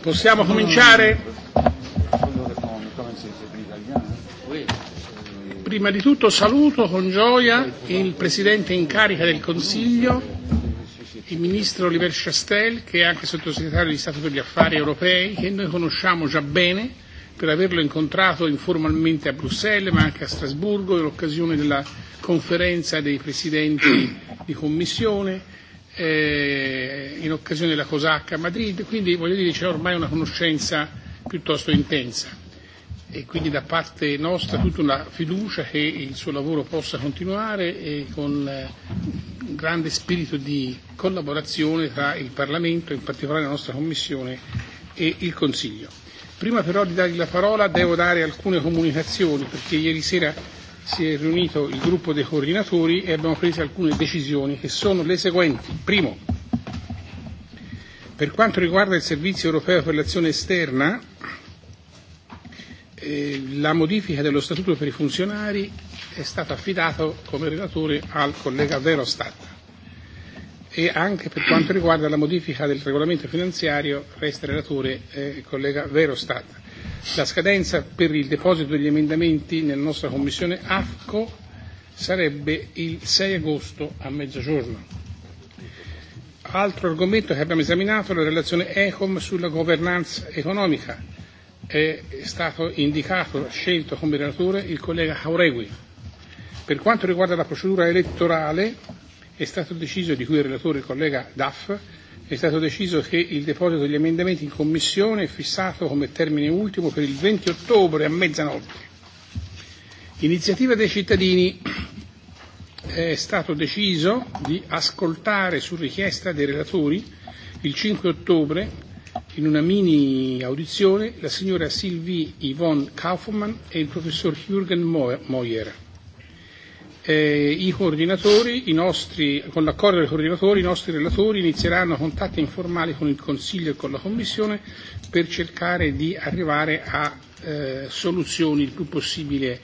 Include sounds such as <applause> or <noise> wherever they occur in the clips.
Possiamo cominciare? Prima di tutto saluto con gioia il Presidente in carica del Consiglio, il Ministro Oliver Chastel, che è anche Sottosegretario di Stato per gli Affari Europei, che noi conosciamo già bene per averlo incontrato informalmente a Bruxelles, ma anche a Strasburgo, in occasione della conferenza dei Presidenti di Commissione eh, in occasione della Cosacca a Madrid, quindi voglio dire c'è ormai una conoscenza piuttosto intensa e quindi da parte nostra tutta una fiducia che il suo lavoro possa continuare e con eh, un grande spirito di collaborazione tra il Parlamento, in particolare la nostra Commissione e il Consiglio. Prima però di dargli la parola devo dare alcune comunicazioni perché ieri sera si è riunito il gruppo dei coordinatori e abbiamo preso alcune decisioni che sono le seguenti. Primo, per quanto riguarda il Servizio europeo per l'azione esterna, eh, la modifica dello Statuto per i funzionari è stata affidata come relatore al collega Verostat e anche per quanto riguarda la modifica del regolamento finanziario resta relatore eh, il collega Verostat. La scadenza per il deposito degli emendamenti nella nostra commissione AFCO sarebbe il 6 agosto a mezzogiorno. Altro argomento che abbiamo esaminato è la relazione ECOM sulla governance economica. È stato indicato, scelto come relatore il collega Jauregui. Per quanto riguarda la procedura elettorale, è stato deciso, di cui è relatore il collega Duff, è stato deciso che il deposito degli emendamenti in Commissione è fissato come termine ultimo per il 20 ottobre a mezzanotte. Iniziativa dei cittadini è stato deciso di ascoltare su richiesta dei relatori il 5 ottobre in una mini audizione la signora Sylvie Yvonne Kaufmann e il professor Jürgen Moyer eh, i coordinatori, i nostri, con l'accordo dei coordinatori, i nostri relatori inizieranno contatti informali con il Consiglio e con la Commissione per cercare di arrivare a eh, soluzioni il più possibile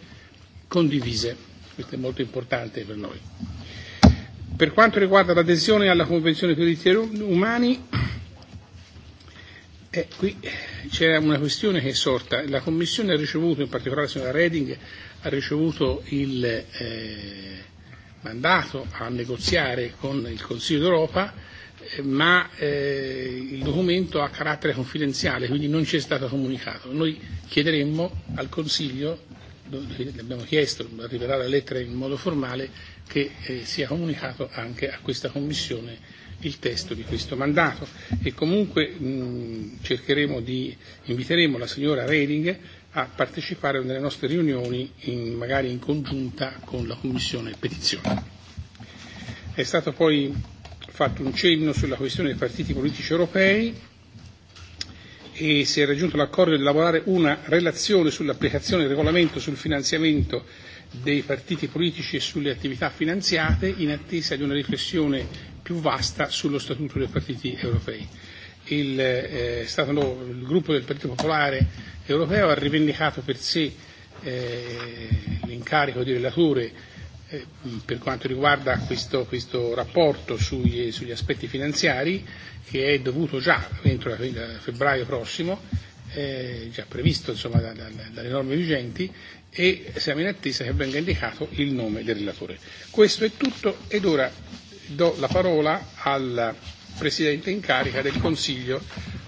condivise. Questo è molto importante per noi. Per quanto riguarda l'adesione alla Convenzione per i diritti umani, eh, qui c'è una questione che è sorta. La Commissione ha ricevuto, in particolare la signora Reding, ha ricevuto il eh, mandato a negoziare con il Consiglio d'Europa, eh, ma eh, il documento ha carattere confidenziale, quindi non ci è stato comunicato. Noi chiederemmo al Consiglio, l'abbiamo chiesto, arriverà la lettera in modo formale, che eh, sia comunicato anche a questa Commissione il testo di questo mandato e comunque mh, cercheremo di inviteremo la signora Reding a partecipare alle nostre riunioni, in, magari in congiunta con la Commissione Petizioni. È stato poi fatto un cenno sulla questione dei partiti politici europei e si è raggiunto l'accordo di elaborare una relazione sull'applicazione del regolamento sul finanziamento dei partiti politici e sulle attività finanziate in attesa di una riflessione più vasta sullo statuto dei partiti europei il, eh, stato, no, il gruppo del Partito Popolare Europeo ha rivendicato per sé eh, l'incarico di relatore eh, per quanto riguarda questo, questo rapporto sugli, sugli aspetti finanziari che è dovuto già entro la, la febbraio prossimo, eh, già previsto insomma, da, da, dalle norme vigenti e siamo in attesa che venga indicato il nome del relatore. Questo è tutto ed ora do la parola al presidente in carica del Consiglio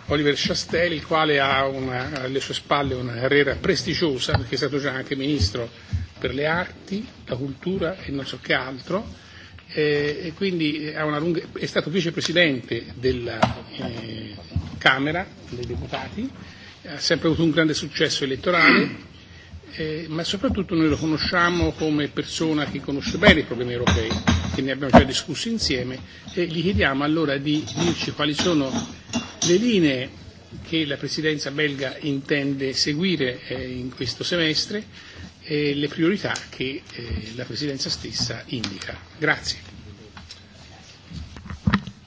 Oliver Chastel, il quale ha una, alle sue spalle una carriera prestigiosa, perché è stato già anche ministro per le arti, la cultura e non so che altro, eh, e quindi ha una lunga, è stato vicepresidente della eh, Camera dei Deputati, ha sempre avuto un grande successo elettorale eh, ma soprattutto noi lo conosciamo come persona che conosce bene i problemi europei, che ne abbiamo già discussi insieme, e gli chiediamo allora di dirci quali sono le linee che la Presidenza belga intende seguire eh, in questo semestre e le priorità che eh, la Presidenza stessa indica. Grazie.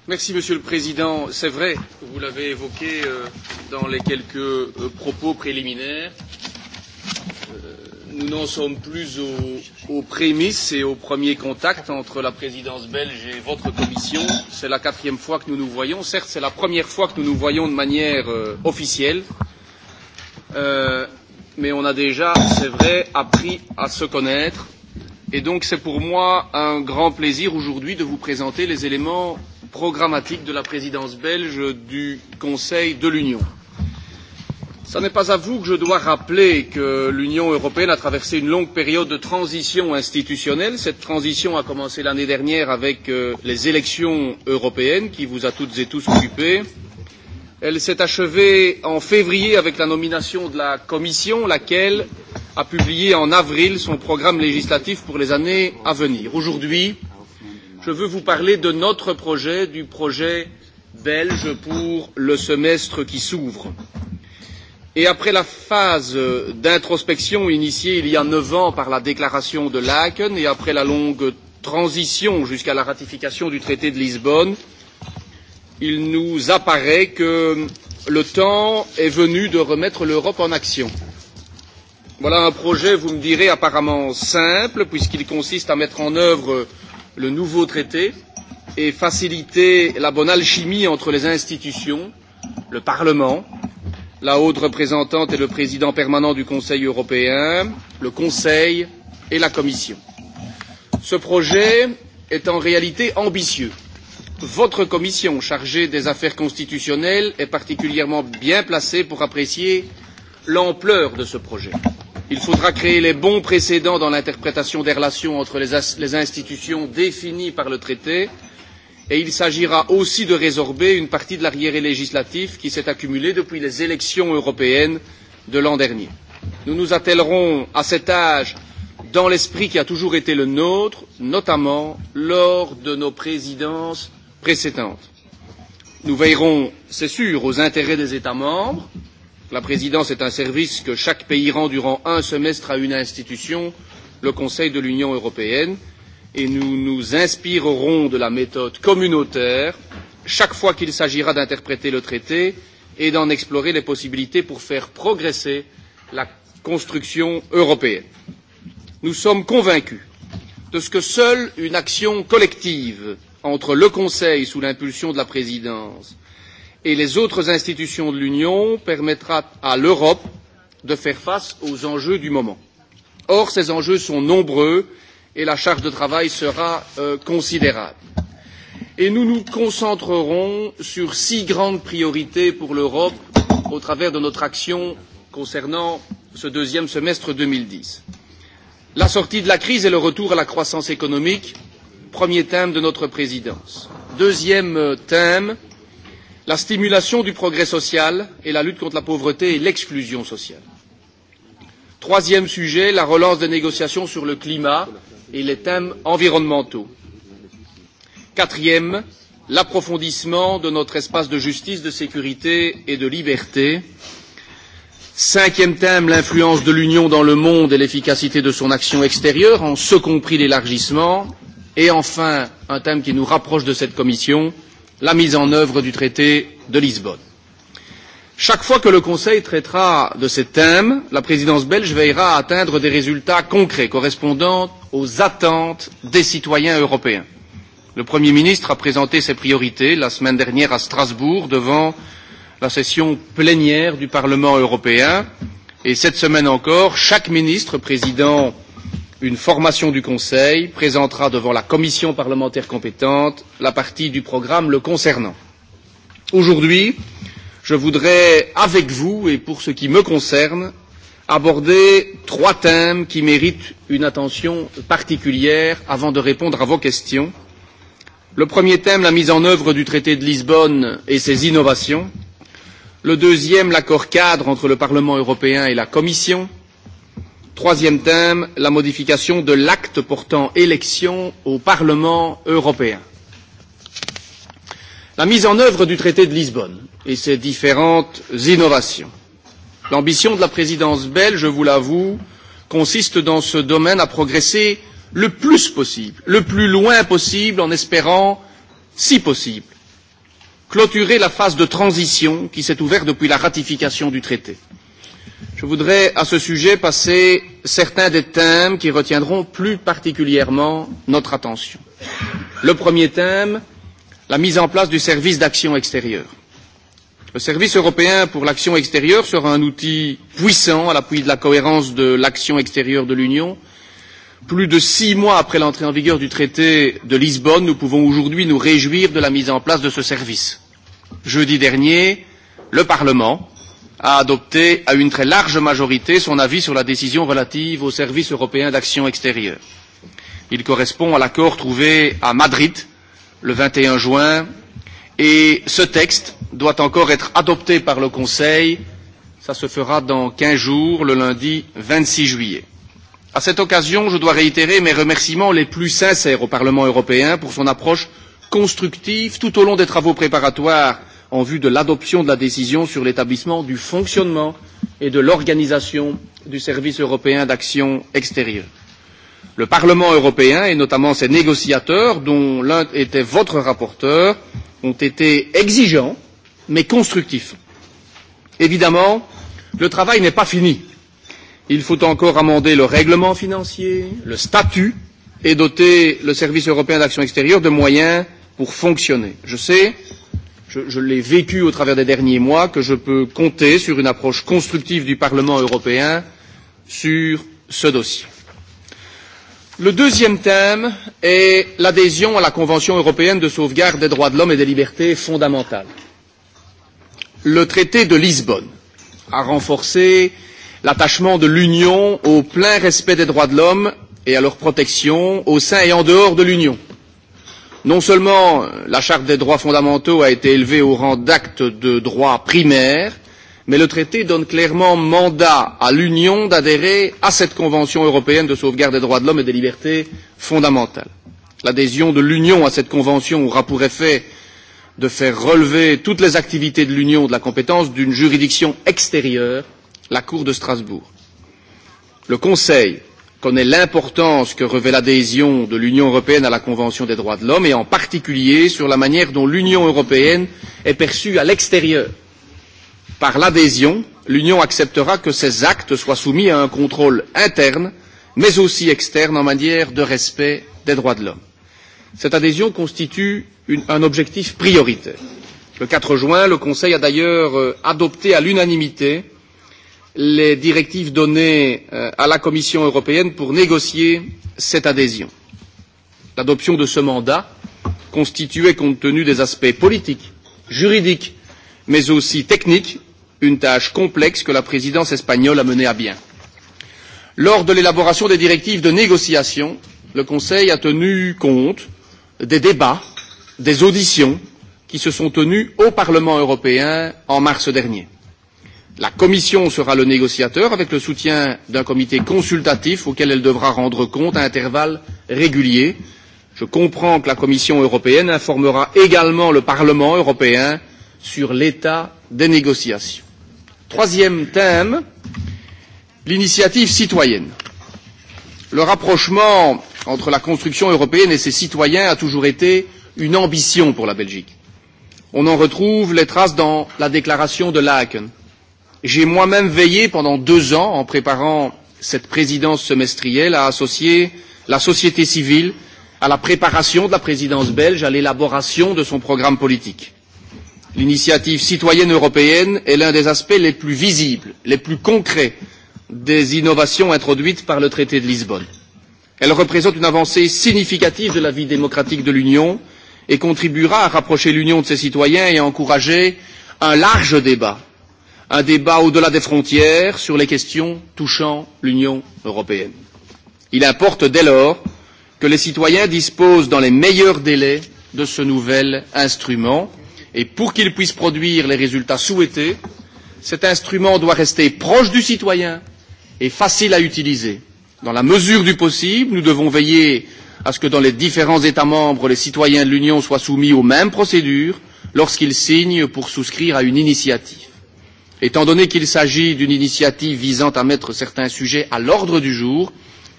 Merci Monsieur le Président. C'est vrai, vous l'avez évoqué euh, dans les quelques euh, propos préliminaires, nous n'en sommes plus aux, aux prémices et aux premiers contacts entre la présidence belge et votre commission. C'est la quatrième fois que nous nous voyons. Certes, c'est la première fois que nous nous voyons de manière euh, officielle. Euh, mais on a déjà, c'est vrai, appris à se connaître. Et donc, c'est pour moi un grand plaisir aujourd'hui de vous présenter les éléments programmatiques de la présidence belge du Conseil de l'Union. Ce n'est pas à vous que je dois rappeler que l'Union européenne a traversé une longue période de transition institutionnelle. Cette transition a commencé l'année dernière avec euh, les élections européennes qui vous a toutes et tous occupés. Elle s'est achevée en février avec la nomination de la Commission, laquelle a publié en avril son programme législatif pour les années à venir. Aujourd'hui, je veux vous parler de notre projet, du projet belge pour le semestre qui s'ouvre. Et après la phase d'introspection initiée il y a neuf ans par la déclaration de Laeken et après la longue transition jusqu'à la ratification du traité de Lisbonne, il nous apparaît que le temps est venu de remettre l'Europe en action. Voilà un projet, vous me direz, apparemment simple, puisqu'il consiste à mettre en œuvre le nouveau traité et faciliter la bonne alchimie entre les institutions, le Parlement, la haute représentante et le président permanent du Conseil européen, le Conseil et la Commission. Ce projet est en réalité ambitieux. Votre commission chargée des affaires constitutionnelles est particulièrement bien placée pour apprécier l'ampleur de ce projet. Il faudra créer les bons précédents dans l'interprétation des relations entre les, les institutions définies par le traité et il s'agira aussi de résorber une partie de l'arriéré législatif qui s'est accumulée depuis les élections européennes de l'an dernier. Nous nous attellerons à cet âge dans l'esprit qui a toujours été le nôtre, notamment lors de nos présidences précédentes. Nous veillerons, c'est sûr, aux intérêts des États membres. La présidence est un service que chaque pays rend durant un semestre à une institution, le Conseil de l'Union européenne et nous nous inspirerons de la méthode communautaire chaque fois qu'il s'agira d'interpréter le traité et d'en explorer les possibilités pour faire progresser la construction européenne. Nous sommes convaincus de ce que seule une action collective entre le Conseil sous l'impulsion de la présidence et les autres institutions de l'Union permettra à l'Europe de faire face aux enjeux du moment. Or, ces enjeux sont nombreux et la charge de travail sera euh, considérable. Et nous nous concentrerons sur six grandes priorités pour l'Europe au travers de notre action concernant ce deuxième semestre 2010. La sortie de la crise et le retour à la croissance économique, premier thème de notre présidence. Deuxième euh, thème, la stimulation du progrès social et la lutte contre la pauvreté et l'exclusion sociale. Troisième sujet, la relance des négociations sur le climat et les thèmes environnementaux. Quatrième, l'approfondissement de notre espace de justice, de sécurité et de liberté. Cinquième thème, l'influence de l'Union dans le monde et l'efficacité de son action extérieure, en ce compris l'élargissement. Et enfin, un thème qui nous rapproche de cette commission, la mise en œuvre du traité de Lisbonne. Chaque fois que le Conseil traitera de ces thèmes, la présidence belge veillera à atteindre des résultats concrets correspondant aux attentes des citoyens européens. Le Premier ministre a présenté ses priorités la semaine dernière à Strasbourg devant la session plénière du Parlement européen et cette semaine encore, chaque ministre président une formation du Conseil présentera devant la commission parlementaire compétente la partie du programme le concernant. Aujourd'hui, je voudrais, avec vous et pour ce qui me concerne, aborder trois thèmes qui méritent une attention particulière avant de répondre à vos questions. Le premier thème, la mise en œuvre du traité de Lisbonne et ses innovations. Le deuxième, l'accord cadre entre le Parlement européen et la Commission. Troisième thème, la modification de l'acte portant élection au Parlement européen la mise en œuvre du traité de Lisbonne et ses différentes innovations. L'ambition de la présidence belge, je vous l'avoue, consiste dans ce domaine à progresser le plus possible, le plus loin possible, en espérant, si possible, clôturer la phase de transition qui s'est ouverte depuis la ratification du traité. Je voudrais à ce sujet passer certains des thèmes qui retiendront plus particulièrement notre attention. Le premier thème la mise en place du service d'action extérieure. Le service européen pour l'action extérieure sera un outil puissant à l'appui de la cohérence de l'action extérieure de l'Union. Plus de six mois après l'entrée en vigueur du traité de Lisbonne, nous pouvons aujourd'hui nous réjouir de la mise en place de ce service. Jeudi dernier, le Parlement a adopté à une très large majorité son avis sur la décision relative au service européen d'action extérieure. Il correspond à l'accord trouvé à Madrid le 21 juin et ce texte doit encore être adopté par le Conseil. Ça se fera dans 15 jours, le lundi 26 juillet. À cette occasion, je dois réitérer mes remerciements les plus sincères au Parlement européen pour son approche constructive tout au long des travaux préparatoires en vue de l'adoption de la décision sur l'établissement du fonctionnement et de l'organisation du service européen d'action extérieure. Le Parlement européen et notamment ses négociateurs, dont l'un était votre rapporteur, ont été exigeants mais constructifs. Évidemment, le travail n'est pas fini. Il faut encore amender le règlement financier, le statut et doter le service européen d'action extérieure de moyens pour fonctionner. Je sais, je, je l'ai vécu au travers des derniers mois, que je peux compter sur une approche constructive du Parlement européen sur ce dossier. Le deuxième thème est l'adhésion à la Convention européenne de sauvegarde des droits de l'homme et des libertés fondamentales. Le traité de Lisbonne a renforcé l'attachement de l'Union au plein respect des droits de l'homme et à leur protection au sein et en dehors de l'Union. Non seulement la Charte des droits fondamentaux a été élevée au rang d'acte de droit primaire, mais le traité donne clairement mandat à l'Union d'adhérer à cette Convention européenne de sauvegarde des droits de l'homme et des libertés fondamentales. L'adhésion de l'Union à cette Convention aura pour effet de faire relever toutes les activités de l'Union de la compétence d'une juridiction extérieure, la Cour de Strasbourg. Le Conseil connaît l'importance que revêt l'adhésion de l'Union européenne à la Convention des droits de l'homme et en particulier sur la manière dont l'Union européenne est perçue à l'extérieur Par l'adhésion, l'Union acceptera que ces actes soient soumis à un contrôle interne, mais aussi externe en matière de respect des droits de l'homme. Cette adhésion constitue une, un objectif prioritaire. Le 4 juin, le Conseil a d'ailleurs euh, adopté à l'unanimité les directives données euh, à la Commission européenne pour négocier cette adhésion. L'adoption de ce mandat constituait, compte tenu des aspects politiques, juridiques, mais aussi techniques, une tâche complexe que la présidence espagnole a menée à bien. Lors de l'élaboration des directives de négociation, le Conseil a tenu compte des débats, des auditions qui se sont tenues au Parlement européen en mars dernier. La Commission sera le négociateur avec le soutien d'un comité consultatif auquel elle devra rendre compte à intervalles réguliers. Je comprends que la Commission européenne informera également le Parlement européen sur l'état des négociations. Troisième thème, l'initiative citoyenne. Le rapprochement entre la construction européenne et ses citoyens a toujours été une ambition pour la Belgique. On en retrouve les traces dans la déclaration de Laken. J'ai moi-même veillé pendant deux ans, en préparant cette présidence semestrielle, à associer la société civile à la préparation de la présidence belge, à l'élaboration de son programme politique. L'initiative citoyenne européenne est l'un des aspects les plus visibles, les plus concrets des innovations introduites par le traité de Lisbonne. Elle représente une avancée significative de la vie démocratique de l'Union et contribuera à rapprocher l'Union de ses citoyens et à encourager un large débat, un débat au-delà des frontières sur les questions touchant l'Union européenne. Il importe dès lors que les citoyens disposent dans les meilleurs délais de ce nouvel instrument Et pour qu'il puisse produire les résultats souhaités, cet instrument doit rester proche du citoyen et facile à utiliser. Dans la mesure du possible, nous devons veiller à ce que dans les différents États membres, les citoyens de l'Union soient soumis aux mêmes procédures lorsqu'ils signent pour souscrire à une initiative. Étant donné qu'il s'agit d'une initiative visant à mettre certains sujets à l'ordre du jour,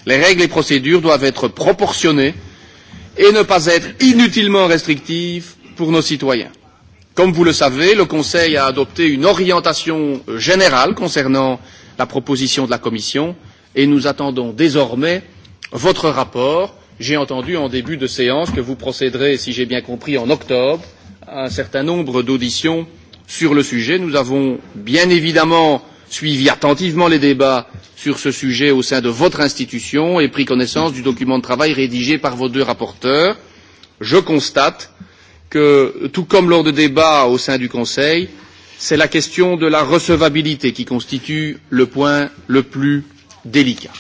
les règles et procédures doivent être proportionnées et ne pas être inutilement restrictives pour nos citoyens. Comme vous le savez, le Conseil a adopté une orientation euh, générale concernant la proposition de la Commission et nous attendons désormais votre rapport. J'ai entendu en début de séance que vous procéderez, si j'ai bien compris, en octobre à un certain nombre d'auditions sur le sujet. Nous avons bien évidemment suivi attentivement les débats sur ce sujet au sein de votre institution et pris connaissance du document de travail rédigé par vos deux rapporteurs. Je constate euh, que, tout comme lors de débats au sein du Conseil, c'est la question de la recevabilité qui constitue le point le plus délicat.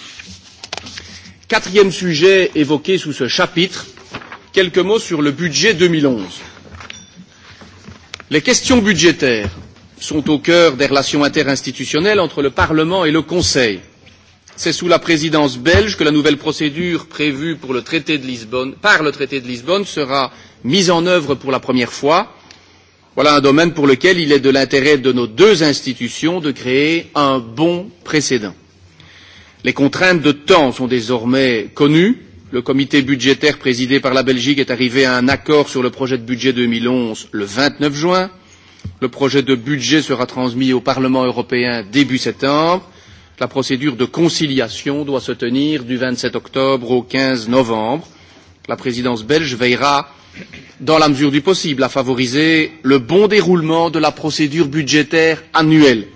Quatrième sujet évoqué sous ce chapitre, quelques mots sur le budget 2011. Les questions budgétaires sont au cœur des relations interinstitutionnelles entre le Parlement et le Conseil. C'est sous la présidence belge que la nouvelle procédure prévue pour le traité de Lisbonne, par le traité de Lisbonne sera mise en œuvre pour la première fois, voilà un domaine pour lequel il est de l'intérêt de nos deux institutions de créer un bon précédent. Les contraintes de temps sont désormais connues. Le comité budgétaire présidé par la Belgique est arrivé à un accord sur le projet de budget 2011 le 29 juin. Le projet de budget sera transmis au Parlement européen début septembre. La procédure de conciliation doit se tenir du 27 octobre au 15 novembre. La présidence belge veillera dans la mesure du possible, à favoriser le bon déroulement de la procédure budgétaire annuelle,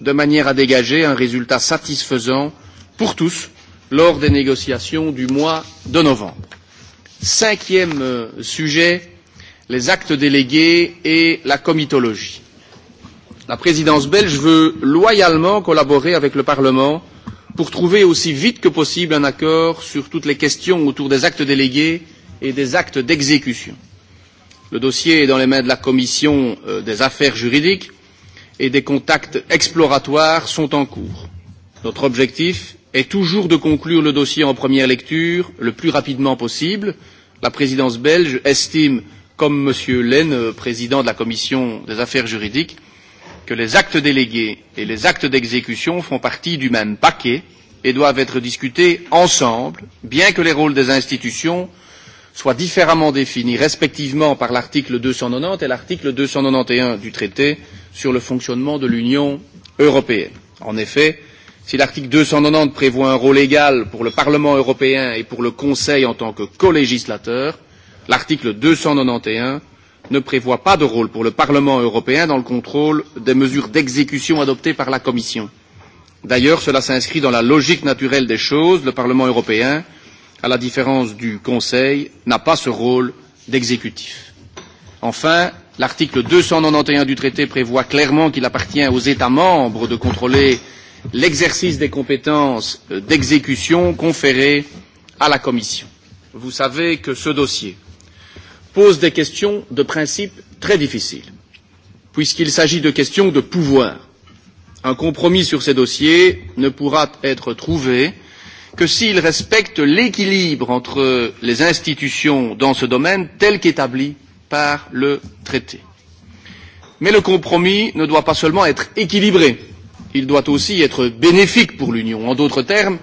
de manière à dégager un résultat satisfaisant pour tous lors des négociations du mois de novembre. Cinquième euh, sujet, les actes délégués et la comitologie. La présidence belge veut loyalement collaborer avec le Parlement pour trouver aussi vite que possible un accord sur toutes les questions autour des actes délégués et des actes d'exécution. Le dossier est dans les mains de la Commission euh, des affaires juridiques et des contacts exploratoires sont en cours. Notre objectif est toujours de conclure le dossier en première lecture le plus rapidement possible. La présidence belge estime, comme M. Lehne, euh, président de la Commission des affaires juridiques, que les actes délégués et les actes d'exécution font partie du même paquet et doivent être discutés ensemble, bien que les rôles des institutions soient différemment définies respectivement par l'article 290 et l'article 291 du traité sur le fonctionnement de l'Union européenne. En effet, si l'article 290 prévoit un rôle égal pour le Parlement européen et pour le Conseil en tant que colégislateur, l'article 291 ne prévoit pas de rôle pour le Parlement européen dans le contrôle des mesures d'exécution adoptées par la Commission. D'ailleurs, cela s'inscrit dans la logique naturelle des choses. Le Parlement européen à la différence du Conseil, n'a pas ce rôle d'exécutif. Enfin, l'article 291 du traité prévoit clairement qu'il appartient aux États membres de contrôler l'exercice des compétences d'exécution conférées à la Commission. Vous savez que ce dossier pose des questions de principe très difficiles, puisqu'il s'agit de questions de pouvoir. Un compromis sur ces dossiers ne pourra être trouvé que s'il respecte l'équilibre entre les institutions dans ce domaine tel qu'établi par le traité. Mais le compromis ne doit pas seulement être équilibré, il doit aussi être bénéfique pour l'Union. En d'autres termes,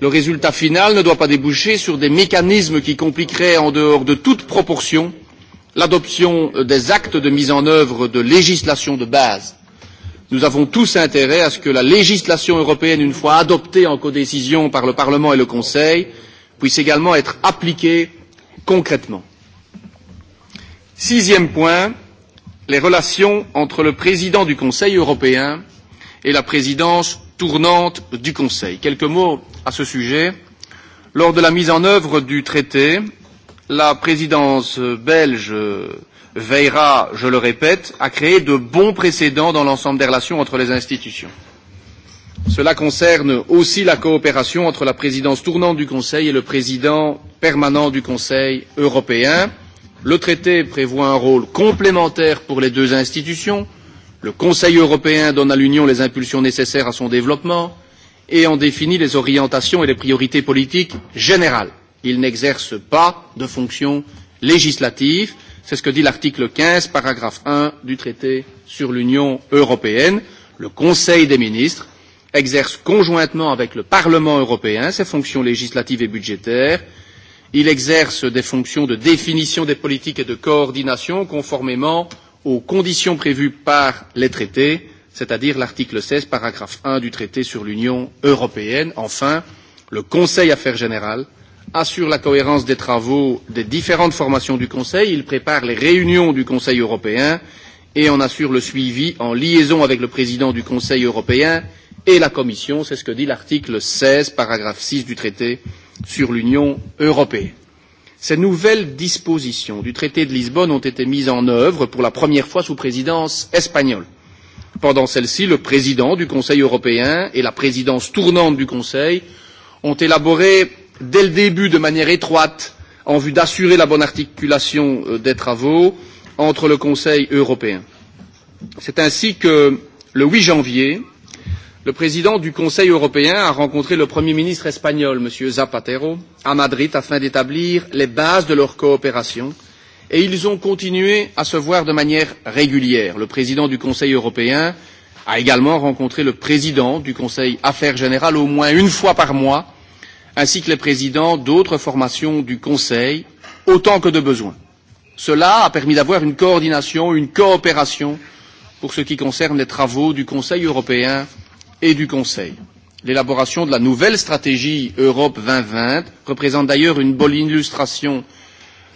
le résultat final ne doit pas déboucher sur des mécanismes qui compliqueraient en dehors de toute proportion l'adoption des actes de mise en œuvre de législation de base nous avons tous intérêt à ce que la législation européenne, une fois adoptée en codécision par le Parlement et le Conseil, puisse également être appliquée concrètement. Sixième point, les relations entre le président du Conseil européen et la présidence tournante du Conseil. Quelques mots à ce sujet. Lors de la mise en œuvre du traité, la présidence belge veillera, je le répète, à créer de bons précédents dans l'ensemble des relations entre les institutions. Cela concerne aussi la coopération entre la présidence tournante du Conseil et le président permanent du Conseil européen. Le traité prévoit un rôle complémentaire pour les deux institutions. Le Conseil européen donne à l'Union les impulsions nécessaires à son développement et en définit les orientations et les priorités politiques générales. Il n'exerce pas de fonction législative. C'est ce que dit l'article 15, paragraphe 1 du traité sur l'Union européenne. Le Conseil des ministres exerce conjointement avec le Parlement européen ses fonctions législatives et budgétaires. Il exerce des fonctions de définition des politiques et de coordination conformément aux conditions prévues par les traités, c'est-à-dire l'article 16, paragraphe 1 du traité sur l'Union européenne. Enfin, le Conseil Affaires générales assure la cohérence des travaux des différentes formations du Conseil, il prépare les réunions du Conseil européen et en assure le suivi en liaison avec le président du Conseil européen et la Commission, c'est ce que dit l'article 16, paragraphe 6 du traité sur l'Union européenne. Ces nouvelles dispositions du traité de Lisbonne ont été mises en œuvre pour la première fois sous présidence espagnole. Pendant celle-ci, le président du Conseil européen et la présidence tournante du Conseil ont élaboré dès le début de manière étroite en vue d'assurer la bonne articulation euh, des travaux entre le Conseil européen. C'est ainsi que, le 8 janvier, le président du Conseil européen a rencontré le Premier ministre espagnol, M. Zapatero, à Madrid afin d'établir les bases de leur coopération et ils ont continué à se voir de manière régulière. Le président du Conseil européen a également rencontré le président du Conseil Affaires générales au moins une fois par mois ainsi que les présidents d'autres formations du Conseil, autant que de besoin. Cela a permis d'avoir une coordination, une coopération pour ce qui concerne les travaux du Conseil européen et du Conseil. L'élaboration de la nouvelle stratégie Europe 2020 représente d'ailleurs une bonne illustration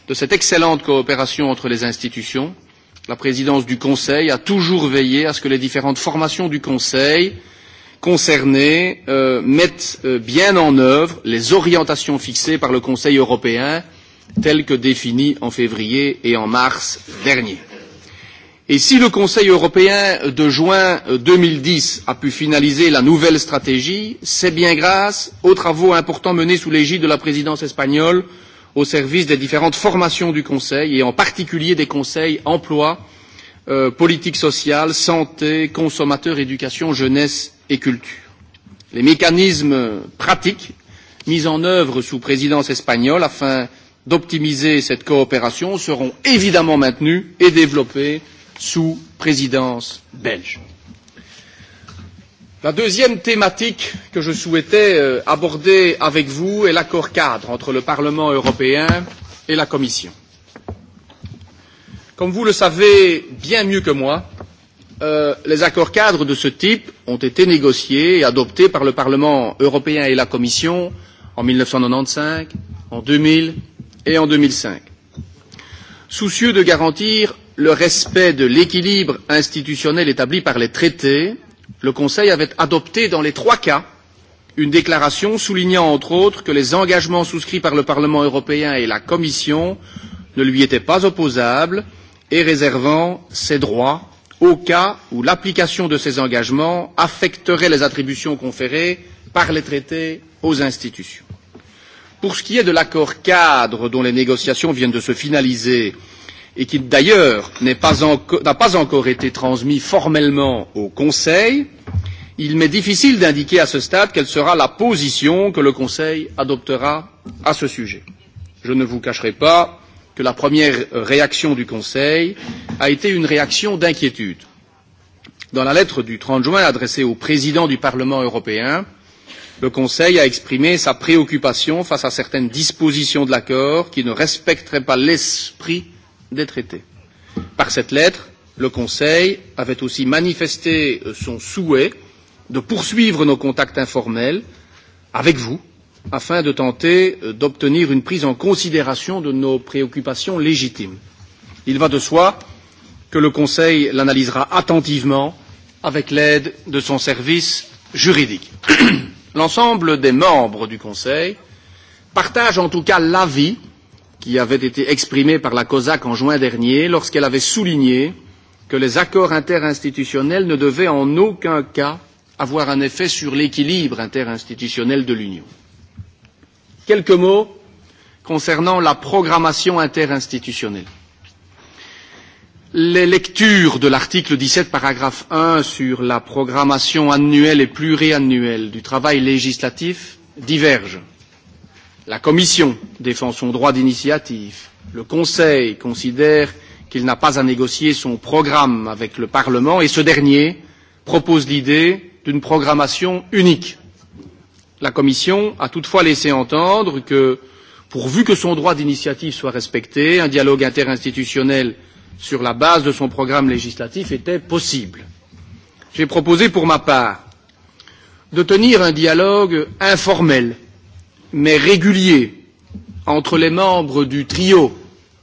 de cette excellente coopération entre les institutions. La présidence du Conseil a toujours veillé à ce que les différentes formations du Conseil concernés euh, mettent euh, bien en œuvre les orientations fixées par le Conseil européen telles que définies en février et en mars dernier. Et si le Conseil européen de juin 2010 euh, a pu finaliser la nouvelle stratégie, c'est bien grâce aux travaux importants menés sous l'égide de la présidence espagnole au service des différentes formations du Conseil et en particulier des conseils emploi, Euh, politique sociale, santé, consommateurs, éducation, jeunesse et culture. Les mécanismes pratiques mis en œuvre sous présidence espagnole afin d'optimiser cette coopération seront évidemment maintenus et développés sous présidence belge. La deuxième thématique que je souhaitais euh, aborder avec vous est l'accord cadre entre le Parlement européen et la Commission. Comme vous le savez bien mieux que moi, euh, les accords cadres de ce type ont été négociés et adoptés par le Parlement européen et la Commission en 1995, en 2000 et en 2005. Soucieux de garantir le respect de l'équilibre institutionnel établi par les traités, le Conseil avait adopté dans les trois cas une déclaration soulignant entre autres que les engagements souscrits par le Parlement européen et la Commission ne lui étaient pas opposables et réservant ses droits au cas où l'application de ces engagements affecterait les attributions conférées par les traités aux institutions. Pour ce qui est de l'accord cadre dont les négociations viennent de se finaliser et qui d'ailleurs n'a pas, pas encore été transmis formellement au Conseil, il m'est difficile d'indiquer à ce stade quelle sera la position que le Conseil adoptera à ce sujet. Je ne vous cacherai pas que la première réaction du Conseil a été une réaction d'inquiétude. Dans la lettre du 30 juin adressée au président du Parlement européen, le Conseil a exprimé sa préoccupation face à certaines dispositions de l'accord qui ne respecteraient pas l'esprit des traités. Par cette lettre, le Conseil avait aussi manifesté son souhait de poursuivre nos contacts informels avec vous afin de tenter euh, d'obtenir une prise en considération de nos préoccupations légitimes. Il va de soi que le Conseil l'analysera attentivement avec l'aide de son service juridique. <clears throat> L'ensemble des membres du Conseil partagent en tout cas l'avis qui avait été exprimé par la COSAC en juin dernier lorsqu'elle avait souligné que les accords interinstitutionnels ne devaient en aucun cas avoir un effet sur l'équilibre interinstitutionnel de l'Union. Quelques mots concernant la programmation interinstitutionnelle. Les lectures de l'article 17, paragraphe 1 sur la programmation annuelle et pluriannuelle du travail législatif divergent. La Commission défend son droit d'initiative. Le Conseil considère qu'il n'a pas à négocier son programme avec le Parlement et ce dernier propose l'idée d'une programmation unique. La Commission a toutefois laissé entendre que, pourvu que son droit d'initiative soit respecté, un dialogue interinstitutionnel sur la base de son programme législatif était possible. J'ai proposé pour ma part de tenir un dialogue informel mais régulier entre les membres du trio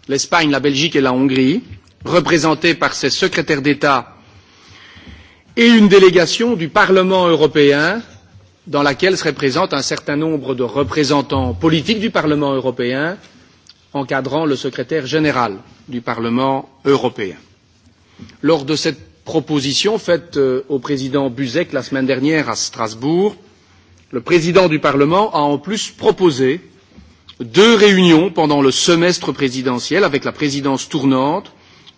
l'Espagne, la Belgique et la Hongrie, représentés par ses secrétaires d'État et une délégation du Parlement européen dans laquelle seraient présents un certain nombre de représentants politiques du Parlement européen encadrant le secrétaire général du Parlement européen. Lors de cette proposition faite euh, au président Buzek la semaine dernière à Strasbourg, le président du Parlement a en plus proposé deux réunions pendant le semestre présidentiel avec la présidence tournante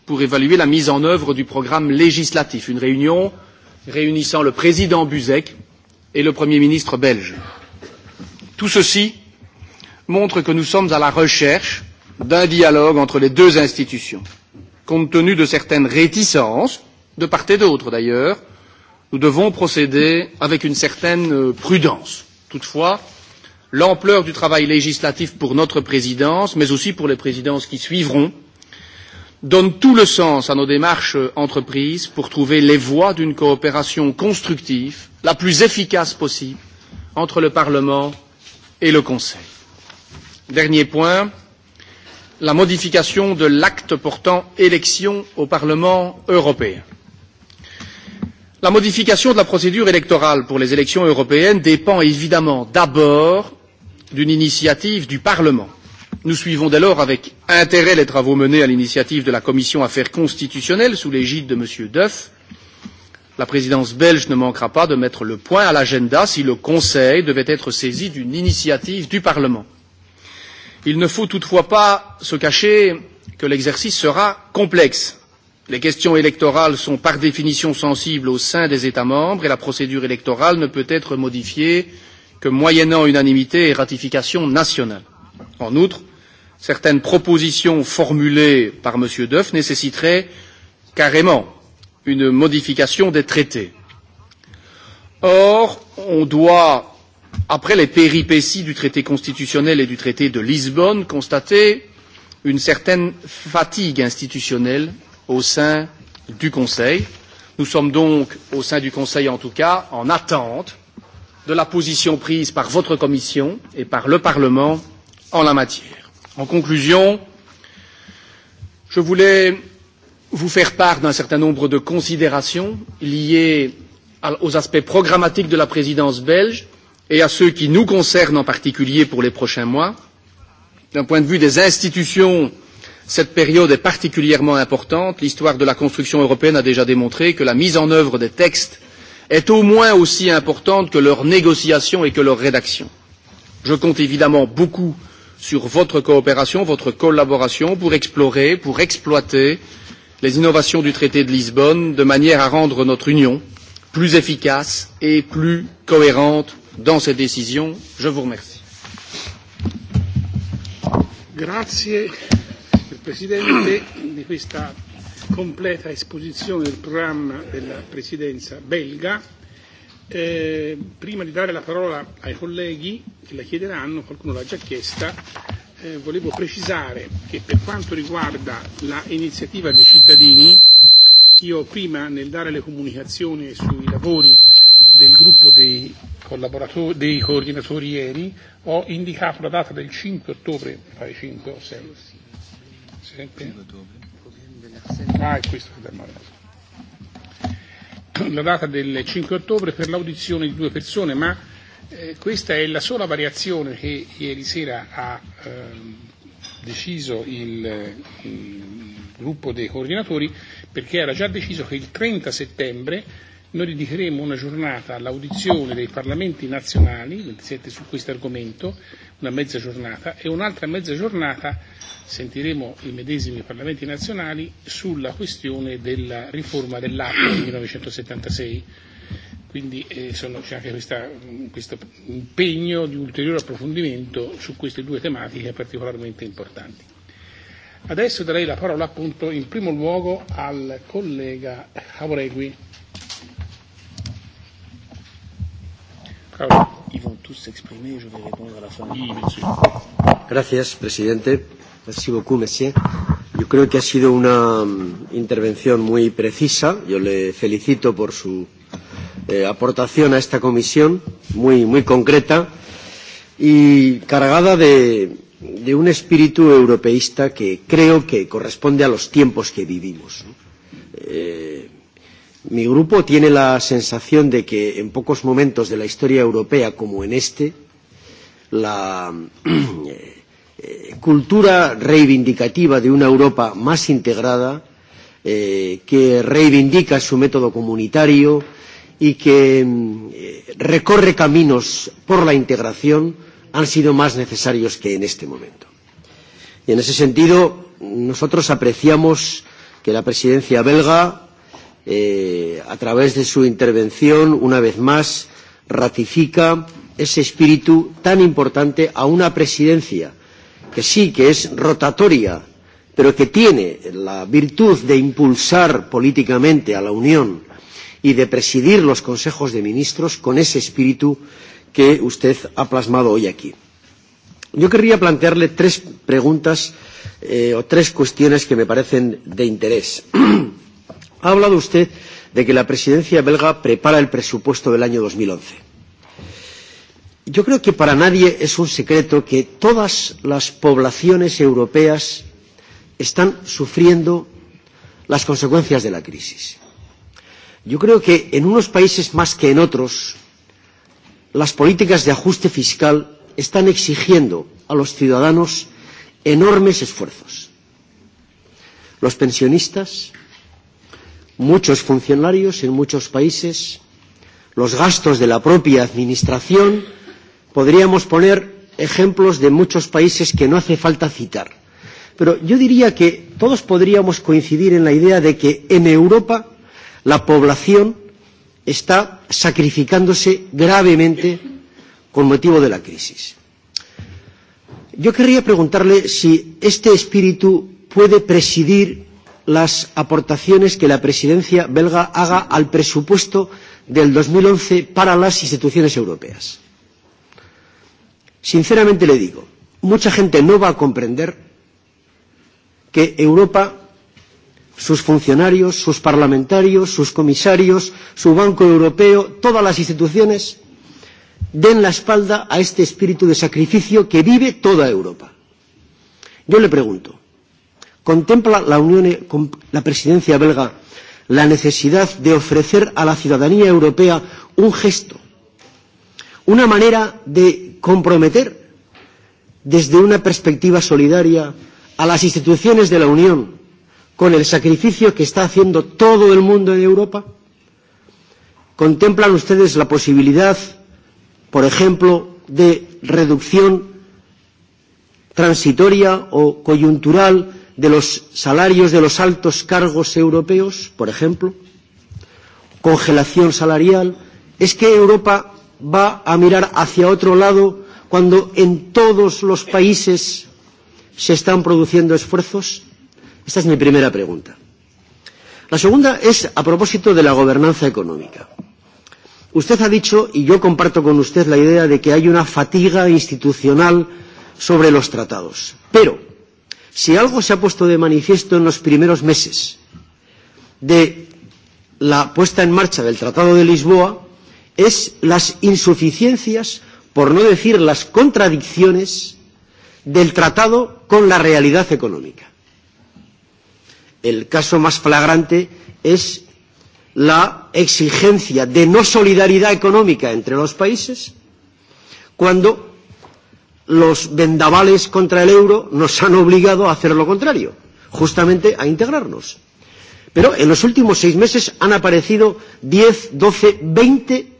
pour évaluer la mise en œuvre du programme législatif, une réunion réunissant le président Buzek et le Premier ministre belge. Tout ceci montre que nous sommes à la recherche d'un dialogue entre les deux institutions. Compte tenu de certaines réticences, de part et d'autre d'ailleurs, nous devons procéder avec une certaine euh, prudence. Toutefois, l'ampleur du travail législatif pour notre présidence, mais aussi pour les présidences qui suivront, donne tout le sens à nos démarches entreprises pour trouver les voies d'une coopération constructive, la plus efficace possible, entre le Parlement et le Conseil. Dernier point, la modification de l'acte portant élection au Parlement européen. La modification de la procédure électorale pour les élections européennes dépend évidemment d'abord d'une initiative du Parlement Nous suivons dès lors avec intérêt les travaux menés à l'initiative de la commission Affaires constitutionnelles sous l'égide de M. Duff. La présidence belge ne manquera pas de mettre le point à l'agenda si le Conseil devait être saisi d'une initiative du Parlement. Il ne faut toutefois pas se cacher que l'exercice sera complexe. Les questions électorales sont par définition sensibles au sein des États membres et la procédure électorale ne peut être modifiée que moyennant unanimité et ratification nationale. En outre, certaines propositions formulées par M. Duff nécessiteraient carrément une modification des traités. Or, on doit, après les péripéties du traité constitutionnel et du traité de Lisbonne, constater une certaine fatigue institutionnelle au sein du Conseil. Nous sommes donc, au sein du Conseil en tout cas, en attente de la position prise par votre Commission et par le Parlement en la matière. En conclusion, je voulais vous faire part d'un certain nombre de considérations liées aux aspects programmatiques de la présidence belge et à ceux qui nous concernent en particulier pour les prochains mois. D'un point de vue des institutions, cette période est particulièrement importante. L'histoire de la construction européenne a déjà démontré que la mise en œuvre des textes est au moins aussi importante que leur négociation et que leur rédaction. Je compte évidemment beaucoup sur votre coopération, votre collaboration pour explorer, pour exploiter les innovations du traité de Lisbonne de manière à rendre notre Union plus efficace et plus cohérente dans ses décisions. Je vous remercie. Grazie Presidente di questa completa esposizione del programma della Presidenza belga Eh, prima di dare la parola ai colleghi che la chiederanno, qualcuno l'ha già chiesta, eh, volevo precisare che per quanto riguarda l'iniziativa dei cittadini, io prima nel dare le comunicazioni sui lavori del gruppo dei, collaboratori, dei coordinatori ieri ho indicato la data del 5 ottobre, pare 5 o 6. Sempre? Ah, è questo che dà male la data del 5 ottobre per l'audizione di due persone, ma eh, questa è la sola variazione che ieri sera ha eh, deciso il, il gruppo dei coordinatori, perché era già deciso che il 30 settembre noi dedicheremo una giornata all'audizione dei parlamenti nazionali, 27 su questo argomento, una mezza giornata, e un'altra mezza giornata sentiremo i medesimi parlamenti nazionali sulla questione della riforma dell'Acqua del 1976. Quindi eh, sono, c'è anche questa, questo impegno di ulteriore approfondimento su queste due tematiche particolarmente importanti. Adesso darei la parola appunto in primo luogo al collega Auregui. Ah ils vont tous s'exprimer et je vais répondre à la fin. Gracias, presidente. Merci beaucoup, monsieur. Yo creo que ha sido una mm, intervención muy precisa. Yo le felicito por su eh, aportación a esta comisión, muy, muy concreta y cargada de, de un espíritu europeísta que creo que corresponde a los tiempos que vivimos. Eh, mi grupo tiene la sensación de que en pocos momentos de la historia europea, como en este, la <clears throat> eh, eh, cultura reivindicativa de una Europa más integrada, eh, que reivindica su método comunitario y que mm, eh, recorre caminos por la integración, han sido más necesarios que en este momento. Y en ese sentido, nosotros apreciamos que la presidencia belga eh, a través de su intervención, una vez más, ratifica ese espíritu tan importante a una presidencia que sí que es rotatoria, pero que tiene la virtud de impulsar políticamente a la Unión y de presidir los consejos de ministros con ese espíritu que usted ha plasmado hoy aquí. Yo querría plantearle tres preguntas eh, o tres cuestiones que me parecen de interés. <clears throat> Ha hablado usted de que la presidencia belga prepara el presupuesto del año 2011. Yo creo que para nadie es un secreto que todas las poblaciones europeas están sufriendo las consecuencias de la crisis. Yo creo que en unos países más que en otros, las políticas de ajuste fiscal están exigiendo a los ciudadanos enormes esfuerzos. Los pensionistas, muchos funcionarios en muchos países, los gastos de la propia Administración, podríamos poner ejemplos de muchos países que no hace falta citar. Pero yo diría que todos podríamos coincidir en la idea de que en Europa la población está sacrificándose gravemente con motivo de la crisis. Yo querría preguntarle si este espíritu puede presidir las aportaciones que la presidencia belga haga al presupuesto del 2011 para las instituciones europeas. Sinceramente le digo, mucha gente no va a comprender que Europa, sus funcionarios, sus parlamentarios, sus comisarios, su Banco Europeo, todas las instituciones den la espalda a este espíritu de sacrificio que vive toda Europa. Yo le pregunto, contempla la, Unión, la presidencia belga la necesidad de ofrecer a la ciudadanía europea un gesto, una manera de comprometer desde una perspectiva solidaria a las instituciones de la Unión con el sacrificio que está haciendo todo el mundo en Europa? ¿Contemplan ustedes la posibilidad, por ejemplo, de reducción transitoria o coyuntural de los salarios de los altos cargos europeos, por ejemplo, congelación salarial, es que Europa va a mirar hacia otro lado cuando en todos los países se están produciendo esfuerzos? Esta es mi primera pregunta. La segunda es a propósito de la gobernanza económica. Usted ha dicho, y yo comparto con usted la idea de que hay una fatiga institucional sobre los tratados. Pero Si algo se ha puesto de manifiesto en los primeros meses de la puesta en marcha del Tratado de Lisboa es las insuficiencias, por no decir las contradicciones, del tratado con la realidad económica. El caso más flagrante es la exigencia de no solidaridad económica entre los países cuando los vendavales contra el euro nos han obligado a hacer lo contrario, justamente a integrarnos. Pero en los últimos seis meses han aparecido 10, 12, 20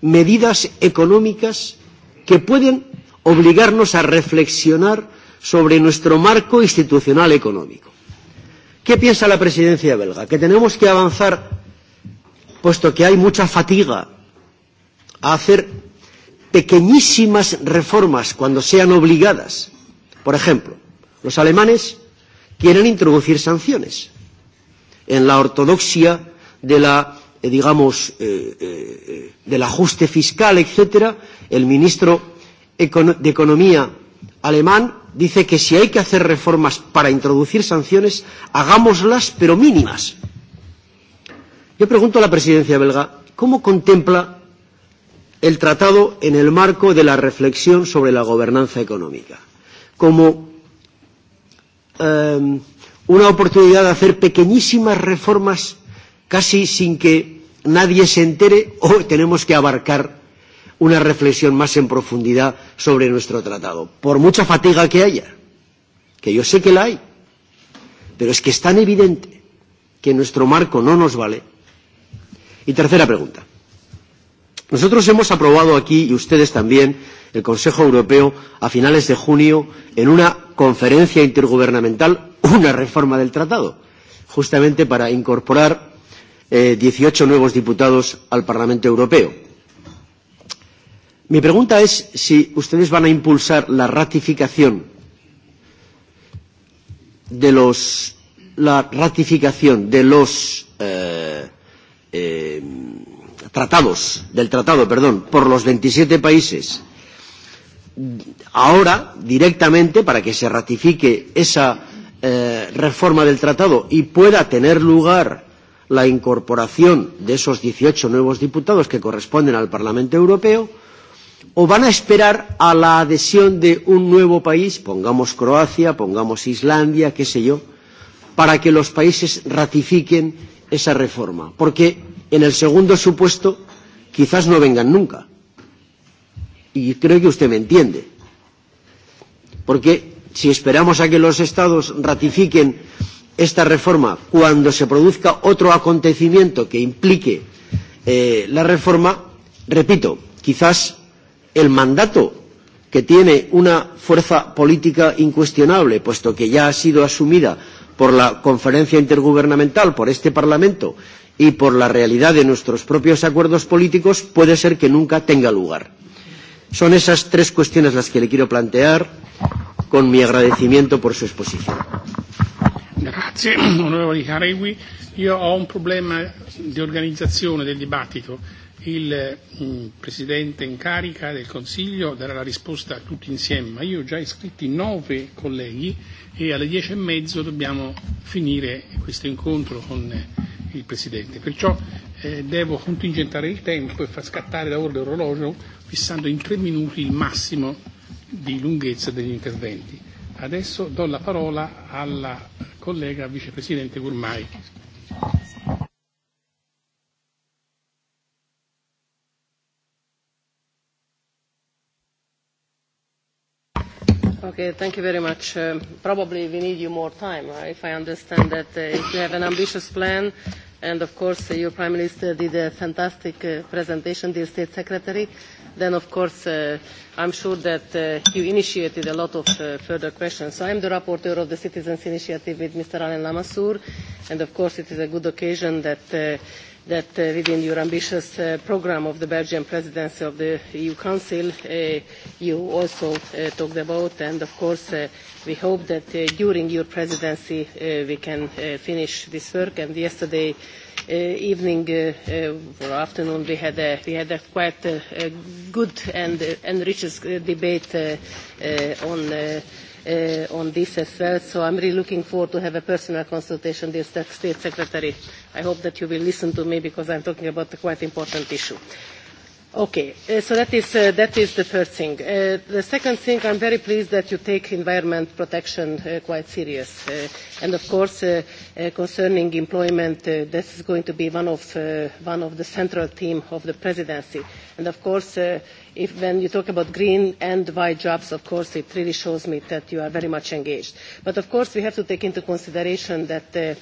medidas económicas que pueden obligarnos a reflexionar sobre nuestro marco institucional económico. ¿Qué piensa la presidencia belga? Que tenemos que avanzar, puesto que hay mucha fatiga, a hacer pequeñísimas reformas cuando sean obligadas. Por ejemplo, los alemanes quieren introducir sanciones en la ortodoxia de la eh, digamos eh, eh, del ajuste fiscal, etcétera, el ministro de Economía alemán dice que si hay que hacer reformas para introducir sanciones, hagámoslas pero mínimas. Yo pregunto a la presidencia belga, ¿cómo contempla el tratado en el marco de la reflexión sobre la gobernanza económica, como eh, una oportunidad de hacer pequeñísimas reformas casi sin que nadie se entere o tenemos que abarcar una reflexión más en profundidad sobre nuestro tratado, por mucha fatiga que haya, que yo sé que la hay, pero es que es tan evidente que nuestro marco no nos vale. Y tercera pregunta. Nosotros hemos aprobado aquí, y ustedes también, el Consejo Europeo a finales de junio, en una conferencia intergubernamental, una reforma del tratado, justamente para incorporar eh, 18 nuevos diputados al Parlamento Europeo. Mi pregunta es si ustedes van a impulsar la ratificación de los la ratificación de los eh, eh, tratados, del tratado, perdón, por los 27 países ahora directamente para que se ratifique esa eh, reforma del tratado y pueda tener lugar la incorporación de esos 18 nuevos diputados que corresponden al Parlamento Europeo, o van a esperar a la adhesión de un nuevo país, pongamos Croacia, pongamos Islandia, qué sé yo, para que los países ratifiquen esa reforma. Porque En el segundo supuesto, quizás no vengan nunca. Y creo que usted me entiende. Porque si esperamos a que los Estados ratifiquen esta reforma cuando se produzca otro acontecimiento que implique eh, la reforma, repito, quizás el mandato que tiene una fuerza política incuestionable, puesto que ya ha sido asumida por la conferencia intergubernamental, por este Parlamento, y por la realidad de nuestros propios acuerdos políticos puede ser que nunca tenga lugar. Son esas tres cuestiones las que le quiero plantear con mi agradecimiento por su exposición. Grazie, onorevoli Caregui. Io ho un problema di organizzazione del dibattito il mh, mm, Presidente in carica del Consiglio darà la risposta a tutti insieme, ma io ho già iscritti nove colleghi e alle dieci e mezzo dobbiamo finire questo incontro con il Presidente. Perciò eh, devo contingentare il tempo e far scattare da ora l'orologio fissando in tre minuti il massimo di lunghezza degli interventi. Adesso do la parola alla collega Vicepresidente Gurmai. Okay, thank you very much. Um, probably we need you more time, if I understand that uh, if you have an ambitious plan, and of course uh, your Prime Minister did a fantastic uh, presentation, dear State Secretary, then of course uh, I'm sure that uh, you initiated a lot of uh, further questions. So I'm the rapporteur of the Citizens Initiative with Mr. Alain Lamassoure, and of course it is a good occasion that uh, that uh, within your ambitious uh, programme of the Belgian presidency of the EU Council, uh, you also talked about. And of course, we hope that during your presidency we can finish this work. And yesterday Uh, evening uh, or afternoon we had a, we had a quite a good and uh, enriched debate on uh, on this as well. So I'm really looking forward to have a personal consultation with the State Secretary. I hope that you will listen to me because I'm talking about a quite important issue. Okay, uh, so that is, uh, that is the first thing. Uh, the second thing, I'm very pleased that you take environment protection uh, quite serious. Uh, and of course, uh, uh, concerning employment, uh, this is going to be one of, uh, one of the central theme of the presidency. And of course, uh, if when you talk about green and white jobs, of course, it really shows me that you are very much engaged. But of course, we have to take into consideration that uh,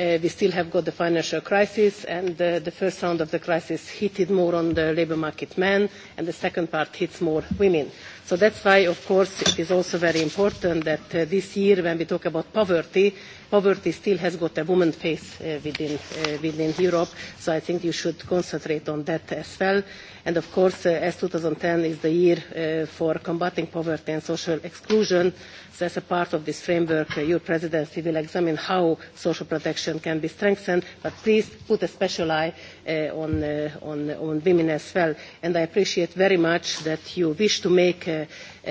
uh, we still have got the financial crisis, and uh, the first round of the crisis hit it more on the labour market men, and the second part hits more women. So that's why, of course, it is also very important that uh, this year, when we talk about poverty, poverty still has got a woman face uh, within, uh, within Europe, so I think you should concentrate on that as well. And of course, uh, as 2010 is the year uh, for combating poverty and social exclusion, so as a part of this framework, uh, your presidency will examine how social protection can be strengthened, but please put a special eye uh, on, uh, on, on women as well. And I appreciate very much that you wish to make uh, uh,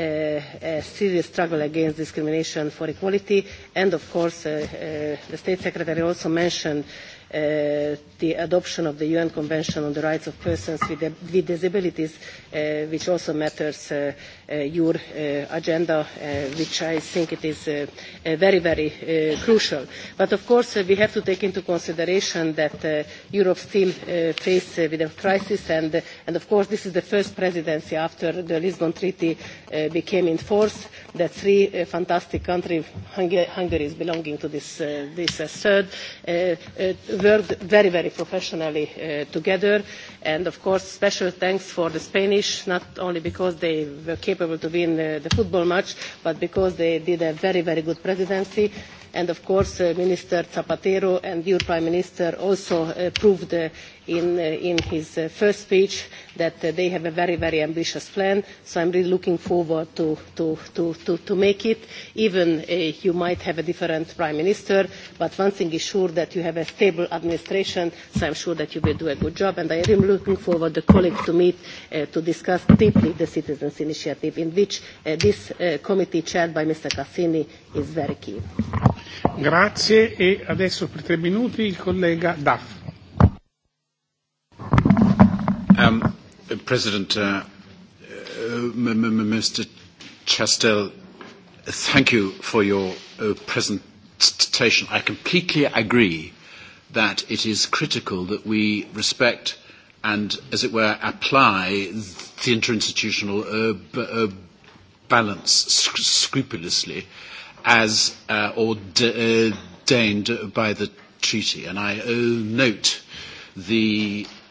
a uh, serious struggle against discrimination for equality. And of course, uh, uh, the State Secretary also mentioned uh, uh, the adoption of the UN Convention on the Rights of Persons with, with Disabilities, uh, which also matters uh, uh, your uh, agenda, uh, which I think it is uh, uh, very, very uh, crucial. But of course, uh, we have to take into consideration that uh, Europe still uh, faces uh, with a crisis, and, uh, and of course, this is the first presidency after the Lisbon Treaty uh, became in force. That three uh, fantastic countries, Hungary, Hungary is belonging to this, uh, this as uh, third. Uh, uh, worked very, very professionally uh, together. And of course, special thanks for the Spanish, not only because they were capable to win uh, the football match, but because they did a very, very good presidency. And of course, uh, Minister Zapatero and your Prime Minister also uh, proved uh, in, uh, in his uh, first speech that uh, they have a very, very ambitious plan. So I'm really looking forward to, to, to, to, to make it. Even uh, you might have a different prime minister, but one thing is sure that you have a stable administration. So I'm sure that you will do a good job. And I am looking forward the colleagues to meet uh, to discuss deeply the Citizens Initiative, in which uh, this uh, committee chaired by Mr. Cassini is very key. Grazie e adesso per tre minuti il collega Daff. President, uh, uh, Mr. Chastel, thank you for your uh, presentation. I completely agree that it is critical that we respect and, as it were, apply the interinstitutional uh, b- uh, balance sc- scrupulously as uh, ordained by the treaty. And I uh, note the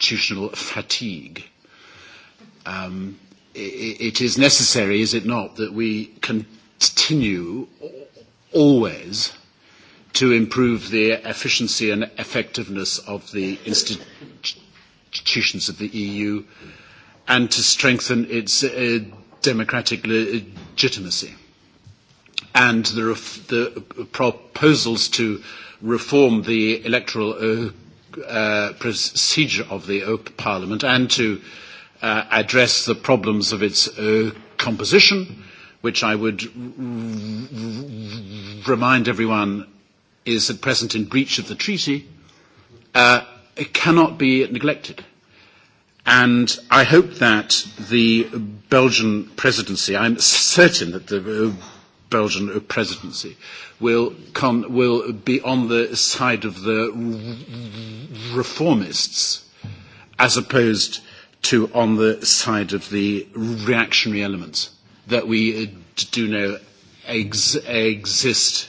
constitutional fatigue. Um, it it is necessary, is it not, that we continue always to improve the efficiency and effectiveness of the institutions of the EU and to strengthen its uh, democratic legitimacy. And the, ref- the proposals to reform the electoral uh, Uh, procedure of the Open Parliament and to uh, address the problems of its uh, composition, which I would remind everyone is at present in breach of the treaty, uh, cannot be neglected. And I hope that the Belgian presidency, I'm certain that the uh, Belgian presidency will, con, will be on the side of the reformists as opposed to on the side of the reactionary elements that we uh, do know ex- exist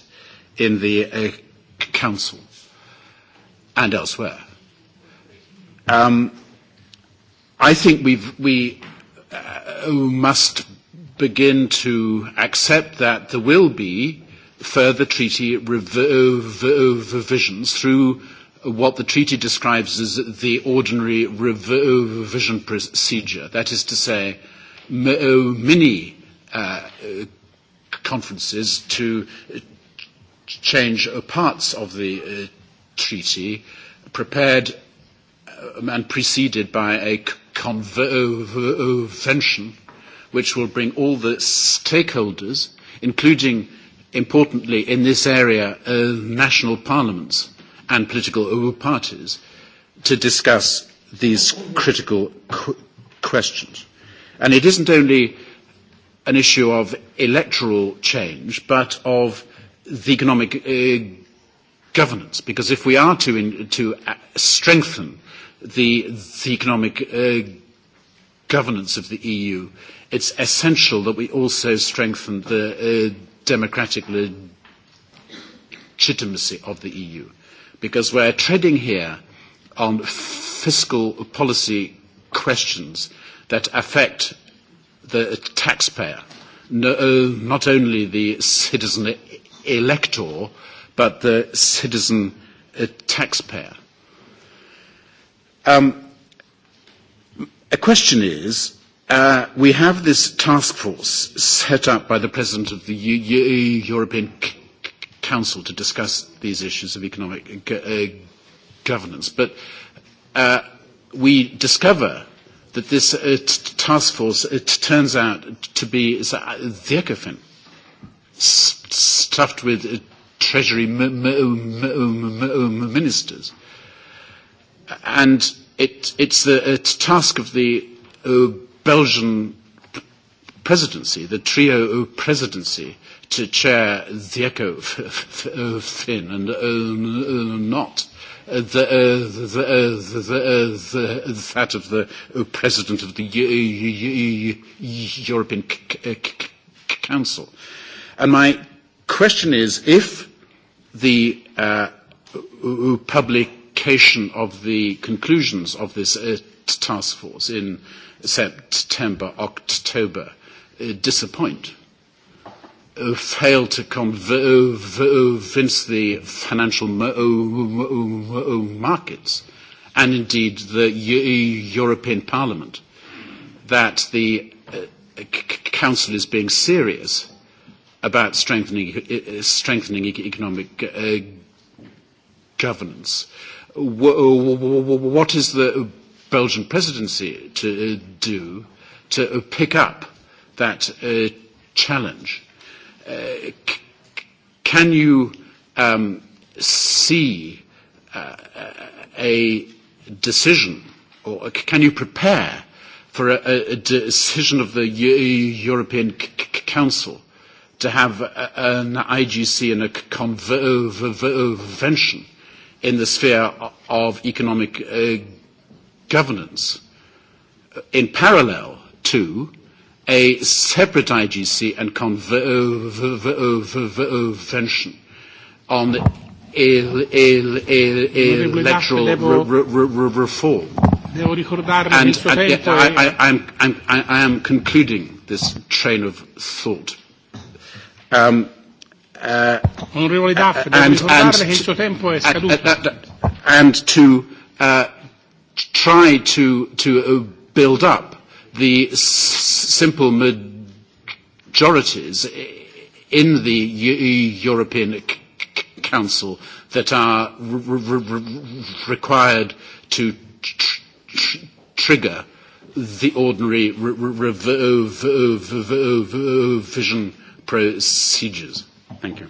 in the uh, Council and elsewhere. Um, I think we've, we uh, must begin to accept that there will be further treaty uh, uh, revisions through what the treaty describes as the ordinary uh, revision procedure. That is to say, mini uh, conferences to change parts of the uh, treaty prepared um, and preceded by a convention which will bring all the stakeholders, including, importantly, in this area, uh, national parliaments and political parties, to discuss these critical qu questions. And it isn't only an issue of electoral change, but of the economic uh, governance, because if we are to, in, to uh, strengthen the, the economic uh, governance of the EU, it's essential that we also strengthen the uh, democratic legitimacy of the EU, because we're treading here on fiscal policy questions that affect the taxpayer, no, uh, not only the citizen e-, elector, but the citizen uh, taxpayer. Um, a question is, Uh, we have this task force set up by the President of the U- U- European C- Council to discuss these issues of economic uh, g- uh, governance. But uh, we discover that this uh, t- task force it uh, turns out to be the ECOFIN stuffed with uh, Treasury m- m- m- m- m- ministers. And it, it's the uh, task of the uh, Belgian presidency, the trio presidency, to chair the of Finn, and uh, not the, uh, the, uh, the, uh, the, that of the president of the European Council. And my question is, if the uh, publication of the conclusions of this uh, task force in September, October uh, disappoint, uh, fail to uh, uh, convince the financial uh, markets and indeed the European Parliament that the Council is being serious about strengthening, strengthening e-, economic uh, governance. What is the Belgian presidency to uh, do to uh, pick up that uh, challenge? Uh, can you um, see uh, a decision, or can you prepare for a, a decision of the European C C Council to have a, an IGC and a convention in the sphere of economic uh, governance in parallel to a separate IGC and convention on electoral reform. Devo ricordare and, il suo I, e I, I'm, I'm, I am concluding this train of thought. Um, uh, Onorevole Daff, devo and, ricordarle and, che il suo tempo è scaduto. And, uh, and, uh, and to uh, try to, to uh, build up the s- simple majorities in the European Council that are required to tr- trigger the ordinary revision procedures. Thank you.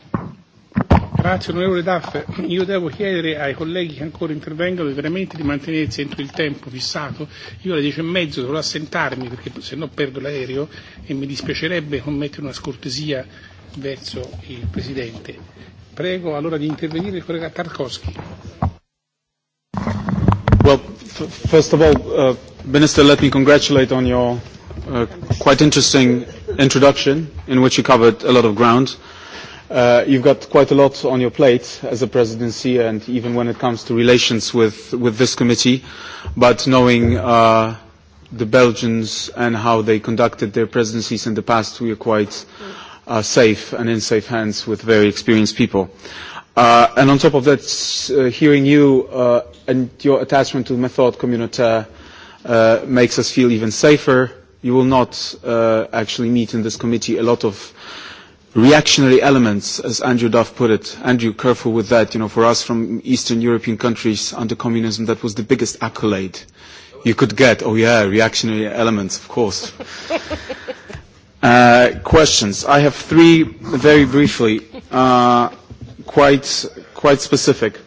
Grazie onorevole Daff, io devo chiedere ai colleghi che ancora intervengono veramente di mantenersi entro il tempo fissato. Io alle 10 e mezzo dovrò assentarmi perché se no perdo l'aereo e mi dispiacerebbe commettere una scortesia verso il Presidente. Prego allora di intervenire il collega Tarkovsky. Well, f- first of all, uh, Minister, let me congratulate on your uh, quite interesting introduction in which you covered a lot of ground. Uh, you've got quite a lot on your plate as a presidency and even when it comes to relations with, with this committee. But knowing uh, the Belgians and how they conducted their presidencies in the past, we are quite uh, safe and in safe hands with very experienced people. Uh, and on top of that, uh, hearing you uh, and your attachment to the method communautaire uh, makes us feel even safer. You will not uh, actually meet in this committee a lot of uh, reactionary elements, as Andrew Duff put it. Andrew, careful with that. You know, for us from Eastern European countries under communism, that was the biggest accolade you could get. Oh yeah, reactionary elements, of course. <laughs> uh, questions. I have three, very briefly, uh, quite quite specific.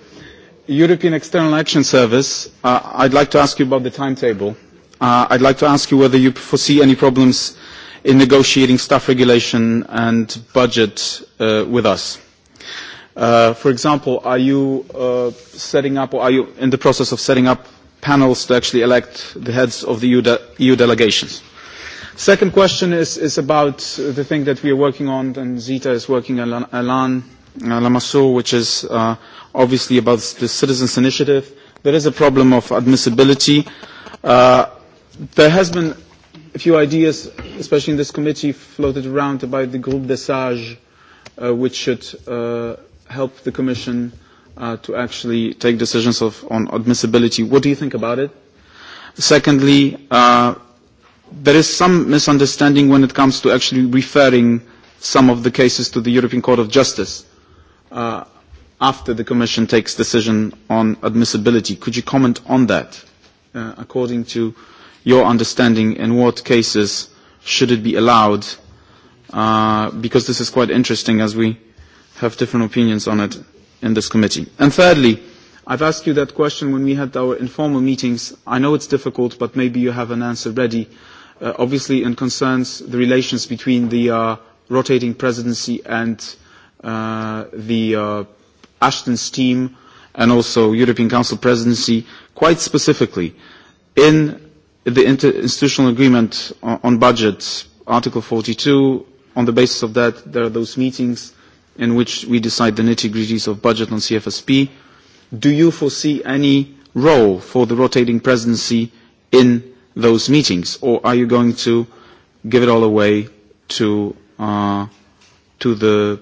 European External Action Service. Uh, I'd like to ask you about the timetable. Uh, I'd like to ask you whether you foresee any problems in negotiating staff regulation and budget uh, with us. Uh, for example, are you uh, setting up or are you in the process of setting up panels to actually elect the heads of the EU, de EU delegations? Second question is, is about the thing that we are working on and Zita is working on Alan uh, Lamassoure, which is uh, obviously about the citizens initiative. There is a problem of admissibility. Uh, there has been a few ideas, especially in this committee, floated around about the Groupe des Sages, uh, which should uh, help the Commission uh, to actually take decisions of, on admissibility. What do you think about it? Secondly, uh, there is some misunderstanding when it comes to actually referring some of the cases to the European Court of Justice uh, after the Commission takes decision on admissibility. Could you comment on that? Uh, according to uh, your understanding in what cases should it be allowed? Uh, because this is quite interesting as we have different opinions on it in this committee. And thirdly, I've asked you that question when we had our informal meetings. I know it's difficult, but maybe you have an answer ready. Uh, obviously, it concerns the relations between the uh, rotating presidency and uh, the uh, Ashton's team and also European Council presidency quite specifically. In the interinstitutional agreement on budget, Article 42, on the basis of that, there are those meetings in which we decide the nitty-gritties of budget on CFSP. Do you foresee any role for the rotating presidency in those meetings, or are you going to give it all away to, uh, to the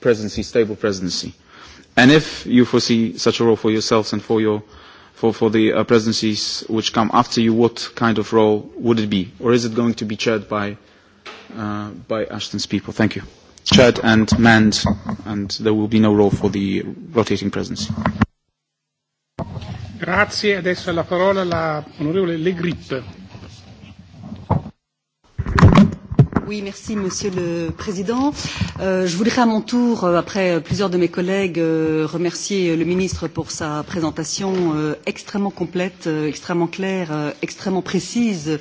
presidency, stable presidency? And if you foresee such a role for yourselves and for your for, for the uh, presidencies which come after you, what kind of role would it be? Or is it going to be chaired by, uh, by Ashton's people? Thank you. Chaired and manned, and there will be no role for the rotating presidency. Grazie. Adesso la parola all'onorevole Le Grip. Oui, merci Monsieur le Président. Euh, je voudrais à mon tour, euh, après plusieurs de mes collègues, euh, remercier euh, le ministre pour sa présentation euh, extrêmement complète, euh, extrêmement claire, euh, extrêmement précise. Euh,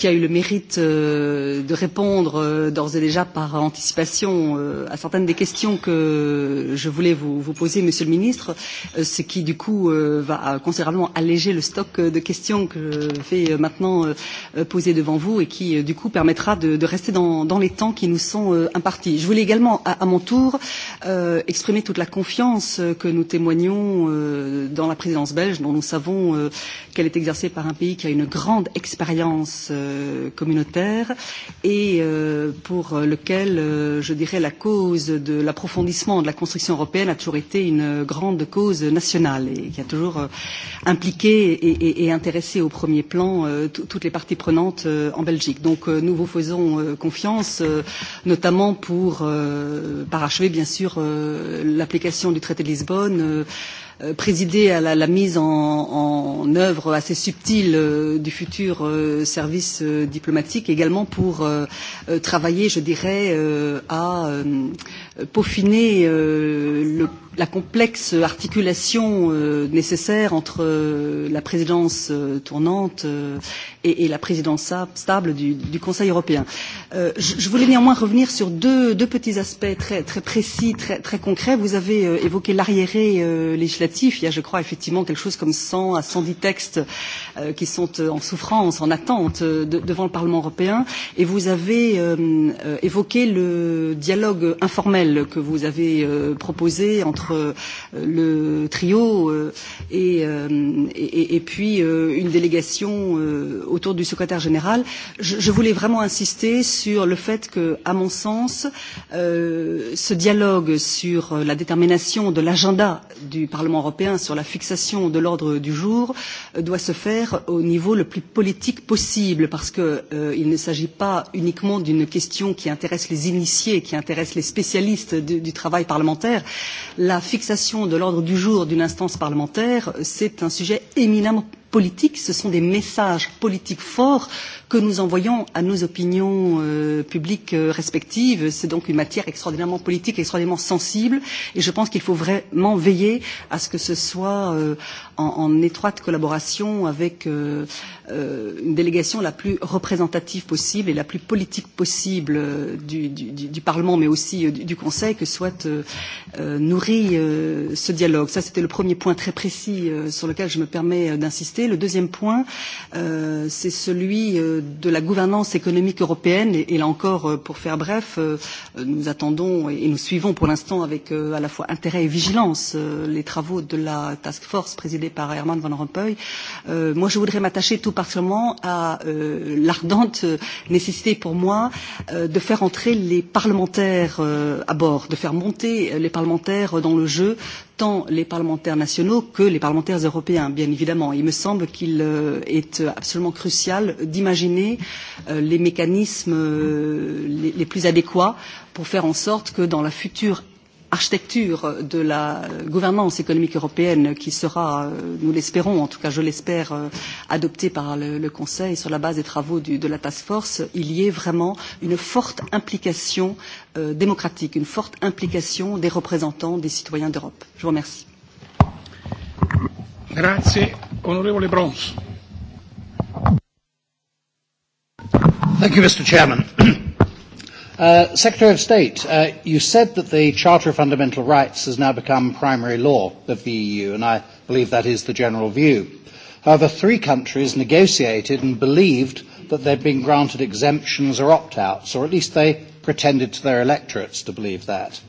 qui a eu le mérite euh, de répondre euh, d'ores et déjà par anticipation euh, à certaines des questions que je voulais vous, vous poser, Monsieur le Ministre, euh, ce qui du coup euh, va considérablement alléger le stock de questions que je vais euh, maintenant euh, euh, poser devant vous et qui euh, du coup permettra de, de rester dans, dans les temps qui nous sont euh, impartis. Je voulais également à, à mon tour euh, exprimer toute la confiance euh, que nous témoignons euh, dans la présidence belge, dont nous savons euh, qu'elle est exercée par un pays qui a une grande expérience euh, Euh, communautaire et euh, pour lequel, euh, je dirais, la cause de l'approfondissement de la construction européenne a toujours été une grande cause nationale et qui a toujours impliqué et, et, et intéressé au premier plan toutes les parties prenantes en Belgique. Donc nous vous faisons confiance, notamment pour parachever, bien sûr, l'application du traité de Lisbonne. Euh, Euh, présidé à la, la mise en, en œuvre assez subtile euh, du futur euh, service euh, diplomatique, également pour euh, euh travailler, je dirais, euh, à euh, peaufiner euh, le la complexe articulation euh, nécessaire entre euh, la présidence euh, tournante euh, et, et la présidence stable du, du Conseil européen. Euh, je, je voulais néanmoins revenir sur deux, deux petits aspects très, très précis, très, très concrets. Vous avez euh, évoqué l'arriéré euh, législatif. Il y a, je crois, effectivement quelque chose comme 100 à 110 textes euh, qui sont euh, en souffrance, en attente euh, de, devant le Parlement européen. Et vous avez euh, euh évoqué le dialogue informel que vous avez euh, proposé entre entre euh, le trio euh, et, euh, et, et puis une délégation autour du secrétaire général. Je, je voulais vraiment insister sur le fait que, à mon sens, ce dialogue sur la détermination de l'agenda du Parlement européen sur la fixation de l'ordre du jour doit se faire au niveau le plus politique possible parce qu'il euh, ne s'agit pas uniquement d'une question qui intéresse les initiés, qui intéresse les spécialistes du, du travail parlementaire. La la fixation de l'ordre du jour d'une instance parlementaire, c'est un sujet éminemment politiques, ce sont des messages politiques forts que nous envoyons à nos opinions euh, publiques euh, respectives. C'est donc une matière extraordinairement politique, extraordinairement sensible, et je pense qu'il faut vraiment veiller à ce que ce soit euh, en, en étroite collaboration avec euh, euh, une délégation la plus représentative possible et la plus politique possible euh, du, du, du Parlement, mais aussi euh, du, du Conseil, que soit euh, euh, nourri euh, ce dialogue. Ça, c'était le premier point très précis euh, sur lequel je me permets euh, d'insister citer. Le deuxième point, euh, c'est celui euh, de la gouvernance économique européenne. Et, et là encore, euh, pour faire bref, euh, nous attendons et, et nous suivons pour l'instant avec euh, à la fois intérêt et vigilance euh, les travaux de la task force présidée par Herman Van Rompuy. Euh, moi, je voudrais m'attacher tout particulièrement à euh, l'ardente euh, nécessité pour moi euh, de faire entrer les parlementaires euh, à bord, de faire monter les parlementaires dans le jeu tant les parlementaires nationaux que les parlementaires européens, bien évidemment. Il me semble qu'il euh, est absolument crucial d'imaginer euh, les mécanismes euh, les plus adéquats pour faire en sorte que dans la future architecture de la gouvernance économique européenne qui sera, euh, nous l'espérons, en tout cas je l'espère, euh, adoptée par le, le Conseil sur la base des travaux du, de la task force, il y ait vraiment une forte implication euh, démocratique, une forte implication des représentants des citoyens d'Europe. Je vous remercie. Grazie. Onorevole Brons. Thank you, Mr. Chairman. <clears throat> Uh, Secretary of State, uh, you said that the Charter of Fundamental Rights has now become primary law of the EU, and I believe that is the general view. However, three countries negotiated and believed that they'd been granted exemptions or opt-outs, or at least they pretended to their electorates to believe that.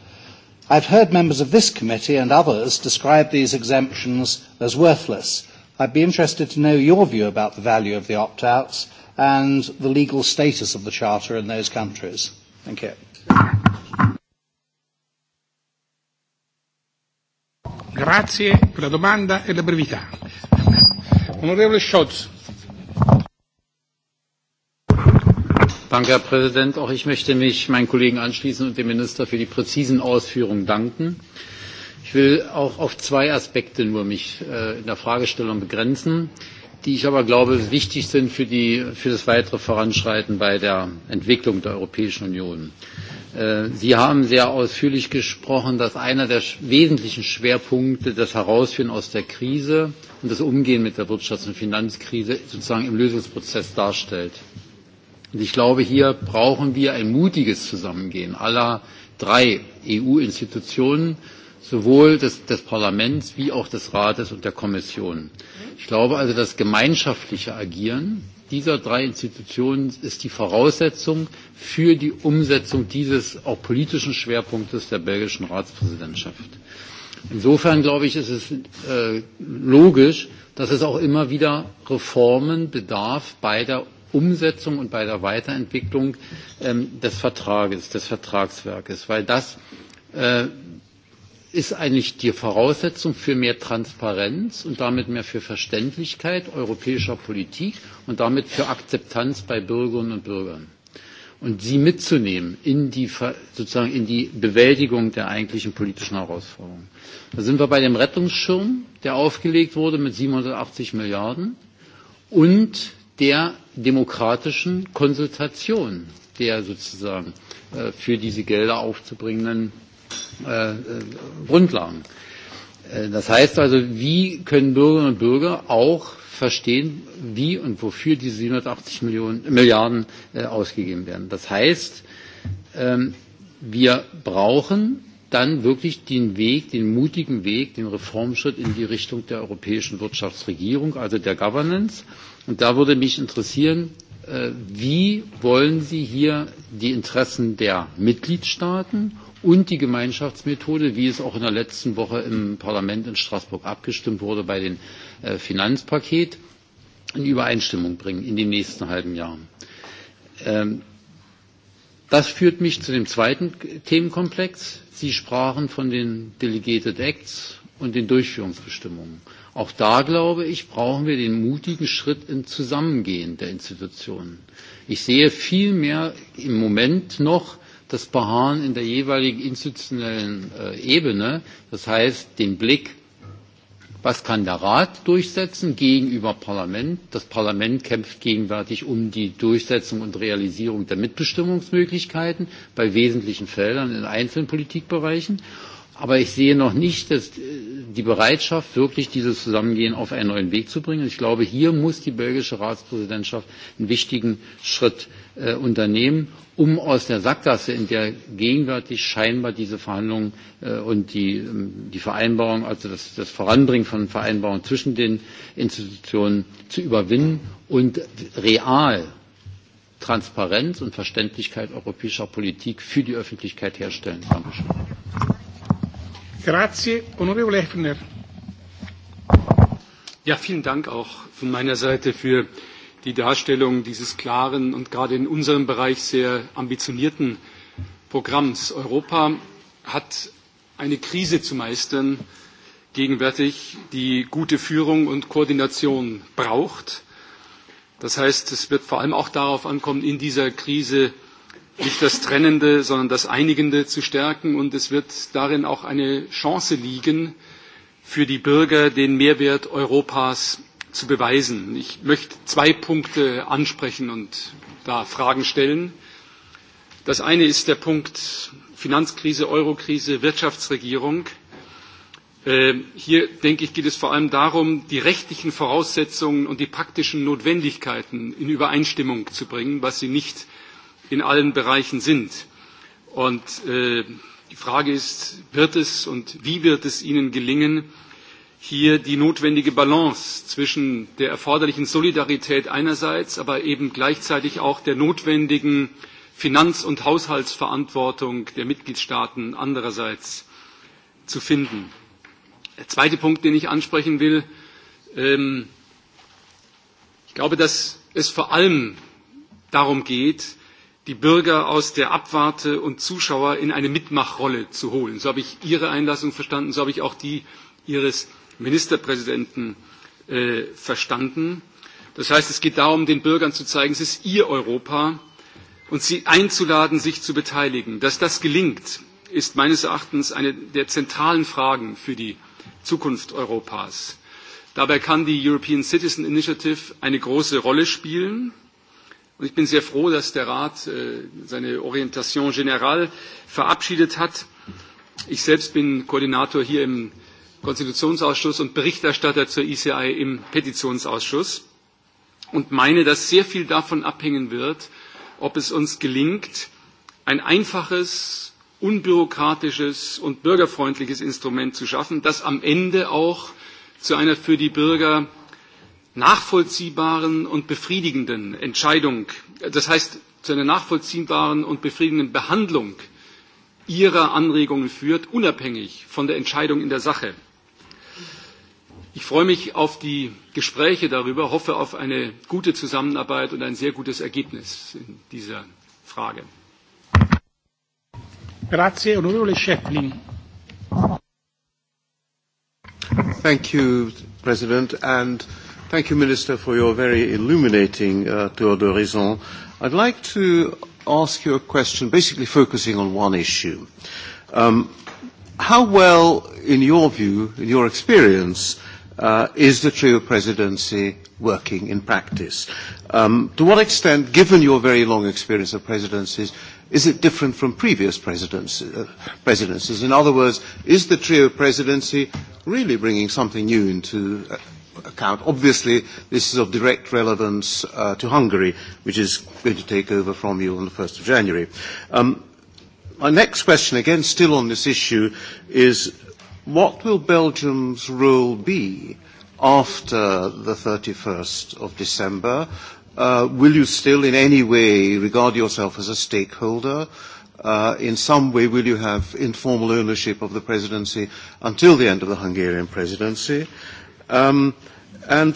I've heard members of this committee and others describe these exemptions as worthless. I'd be interested to know your view about the value of the opt-outs and the legal status of the Charter in those countries. Thank you. Grazie per la domanda e la brevità. Onorevole Scholz. Danke, Herr Präsident. Auch ich möchte mich meinen Kollegen anschließen und dem Minister für die präzisen Ausführungen danken. Ich will auch auf zwei Aspekte nur mich äh, in der Fragestellung begrenzen die ich aber glaube wichtig sind für, die, für das weitere Voranschreiten bei der Entwicklung der Europäischen Union. Äh, Sie haben sehr ausführlich gesprochen, dass einer der wesentlichen Schwerpunkte das Herausführen aus der Krise und das Umgehen mit der Wirtschafts- und Finanzkrise sozusagen im Lösungsprozess darstellt. Und ich glaube, hier brauchen wir ein mutiges Zusammengehen aller drei EU-Institutionen, sowohl des, des Parlaments wie auch des Rates und der Kommission. Ich glaube also, das gemeinschaftliche Agieren dieser drei Institutionen ist die Voraussetzung für die Umsetzung dieses auch politischen Schwerpunktes der belgischen Ratspräsidentschaft. Insofern glaube ich, ist es äh, logisch, dass es auch immer wieder Reformen bedarf bei der Umsetzung und bei der Weiterentwicklung ähm, des Vertrages, des Vertragswerkes, weil das äh, ist eigentlich die Voraussetzung für mehr Transparenz und damit mehr für Verständlichkeit europäischer Politik und damit für Akzeptanz bei Bürgerinnen und Bürgern. Und sie mitzunehmen in die, sozusagen in die Bewältigung der eigentlichen politischen Herausforderungen. Da sind wir bei dem Rettungsschirm, der aufgelegt wurde mit 780 Milliarden und der demokratischen Konsultation der sozusagen äh, für diese Gelder aufzubringenden Äh, äh, Grundlagen. Äh, das heißt also, wie können Bürgerinnen und Bürger auch verstehen, wie und wofür diese 780 Millionen, Milliarden äh, ausgegeben werden. Das heißt, ähm, wir brauchen dann wirklich den Weg, den mutigen Weg, den Reformschritt in die Richtung der europäischen Wirtschaftsregierung, also der Governance. Und da würde mich interessieren, äh, wie wollen Sie hier die Interessen der Mitgliedstaaten und die Gemeinschaftsmethode, wie es auch in der letzten Woche im Parlament in Straßburg abgestimmt wurde bei dem äh, Finanzpaket, in Übereinstimmung bringen in den nächsten halben Jahren. Ähm, das führt mich zu dem zweiten Themenkomplex. Sie sprachen von den Delegated Acts und den Durchführungsbestimmungen. Auch da, glaube ich, brauchen wir den mutigen Schritt im Zusammengehen der Institutionen. Ich sehe vielmehr im Moment noch das Beharren in der jeweiligen institutionellen äh, Ebene, das heißt den Blick, was kann der Rat durchsetzen gegenüber Parlament? Das Parlament kämpft gegenwärtig um die Durchsetzung und Realisierung der Mitbestimmungsmöglichkeiten bei wesentlichen Feldern in einzelnen Politikbereichen. Aber ich sehe noch nicht dass äh, die Bereitschaft, wirklich dieses Zusammengehen auf einen neuen Weg zu bringen. Ich glaube, hier muss die belgische Ratspräsidentschaft einen wichtigen Schritt Äh, unternehmen, um aus der Sackgasse, in der gegenwärtig scheinbar diese Verhandlungen äh, und die, ähm, die Vereinbarung, also das, das Voranbringen von Vereinbarungen zwischen den Institutionen zu überwinden und real Transparenz und Verständlichkeit europäischer Politik für die Öffentlichkeit herstellen. Dankeschön. Grazie, onorevole Hefner. Ja, vielen Dank auch von meiner Seite für die Darstellung dieses klaren und gerade in unserem Bereich sehr ambitionierten Programms. Europa hat eine Krise zu meistern, gegenwärtig, die gute Führung und Koordination braucht. Das heißt, es wird vor allem auch darauf ankommen, in dieser Krise nicht das Trennende, sondern das Einigende zu stärken. Und es wird darin auch eine Chance liegen, für die Bürger den Mehrwert Europas zu beweisen. Ich möchte zwei Punkte ansprechen und da Fragen stellen. Das eine ist der Punkt Finanzkrise, Eurokrise, Wirtschaftsregierung. Äh, hier, denke ich, geht es vor allem darum, die rechtlichen Voraussetzungen und die praktischen Notwendigkeiten in Übereinstimmung zu bringen, was sie nicht in allen Bereichen sind. Und äh, die Frage ist, wird es und wie wird es Ihnen gelingen, hier die notwendige Balance zwischen der erforderlichen Solidarität einerseits, aber eben gleichzeitig auch der notwendigen Finanz- und Haushaltsverantwortung der Mitgliedstaaten andererseits zu finden. Der zweite Punkt, den ich ansprechen will, ähm, ich glaube, dass es vor allem darum geht, die Bürger aus der Abwarte und Zuschauer in eine Mitmachrolle zu holen. So habe ich Ihre Einlassung verstanden, so habe ich auch die Ihres Ministerpräsidenten äh, verstanden. Das heißt, es geht darum, den Bürgern zu zeigen, es ist ihr Europa und sie einzuladen, sich zu beteiligen. Dass das gelingt, ist meines Erachtens eine der zentralen Fragen für die Zukunft Europas. Dabei kann die European Citizen Initiative eine große Rolle spielen. Und ich bin sehr froh, dass der Rat äh, seine Orientation Generale verabschiedet hat. Ich selbst bin Koordinator hier im Konstitutionsausschuss und Berichterstatter zur ICI im Petitionsausschuss und meine, dass sehr viel davon abhängen wird, ob es uns gelingt, ein einfaches, unbürokratisches und bürgerfreundliches Instrument zu schaffen, das am Ende auch zu einer für die Bürger nachvollziehbaren und befriedigenden Entscheidung, das heißt zu einer nachvollziehbaren und befriedigenden Behandlung ihrer Anregungen führt, unabhängig von der Entscheidung in der Sache. Ich freue mich auf die Gespräche darüber, hoffe auf eine gute Zusammenarbeit und ein sehr gutes Ergebnis in dieser Frage. Grazie, onorevole Schäffling. Thank you, President, and thank you, Minister, for your very illuminating uh, tour d'horizon. I'd like to ask you a question, basically focusing on one issue. Um, how well, in your view, in your experience, uh, is the trio presidency working in practice? Um, to what extent, given your very long experience of presidencies, is it different from previous presidencies? Uh, presidencies? In other words, is the trio presidency really bringing something new into uh, account? Obviously, this is of direct relevance uh, to Hungary, which is going to take over from you on the 1st of January. Um, my next question, again, still on this issue, is what will Belgium's role be after the 31st of December? Uh, will you still in any way regard yourself as a stakeholder? Uh, in some way, will you have informal ownership of the presidency until the end of the Hungarian presidency? Um, and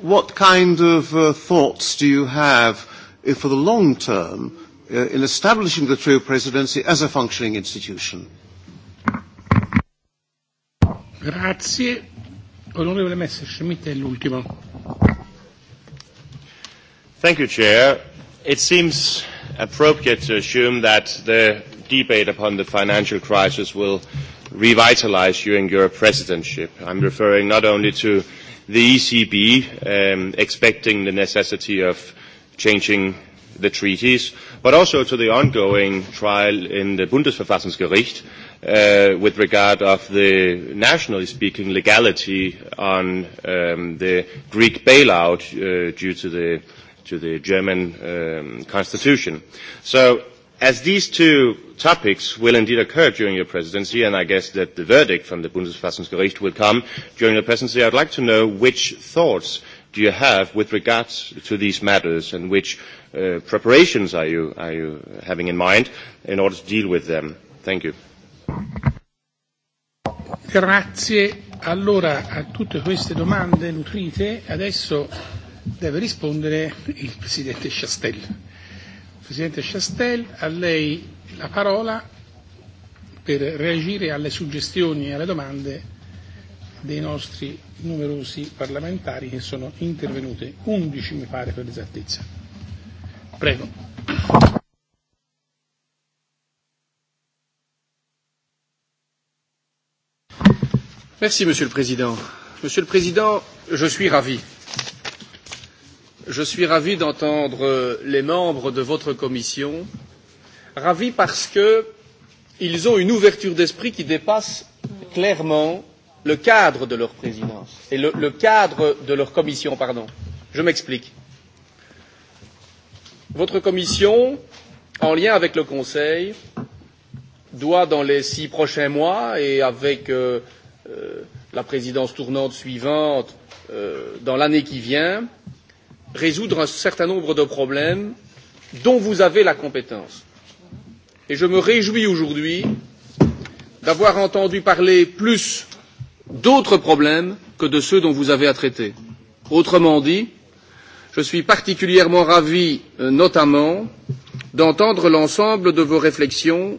what kind of uh, thoughts do you have uh, for the long term uh, in establishing the true presidency as a functioning institution? Grazie. Onorevole Messerschmidt è l'ultimo. Thank you, Chair. It seems appropriate to assume that the debate upon the financial crisis will revitalize during your presidency. I'm referring not only to the ECB um, expecting the necessity of changing the treaties, but also to the ongoing trial in the Bundesverfassungsgericht uh, with regard of the nationally speaking legality on um, the Greek bailout uh, due to the to the German um, constitution. So as these two topics will indeed occur during your presidency, and I guess that the verdict from the Bundesverfassungsgericht will come during your presidency, I'd like to know which thoughts do you have with regards to these matters and which uh, preparations are you, are you having in mind in order to deal with them? Thank you. Grazie. Allora a tutte queste domande nutrite adesso deve rispondere il Presidente Chastel. Presidente Chastel, a lei la parola per reagire alle suggestioni e alle domande dei nostri numerosi parlamentari che sono intervenuti, 11 mi pare per l'esattezza. Prego. Monsieur le Président. Monsieur le Président, je suis ravi. Je suis ravi d'entendre les membres de votre commission, ravi parce qu'ils ont une ouverture d'esprit qui dépasse clairement le cadre de leur présidence et le, le cadre de leur commission, pardon. Je m'explique. Votre commission, en lien avec le Conseil, doit, dans les six prochains mois et avec euh, Euh, la présidence tournante suivante euh, dans l'année qui vient résoudre un certain nombre de problèmes dont vous avez la compétence. Et je me réjouis aujourd'hui d'avoir entendu parler plus d'autres problèmes que de ceux dont vous avez à traiter. Autrement dit, je suis particulièrement ravi, euh, notamment, d'entendre l'ensemble de vos réflexions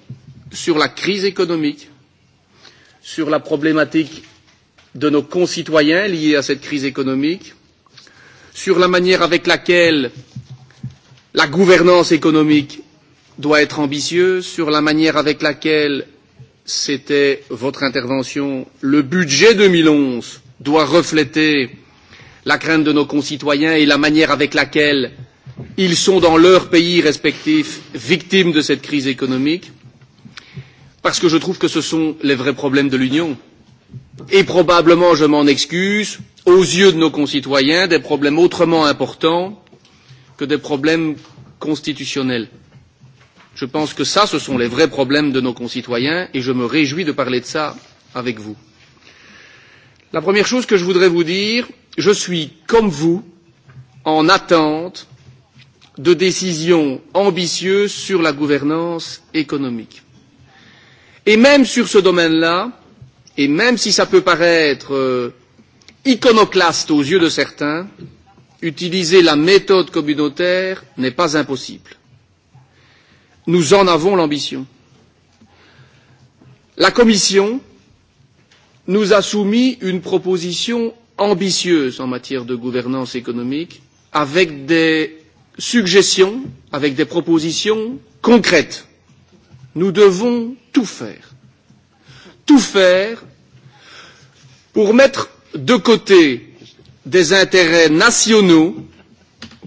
sur la crise économique, sur la problématique de nos concitoyens liés à cette crise économique, sur la manière avec laquelle la gouvernance économique doit être ambitieuse, sur la manière avec laquelle c'était votre intervention, le budget 2011 doit refléter la crainte de nos concitoyens et la manière avec laquelle ils sont dans leurs pays respectifs victimes de cette crise économique parce que je trouve que ce sont les vrais problèmes de l'Union. Et probablement, je m'en excuse, aux yeux de nos concitoyens, des problèmes autrement importants que des problèmes constitutionnels. Je pense que ça, ce sont les vrais problèmes de nos concitoyens et je me réjouis de parler de ça avec vous. La première chose que je voudrais vous dire, je suis, comme vous, en attente de décisions ambitieuses sur la gouvernance économique. Et même sur ce domaine-là, et même si ça peut paraître euh, iconoclaste aux yeux de certains, utiliser la méthode communautaire n'est pas impossible. Nous en avons l'ambition. La Commission nous a soumis une proposition ambitieuse en matière de gouvernance économique, avec des suggestions, avec des propositions concrètes Nous devons tout faire, tout faire pour mettre de côté des intérêts nationaux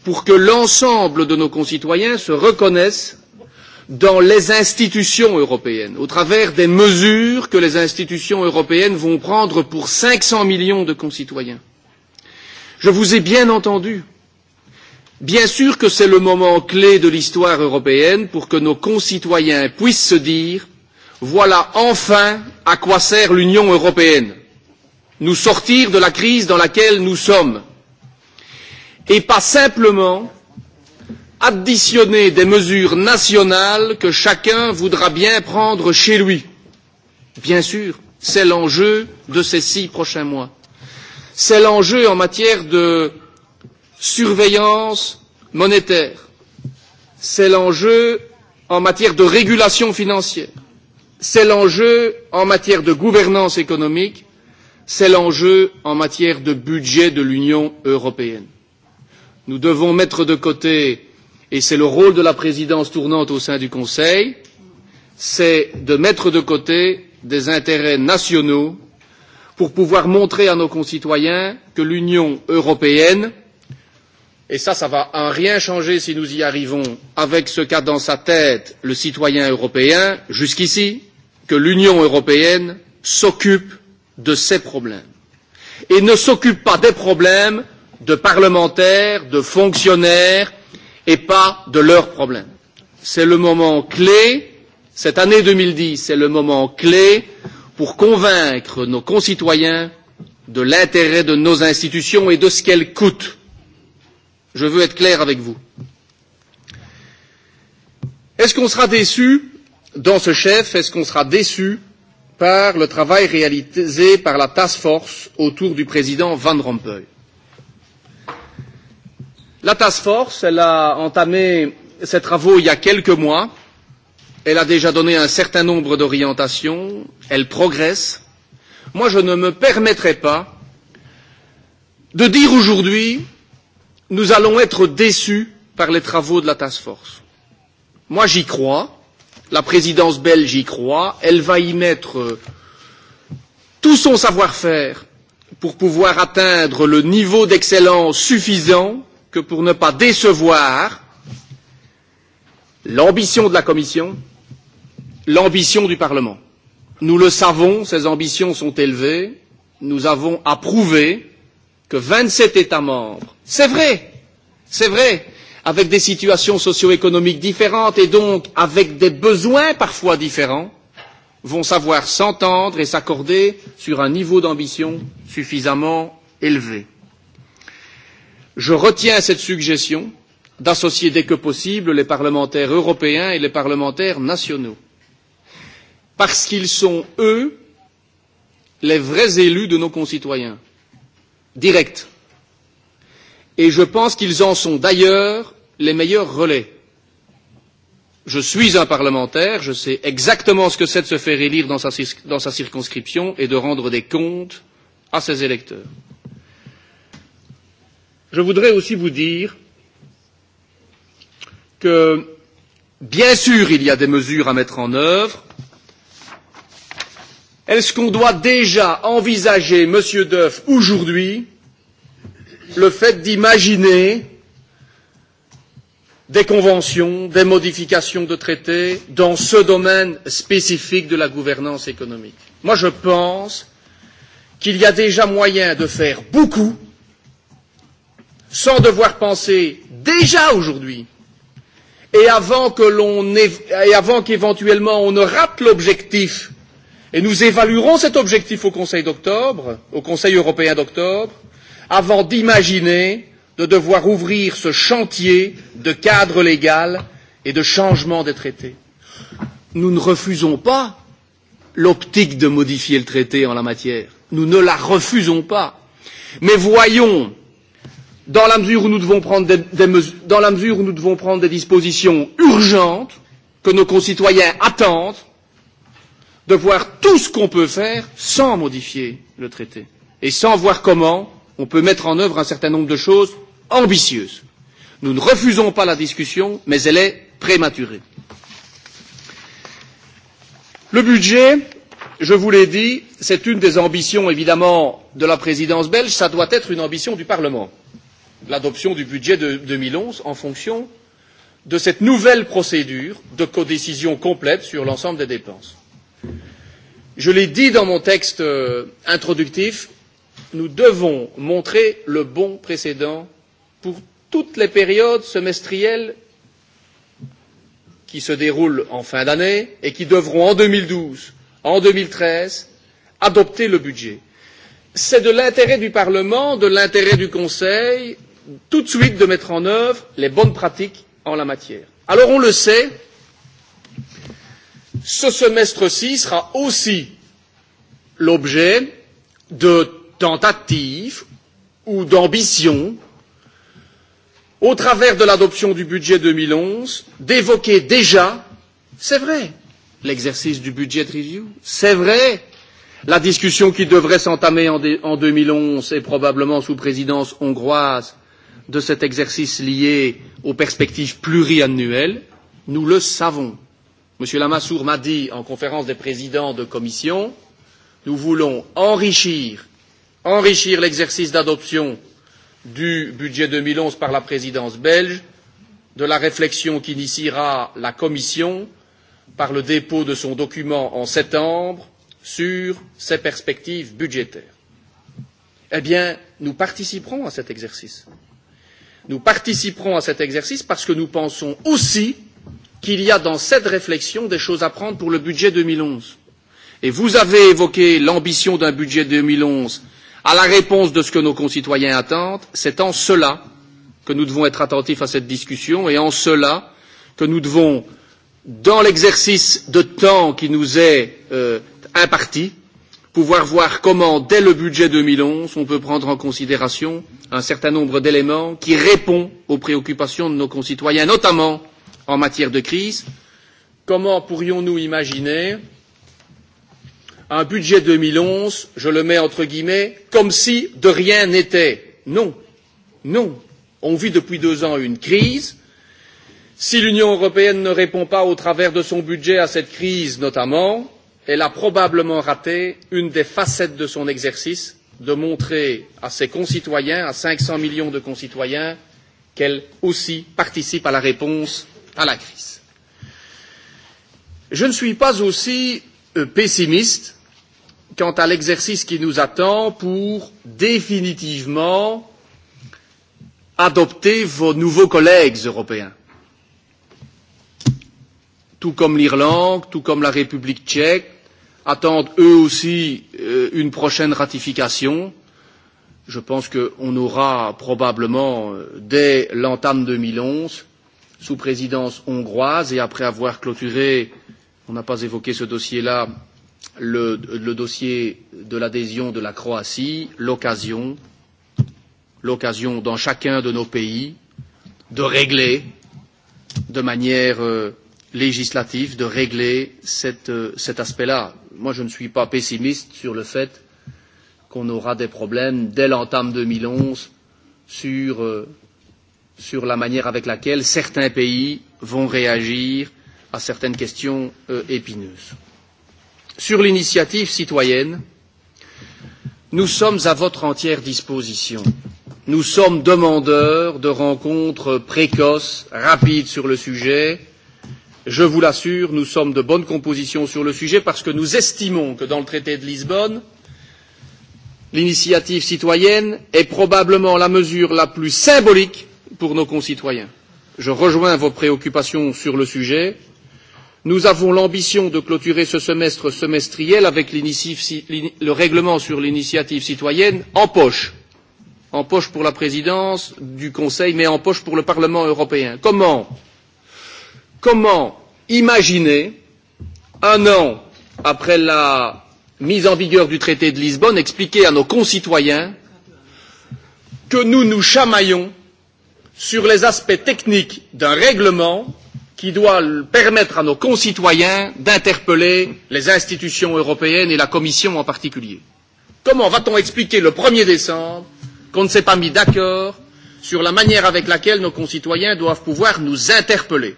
pour que l'ensemble de nos concitoyens se reconnaissent dans les institutions européennes, au travers des mesures que les institutions européennes vont prendre pour 500 millions de concitoyens. Je vous ai bien entendu, Bien sûr que c'est le moment clé de l'histoire européenne pour que nos concitoyens puissent se dire voilà enfin à quoi sert l'Union européenne nous sortir de la crise dans laquelle nous sommes et pas simplement additionner des mesures nationales que chacun voudra bien prendre chez lui. Bien sûr, c'est l'enjeu de ces six prochains mois. C'est l'enjeu en matière de surveillance monétaire. C'est l'enjeu en matière de régulation financière. C'est l'enjeu en matière de gouvernance économique. C'est l'enjeu en matière de budget de l'Union européenne. Nous devons mettre de côté, et c'est le rôle de la présidence tournante au sein du Conseil, c'est de mettre de côté des intérêts nationaux pour pouvoir montrer à nos concitoyens que l'Union européenne et ça, ça va en rien changer si nous y arrivons avec ce qu'a dans sa tête le citoyen européen jusqu'ici, que l'Union européenne s'occupe de ses problèmes et ne s'occupe pas des problèmes de parlementaires, de fonctionnaires et pas de leurs problèmes. C'est le moment clé, cette année 2010, c'est le moment clé pour convaincre nos concitoyens de l'intérêt de nos institutions et de ce qu'elles coûtent Je veux être clair avec vous. Est-ce qu'on sera déçu dans ce chef Est-ce qu'on sera déçu par le travail réalisé par la task force autour du président Van Rompuy La task force, elle a entamé ses travaux il y a quelques mois. Elle a déjà donné un certain nombre d'orientations. Elle progresse. Moi, je ne me permettrai pas de dire aujourd'hui nous allons être déçus par les travaux de la task force. Moi, j'y crois. La présidence belge y croit. Elle va y mettre euh, tout son savoir-faire pour pouvoir atteindre le niveau d'excellence suffisant que pour ne pas décevoir l'ambition de la Commission, l'ambition du Parlement. Nous le savons, ces ambitions sont élevées. Nous avons approuvé que 27 États membres, c'est vrai, c'est vrai, avec des situations socio-économiques différentes et donc avec des besoins parfois différents, vont savoir s'entendre et s'accorder sur un niveau d'ambition suffisamment élevé. Je retiens cette suggestion d'associer dès que possible les parlementaires européens et les parlementaires nationaux, parce qu'ils sont, eux, les vrais élus de nos concitoyens directe. Et je pense qu'ils en sont d'ailleurs les meilleurs relais. Je suis un parlementaire, je sais exactement ce que c'est de se faire élire dans sa, dans sa circonscription et de rendre des comptes à ses électeurs. Je voudrais aussi vous dire que, bien sûr, il y a des mesures à mettre en œuvre Est-ce qu'on doit déjà envisager, Monsieur Duff, aujourd'hui, le fait d'imaginer des conventions, des modifications de traités dans ce domaine spécifique de la gouvernance économique. Moi, je pense qu'il y a déjà moyen de faire beaucoup sans devoir penser déjà aujourd'hui et avant qu'éventuellement l'on on ne rate l'objectif Et nous évaluerons cet objectif au Conseil d'octobre, au Conseil européen d'octobre, avant d'imaginer de devoir ouvrir ce chantier de cadre légal et de changement des traités. Nous ne refusons pas l'optique de modifier le traité en la matière. Nous ne la refusons pas. Mais voyons, dans la mesure où nous devons prendre des, des, mesures, dans la mesure où nous devons prendre des dispositions urgentes que nos concitoyens attendent, de voir tout ce qu'on peut faire sans modifier le traité et sans voir comment on peut mettre en œuvre un certain nombre de choses ambitieuses. Nous ne refusons pas la discussion, mais elle est prématurée. Le budget, je vous l'ai dit, c'est une des ambitions évidemment de la présidence belge, ça doit être une ambition du Parlement, l'adoption du budget de 2011 en fonction de cette nouvelle procédure de codécision complète sur l'ensemble des dépenses. Je l'ai dit dans mon texte euh, introductif, nous devons montrer le bon précédent pour toutes les périodes semestrielles qui se déroulent en fin d'année et qui devront en 2012, en 2013, adopter le budget. C'est de l'intérêt du Parlement, de l'intérêt du Conseil, tout de suite de mettre en œuvre les bonnes pratiques en la matière. Alors on le sait, ce semestre ci sera aussi l'objet de tentatives ou d'ambitions au travers de l'adoption du budget deux mille onze d'évoquer déjà c'est vrai l'exercice du budget review c'est vrai la discussion qui devrait s'entamer en deux mille onze et probablement sous présidence hongroise de cet exercice lié aux perspectives pluriannuelles nous le savons M. Lamassoure m'a dit en conférence des présidents de commission nous voulons enrichir, enrichir l'exercice d'adoption du budget 2011 par la présidence belge de la réflexion qu'initiera la Commission par le dépôt de son document en septembre sur ses perspectives budgétaires. Eh bien, nous participerons à cet exercice. Nous participerons à cet exercice parce que nous pensons aussi qu'il y a dans cette réflexion des choses à prendre pour le budget 2011. Et vous avez évoqué l'ambition d'un budget 2011 à la réponse de ce que nos concitoyens attendent. C'est en cela que nous devons être attentifs à cette discussion et en cela que nous devons, dans l'exercice de temps qui nous est euh, imparti, pouvoir voir comment, dès le budget 2011, on peut prendre en considération un certain nombre d'éléments qui répondent aux préoccupations de nos concitoyens, notamment en matière de crise, comment pourrions-nous imaginer un budget 2011, je le mets entre guillemets, comme si de rien n'était Non, non. On vit depuis deux ans une crise. Si l'Union européenne ne répond pas au travers de son budget à cette crise notamment, elle a probablement raté une des facettes de son exercice de montrer à ses concitoyens, à 500 millions de concitoyens, qu'elle aussi participe à la réponse à la crise. Je ne suis pas aussi euh, pessimiste quant à l'exercice qui nous attend pour définitivement adopter vos nouveaux collègues européens. Tout comme l'Irlande, tout comme la République tchèque, attendent eux aussi euh, une prochaine ratification. Je pense qu'on aura probablement, euh, dès l'entame 2011, sous présidence hongroise et après avoir clôturé on n'a pas évoqué ce dossier là le, le dossier de l'adhésion de la Croatie, l'occasion l'occasion dans chacun de nos pays de régler de manière euh, législative, de régler cette, euh, cet aspect-là. Moi, je ne suis pas pessimiste sur le fait qu'on aura des problèmes dès l'entame 2011 sur euh, sur la manière avec laquelle certains pays vont réagir à certaines questions euh, épineuses. Sur l'initiative citoyenne, nous sommes à votre entière disposition. Nous sommes demandeurs de rencontres précoces, rapides sur le sujet. Je vous l'assure, nous sommes de bonne composition sur le sujet parce que nous estimons que dans le traité de Lisbonne, l'initiative citoyenne est probablement la mesure la plus symbolique pour nos concitoyens. Je rejoins vos préoccupations sur le sujet. Nous avons l'ambition de clôturer ce semestre semestriel avec le règlement sur l'initiative citoyenne en poche, en poche pour la présidence du Conseil, mais en poche pour le Parlement européen. Comment Comment imaginer, un an après la mise en vigueur du traité de Lisbonne, expliquer à nos concitoyens que nous nous chamaillons sur les aspects techniques d'un règlement qui doit permettre à nos concitoyens d'interpeller les institutions européennes et la Commission en particulier. Comment va-t-on expliquer le 1er décembre qu'on ne s'est pas mis d'accord sur la manière avec laquelle nos concitoyens doivent pouvoir nous interpeller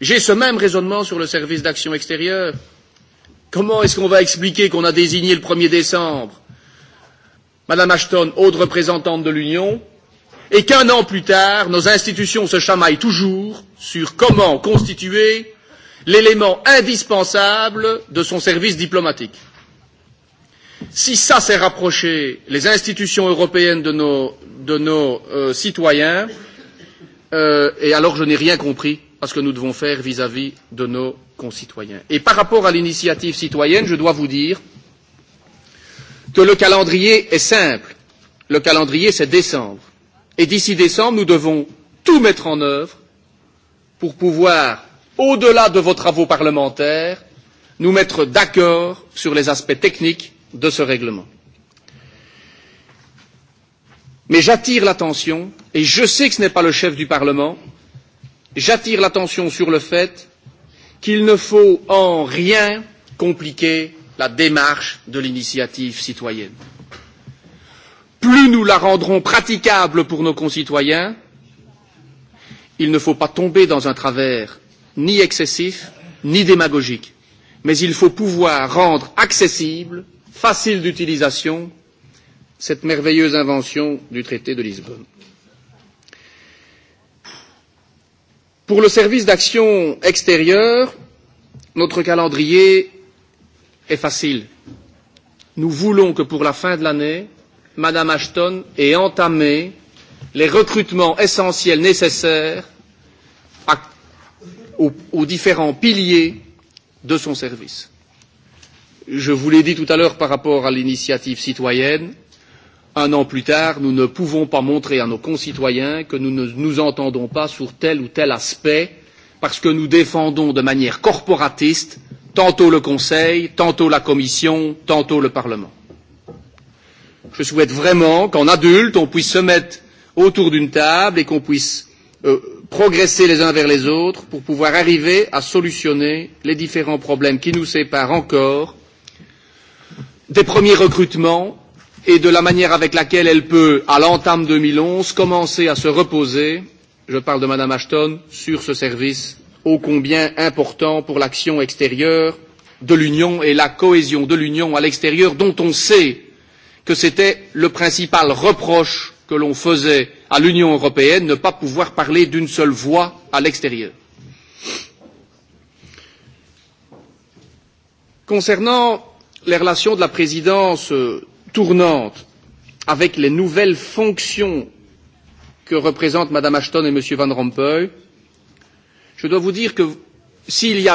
J'ai ce même raisonnement sur le service d'action extérieure. Comment est-ce qu'on va expliquer qu'on a désigné le 1er décembre Madame Ashton, haute représentante de l'Union, et qu'un an plus tard, nos institutions se chamaillent toujours sur comment constituer l'élément indispensable de son service diplomatique. Si ça c'est rapprocher les institutions européennes de nos, de nos euh, citoyens, euh, et alors je n'ai rien compris à ce que nous devons faire vis-à-vis -vis de nos concitoyens. Et par rapport à l'initiative citoyenne, je dois vous dire que le calendrier est simple. Le calendrier, c'est décembre. Et d'ici décembre, nous devons tout mettre en œuvre pour pouvoir, au delà de vos travaux parlementaires, nous mettre d'accord sur les aspects techniques de ce règlement. Mais j'attire l'attention, et je sais que ce n'est pas le chef du Parlement, j'attire l'attention sur le fait qu'il ne faut en rien compliquer la démarche de l'initiative citoyenne plus nous la rendrons praticable pour nos concitoyens, il ne faut pas tomber dans un travers ni excessif ni démagogique, mais il faut pouvoir rendre accessible, facile d'utilisation, cette merveilleuse invention du traité de Lisbonne. Pour le service d'action extérieure, notre calendrier est facile. Nous voulons que pour la fin de l'année, Madame Ashton, et entamer les recrutements essentiels nécessaires à, aux, aux différents piliers de son service. Je vous l'ai dit tout à l'heure par rapport à l'initiative citoyenne, un an plus tard, nous ne pouvons pas montrer à nos concitoyens que nous ne nous entendons pas sur tel ou tel aspect parce que nous défendons de manière corporatiste tantôt le Conseil, tantôt la Commission, tantôt le Parlement je souhaite vraiment qu'en adulte, on puisse se mettre autour d'une table et qu'on puisse euh, progresser les uns vers les autres pour pouvoir arriver à solutionner les différents problèmes qui nous séparent encore des premiers recrutements et de la manière avec laquelle elle peut, à l'entame 2011, commencer à se reposer, je parle de Madame Ashton, sur ce service ô combien important pour l'action extérieure de l'Union et la cohésion de l'Union à l'extérieur, dont on sait que c'était le principal reproche que l'on faisait à l'Union européenne, ne pas pouvoir parler d'une seule voix à l'extérieur. Concernant les relations de la présidence euh, tournante avec les nouvelles fonctions que représentent Mme Ashton et M. Van Rompuy, je dois vous dire que s'il y y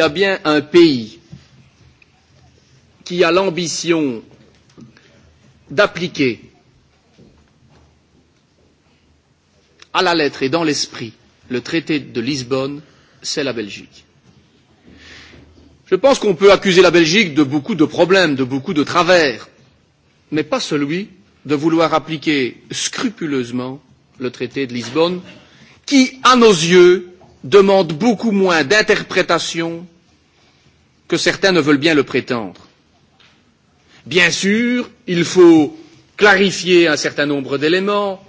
a bien un pays qui a l'ambition d'appliquer à la lettre et dans l'esprit le traité de Lisbonne, c'est la Belgique. Je pense qu'on peut accuser la Belgique de beaucoup de problèmes, de beaucoup de travers, mais pas celui de vouloir appliquer scrupuleusement le traité de Lisbonne, qui, à nos yeux, demande beaucoup moins d'interprétation que certains ne veulent bien le prétendre. Bien sûr, il faut clarifier un certain nombre d'éléments.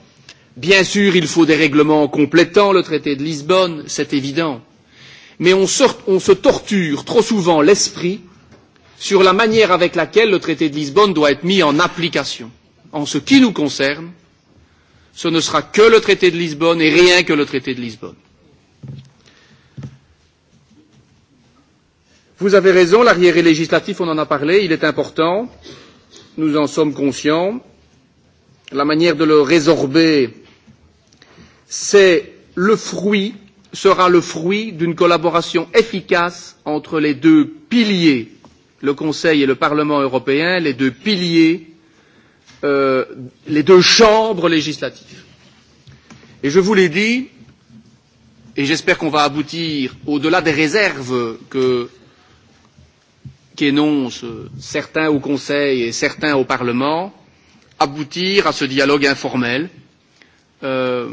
Bien sûr, il faut des règlements complétant le traité de Lisbonne, c'est évident. Mais on, sort, on se torture trop souvent l'esprit sur la manière avec laquelle le traité de Lisbonne doit être mis en application. En ce qui nous concerne, ce ne sera que le traité de Lisbonne et rien que le traité de Lisbonne. Vous avez raison, l'arriéré législatif, on en a parlé, il est important, nous en sommes conscients. La manière de le résorber, c'est le fruit, sera le fruit d'une collaboration efficace entre les deux piliers, le Conseil et le Parlement européen, les deux piliers, euh, les deux chambres législatives. Et je vous l'ai dit, et j'espère qu'on va aboutir au-delà des réserves que qu'énoncent certains au Conseil et certains au Parlement aboutir à ce dialogue informel euh,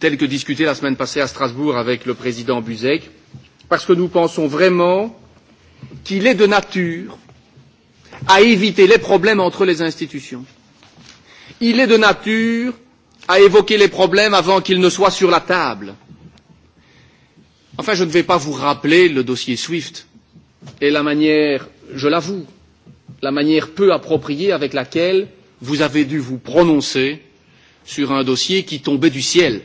tel que discuté la semaine passée à Strasbourg avec le président Buzek, parce que nous pensons vraiment qu'il est de nature à éviter les problèmes entre les institutions. Il est de nature à évoquer les problèmes avant qu'ils ne soient sur la table. Enfin, je ne vais pas vous rappeler le dossier SWIFT et la manière je l'avoue, la manière peu appropriée avec laquelle vous avez dû vous prononcer sur un dossier qui tombait du ciel.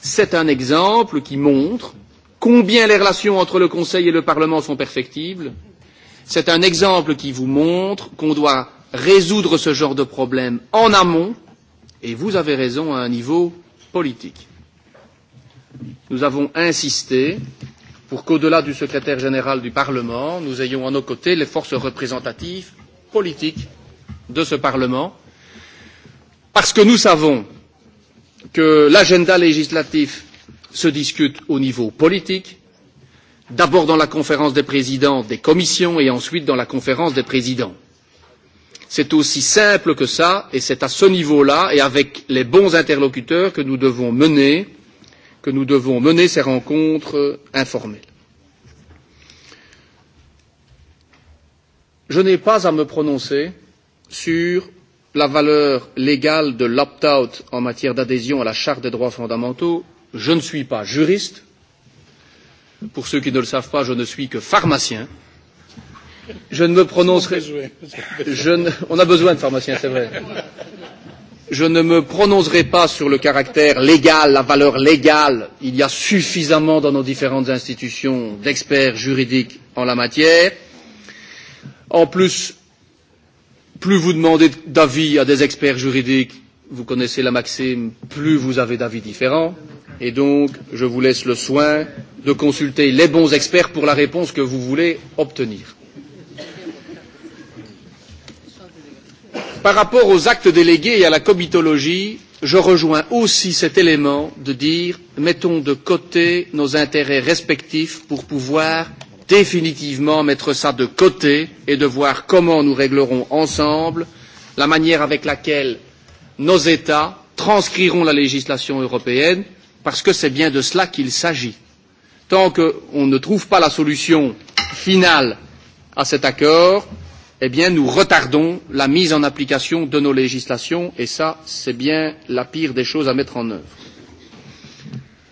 C'est un exemple qui montre combien les relations entre le Conseil et le Parlement sont perfectibles. C'est un exemple qui vous montre qu'on doit résoudre ce genre de problème en amont, et vous avez raison à un niveau politique. Nous avons insisté pour qu'au-delà du secrétaire général du Parlement, nous ayons à nos côtés les forces représentatives politiques de ce Parlement, parce que nous savons que l'agenda législatif se discute au niveau politique, d'abord dans la conférence des présidents des commissions et ensuite dans la conférence des présidents. C'est aussi simple que ça et c'est à ce niveau-là et avec les bons interlocuteurs que nous devons mener que nous devons mener ces rencontres euh, informelles. Je n'ai pas à me prononcer sur la valeur légale de l'opt out en matière d'adhésion à la charte des droits fondamentaux. Je ne suis pas juriste. Pour ceux qui ne le savent pas, je ne suis que pharmacien. Je ne me prononcerai. Je ne... On a besoin de pharmaciens, c'est vrai. Je ne me prononcerai pas sur le caractère légal, la valeur légale. Il y a suffisamment dans nos différentes institutions d'experts juridiques en la matière. En plus, plus vous demandez d'avis à des experts juridiques, vous connaissez la maxime, plus vous avez d'avis différents. Et donc, je vous laisse le soin de consulter les bons experts pour la réponse que vous voulez obtenir. Par rapport aux actes délégués et à la comitologie, je rejoins aussi cet élément de dire mettons de côté nos intérêts respectifs pour pouvoir définitivement mettre ça de côté et de voir comment nous réglerons ensemble la manière avec laquelle nos États transcriront la législation européenne, parce que c'est bien de cela qu'il s'agit. Tant qu'on ne trouve pas la solution finale à cet accord, eh bien, nous retardons la mise en application de nos législations, et ça, c'est bien la pire des choses à mettre en œuvre.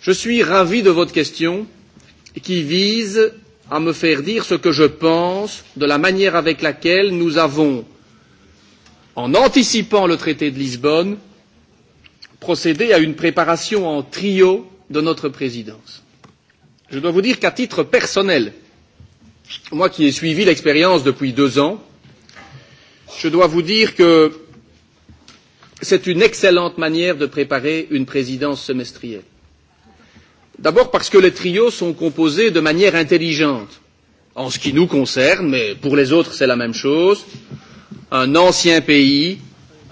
Je suis ravi de votre question qui vise à me faire dire ce que je pense de la manière avec laquelle nous avons, en anticipant le traité de Lisbonne, procédé à une préparation en trio de notre présidence. Je dois vous dire qu'à titre personnel, moi qui ai suivi l'expérience depuis deux ans, je dois vous dire que c'est une excellente manière de préparer une présidence semestrielle. D'abord parce que les trios sont composés de manière intelligente, en ce qui nous concerne, mais pour les autres c'est la même chose, un ancien pays,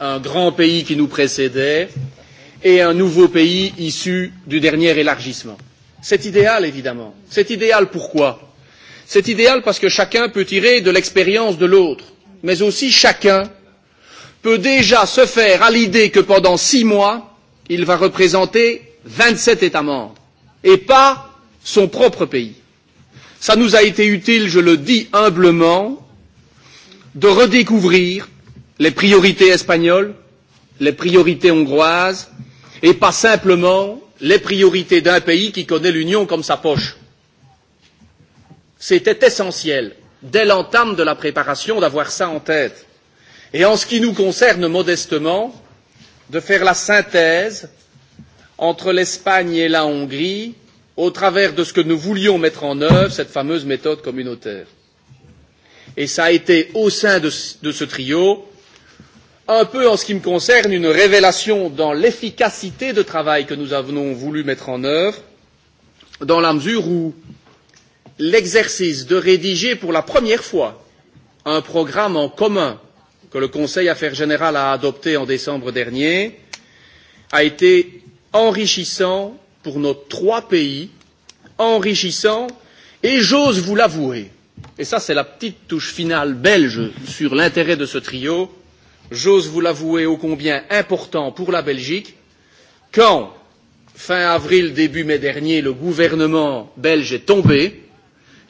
un grand pays qui nous précédait, et un nouveau pays issu du dernier élargissement. C'est idéal, évidemment. C'est idéal pourquoi C'est idéal parce que chacun peut tirer de l'expérience de l'autre mais aussi chacun, peut déjà se faire à l'idée que pendant six mois, il va représenter 27 États membres et pas son propre pays. Ça nous a été utile, je le dis humblement, de redécouvrir les priorités espagnoles, les priorités hongroises et pas simplement les priorités d'un pays qui connaît l'Union comme sa poche. C'était essentiel dès l'entame de la préparation d'avoir ça en tête et en ce qui nous concerne modestement de faire la synthèse entre l'Espagne et la Hongrie au travers de ce que nous voulions mettre en œuvre, cette fameuse méthode communautaire. Et ça a été au sein de, de ce trio, un peu en ce qui me concerne, une révélation dans l'efficacité de travail que nous avons voulu mettre en œuvre, dans la mesure où euh, l'exercice de rédiger pour la première fois un programme en commun que le Conseil Affaires Générales a adopté en décembre dernier a été enrichissant pour nos trois pays, enrichissant et j'ose vous l'avouer, et ça c'est la petite touche finale belge sur l'intérêt de ce trio, j'ose vous l'avouer ô combien important pour la Belgique, quand, fin avril, début mai dernier, le gouvernement belge est tombé,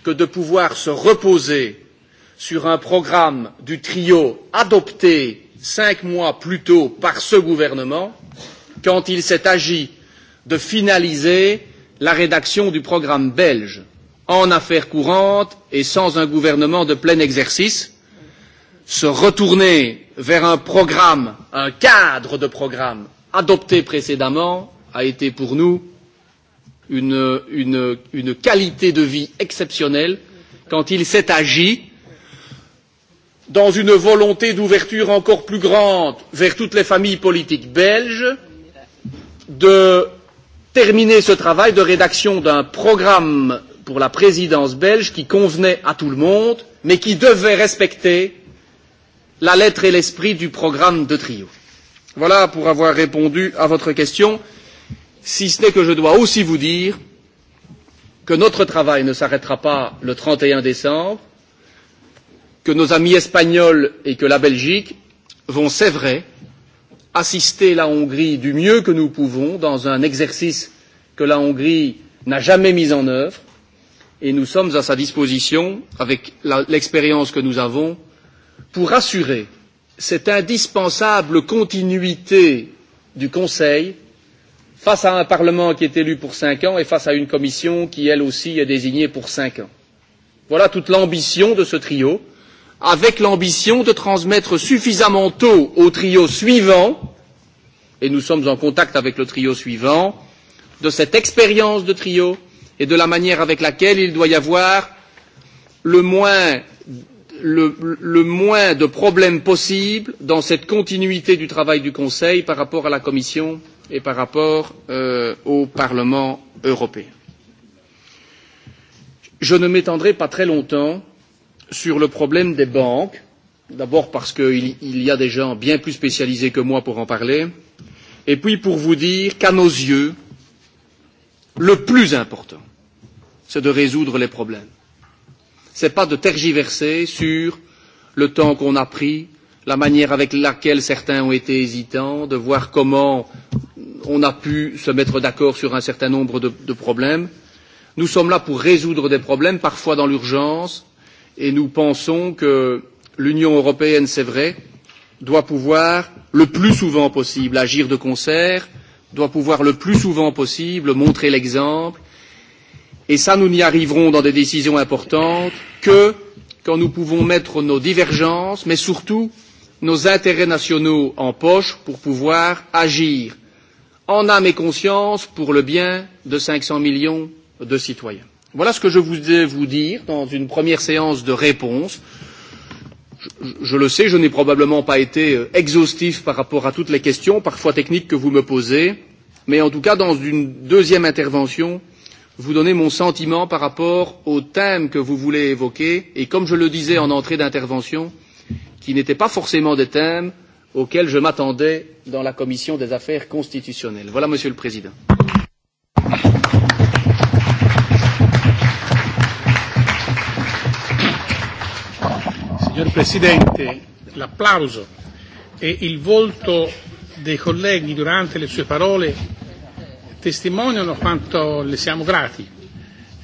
que de pouvoir se reposer sur un programme du trio adopté cinq mois plus tôt par ce gouvernement quand il s'est agi de finaliser la rédaction du programme belge en affaires courantes et sans un gouvernement de plein exercice, se retourner vers un programme, un cadre de programme adopté précédemment a été pour nous une, une, une qualité de vie exceptionnelle quand il s'est agi dans une volonté d'ouverture encore plus grande vers toutes les familles politiques belges de terminer ce travail de rédaction d'un programme pour la présidence belge qui convenait à tout le monde mais qui devait respecter la lettre et l'esprit du programme de trio. Voilà pour avoir répondu à votre question si ce n'est que je dois aussi vous dire que notre travail ne s'arrêtera pas le 31 décembre, que nos amis espagnols et que la Belgique vont, c'est vrai, assister la Hongrie du mieux que nous pouvons dans un exercice que la Hongrie n'a jamais mis en œuvre et nous sommes à sa disposition, avec l'expérience que nous avons, pour assurer cette indispensable continuité du Conseil face à un parlement qui est élu pour cinq ans et face à une commission qui elle aussi est désignée pour cinq ans. voilà toute l'ambition de ce trio avec l'ambition de transmettre suffisamment tôt au trio suivant et nous sommes en contact avec le trio suivant de cette expérience de trio et de la manière avec laquelle il doit y avoir le moins, le, le moins de problèmes possibles dans cette continuité du travail du Conseil par rapport à la Commission et par rapport euh, au Parlement européen. Je ne m'étendrai pas très longtemps sur le problème des banques, d'abord parce qu'il il y a des gens bien plus spécialisés que moi pour en parler, et puis pour vous dire qu'à nos yeux, le plus important, c'est de résoudre les problèmes. Ce n'est pas de tergiverser sur le temps qu'on a pris, la manière avec laquelle certains ont été hésitants, de voir comment on a pu se mettre d'accord sur un certain nombre de, de problèmes. Nous sommes là pour résoudre des problèmes, parfois dans l'urgence, et nous pensons que l'Union européenne, c'est vrai, doit pouvoir le plus souvent possible agir de concert, doit pouvoir le plus souvent possible montrer l'exemple, et ça nous n'y arriverons dans des décisions importantes que quand nous pouvons mettre nos divergences, mais surtout nos intérêts nationaux en poche pour pouvoir agir en âme et conscience pour le bien de 500 millions de citoyens. Voilà ce que je voulais vous dire dans une première séance de réponse. Je, je le sais, je n'ai probablement pas été euh, exhaustif par rapport à toutes les questions, parfois techniques, que vous me posez, mais en tout cas, dans une deuxième intervention, vous donner mon sentiment par rapport au thème que vous voulez évoquer, et comme je le disais en entrée d'intervention, qui n'étaient pas forcément des thèmes auquel je m'attendais dans la commission des affaires constitutionnelles. Voilà, Monsieur le Président. Signor Presidente, l'applauso e il volto dei colleghi durante le sue parole testimoniano quanto le siamo grati.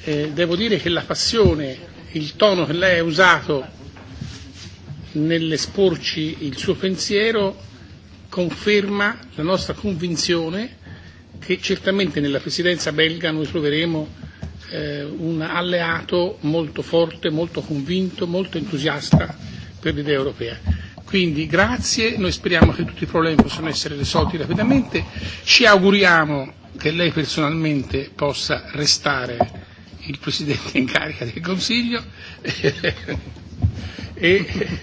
Eh, devo dire che la passione, il tono che lei ha usato nell'esporci il suo pensiero conferma la nostra convinzione che certamente nella presidenza belga noi troveremo eh, un alleato molto forte, molto convinto, molto entusiasta per l'idea europea. Quindi grazie, noi speriamo che tutti i problemi possano essere risolti rapidamente, ci auguriamo che lei personalmente possa restare il Presidente in carica del Consiglio <laughs> e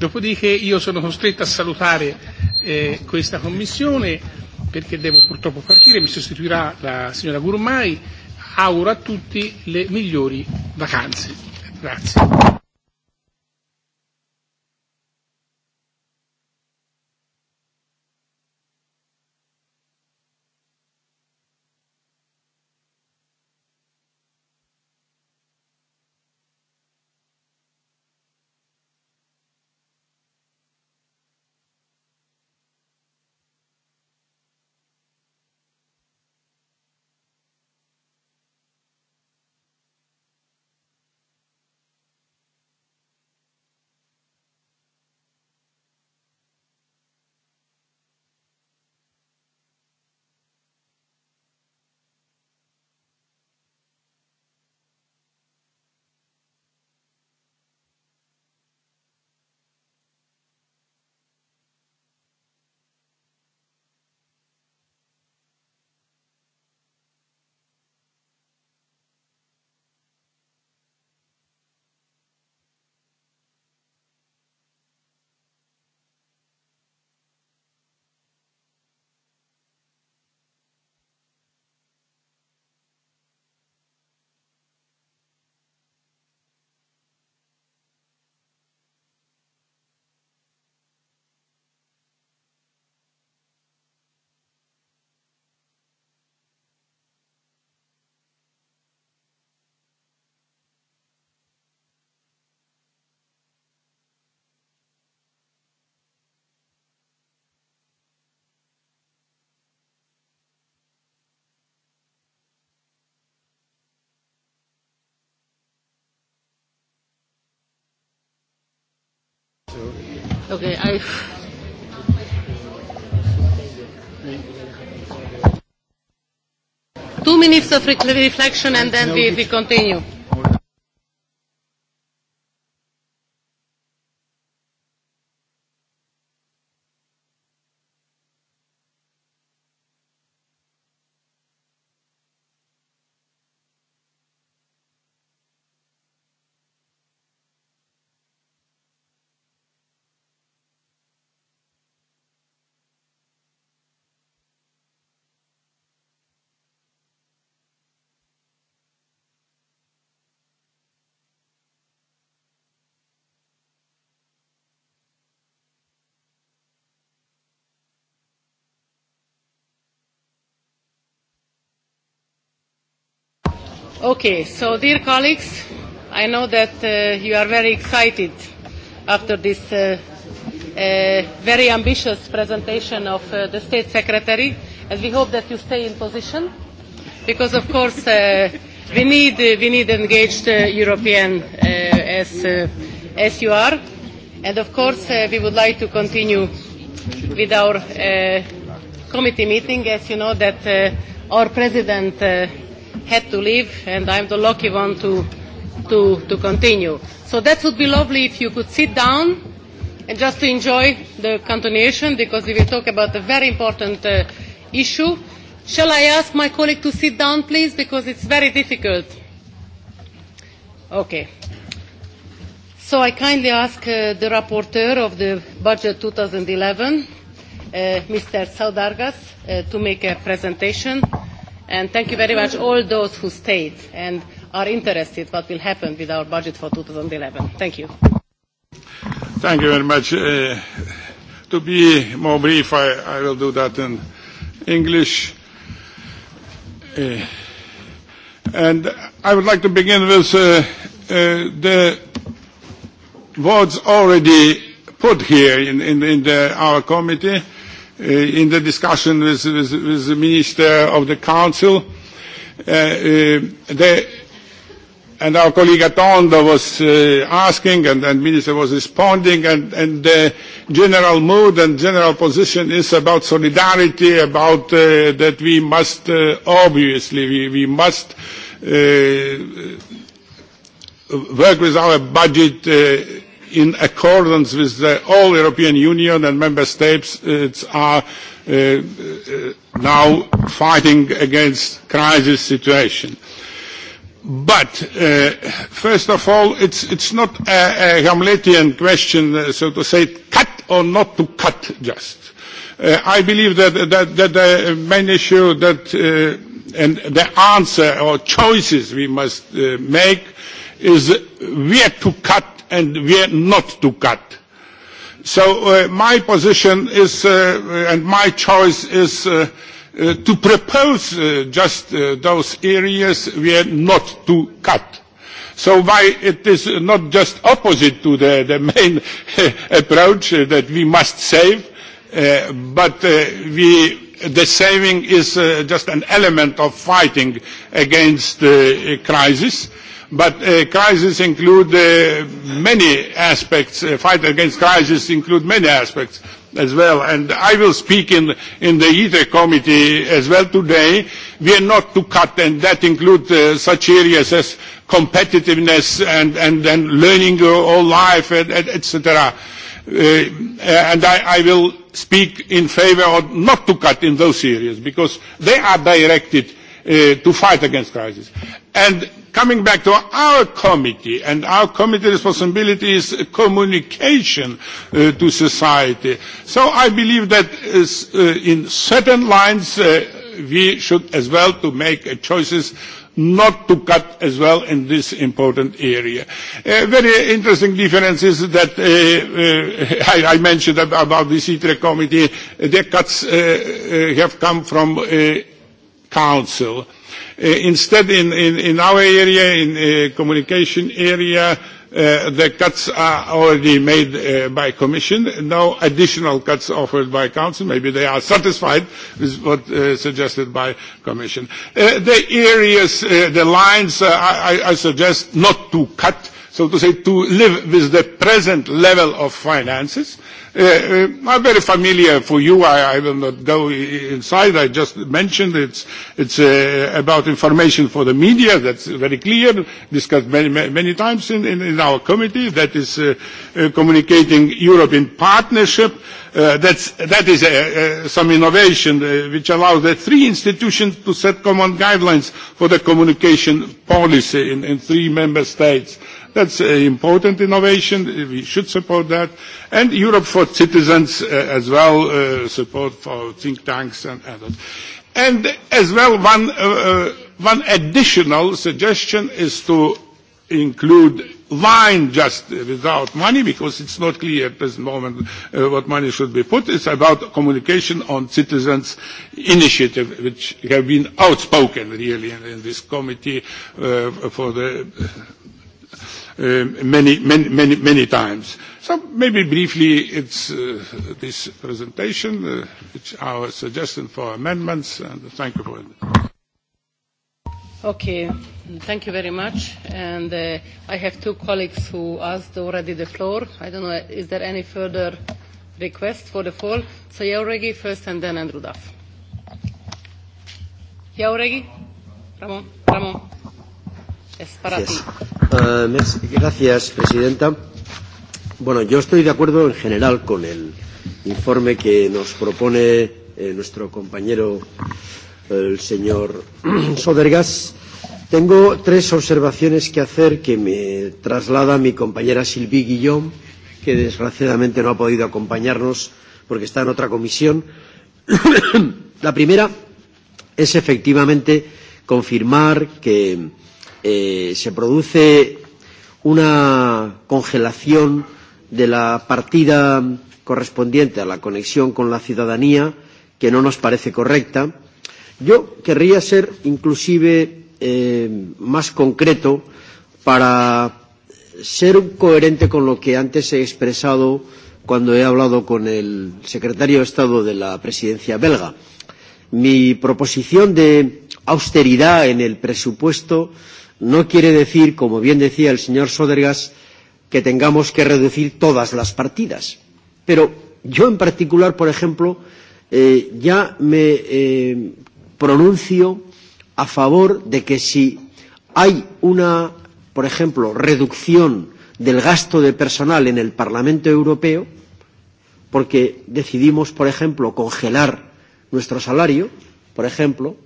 Dopodiché io sono costretto a salutare eh, questa commissione perché devo purtroppo partire, mi sostituirà la signora Gurumai. Auguro a tutti le migliori vacanze. Grazie. Okay, I. Two minutes of reflection and then we, we continue. Okay, so dear colleagues, I know that uh, you are very excited after this uh, uh, very ambitious presentation of uh, the State Secretary, and we hope that you stay in position, because of course uh, we need uh, we need engaged uh, European uh, as uh, as you are, and of course uh, we would like to continue with our uh, committee meeting, as you know that uh, our president. Uh, had to leave, and I'm the lucky one to, to, to continue. So that would be lovely if you could sit down and just to enjoy the continuation, because we will talk about a very important uh, issue. Shall I ask my colleague to sit down, please, because it's very difficult. Okay. So I kindly ask uh, the rapporteur of the budget 2011, uh, Mr. Saudargas, uh, to make a presentation. And thank you very much all those who stayed and are interested what will happen with our budget for 2011. Thank you. Thank you very much. Uh, to be more brief, I, I will do that in English. Uh, and I would like to begin with uh, uh the words already put here in, in, in the, our committee Uh, in the discussion with, with, with the Minister of the Council. Uh, uh, the, and our colleague Atondo was uh, asking and, the Minister was responding and, and the general mood and general position is about solidarity, about uh, that we must, uh, obviously, we, we must uh, work with our budget uh, in accordance with the, all European Union and member states are uh, uh, now fighting against crisis situation. But uh, first of all, it's, it's not a, a Hamletian question, uh, so to say, cut or not to cut just. Uh, I believe that, that, that the main issue that, uh, and the answer or choices we must uh, make is where to cut and we are not to cut. So uh, my position is, uh, and my choice is uh, uh, to propose uh, just uh, those areas we are not to cut. So why it is not just opposite to the, the main <laughs> approach uh, that we must save, uh, but uh, we, the saving is uh, just an element of fighting against the uh, crisis. Uh, But uh, crises include uh, many aspects. Uh, fight against crises include many aspects as well. And I will speak in, in the ITER e committee as well today. We are not to cut, and that includes uh, such areas as competitiveness and, and, and learning your whole life, etc. Uh, uh, and I, I will speak in favor of not to cut in those areas because they are directed uh, to fight against crisis. And coming back to our committee and our committee responsibility is communication uh, to society. So I believe that uh, in certain lines uh, we should as well to make uh, choices not to cut as well in this important area. A uh, very interesting difference is that uh, uh, <laughs> I, I mentioned about, about the CITRE committee, the cuts uh, uh, have come from uh, council. Uh, Eh, instead, in, in, in our area, in uh, communication area, uh, the cuts are already made uh, by Commission. No additional cuts offered by Council. Maybe they are satisfied with what uh, suggested by Commission. Uh, the areas, uh, the lines, uh, I, I suggest not to cut, so to say, to live with the present level of finances Uh, uh, very familiar for you. I, I will not go inside. I just mentioned it's, it's uh, about information for the media. That's very clear, discussed many, many times in, in, in our committee. That is uh, uh, communicating Europe in partnership. Uh, that's, that is uh, uh, some innovation uh, which allows the three institutions to set common guidelines for the communication policy in, in three member states. That's an uh, important innovation. We should support that. And Europe for support citizens uh, as well, uh, support for think tanks and others. And as well, one, uh, uh, one additional suggestion is to include line just without money because it's not clear at this moment uh, what money should be put. It's about communication on citizens' initiative, which have been outspoken really in, in this committee uh, for the uh, many, many, many, many times. So maybe briefly, it's uh, this presentation, uh, it's our suggestion for amendments, and thank you for it. Okay, thank you very much. And uh, I have two colleagues who asked already the floor. I don't know, is there any further request for the floor? So Jauregi first, and then Andrew Duff. Jauregi? Ramón, Ramón. Es para yes. ti. Uh, Gracias, Presidenta. Bueno, yo estoy de acuerdo en general con el informe que nos propone eh, nuestro compañero el señor <clears throat> Sodergas. Tengo tres observaciones que hacer que me traslada mi compañera Silvi Guillón, que desgraciadamente no ha podido acompañarnos porque está en otra comisión. <clears throat> La primera es efectivamente confirmar que eh, se produce una congelación de la partida correspondiente a la conexión con la ciudadanía, que no nos parece correcta. Yo querría ser inclusive eh, más concreto para ser coherente con lo que antes he expresado cuando he hablado con el secretario de Estado de la presidencia belga. Mi proposición de austeridad en el presupuesto no quiere decir, como bien decía el señor Sodergas, que tengamos que reducir todas las partidas. Pero yo en particular, por ejemplo, eh, ya me eh, pronuncio a favor de que si hay una, por ejemplo, reducción del gasto de personal en el Parlamento Europeo, porque decidimos, por ejemplo, congelar nuestro salario, por ejemplo,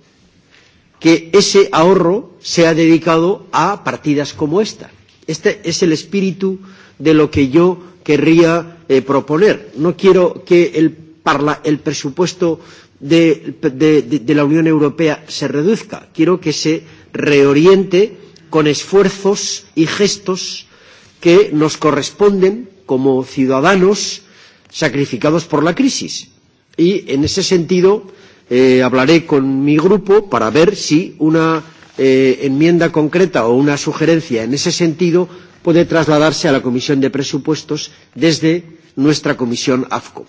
que ese ahorro sea dedicado a partidas como esta Este es el espíritu de lo que yo querría eh, proponer. No quiero que el, parla, el presupuesto de, de, de, de la Unión Europea se reduzca. Quiero que se reoriente con esfuerzos y gestos que nos corresponden como ciudadanos sacrificados por la crisis. Y en ese sentido eh, hablaré con mi grupo para ver si una eh, enmienda concreta o una sugerencia en ese sentido puede trasladarse a la Comisión de Presupuestos desde nuestra Comisión AFCO.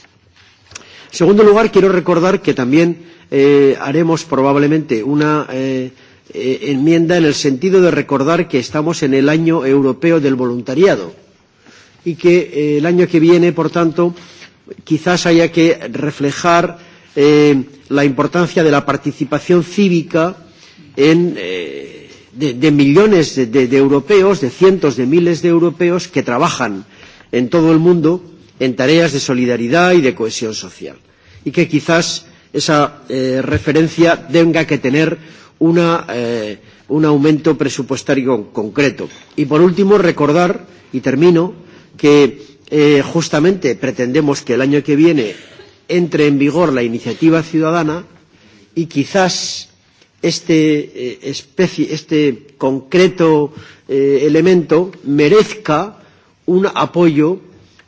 En segundo lugar, quiero recordar que también eh, haremos probablemente una eh, eh, enmienda en el sentido de recordar que estamos en el año europeo del voluntariado y que eh, el año que viene, por tanto, quizás haya que reflejar eh, la importancia de la participación cívica en, eh, de, de millones de, de, de europeos, de cientos de miles de europeos que trabajan en todo el mundo en tareas de solidaridad y de cohesión social. Y que quizás esa eh, referencia tenga que tener una, eh, un aumento presupuestario concreto. Y por último, recordar, y termino, que eh, justamente pretendemos que el año que viene entre en vigor la iniciativa ciudadana y quizás este, eh, especie, este concreto eh, elemento merezca un apoyo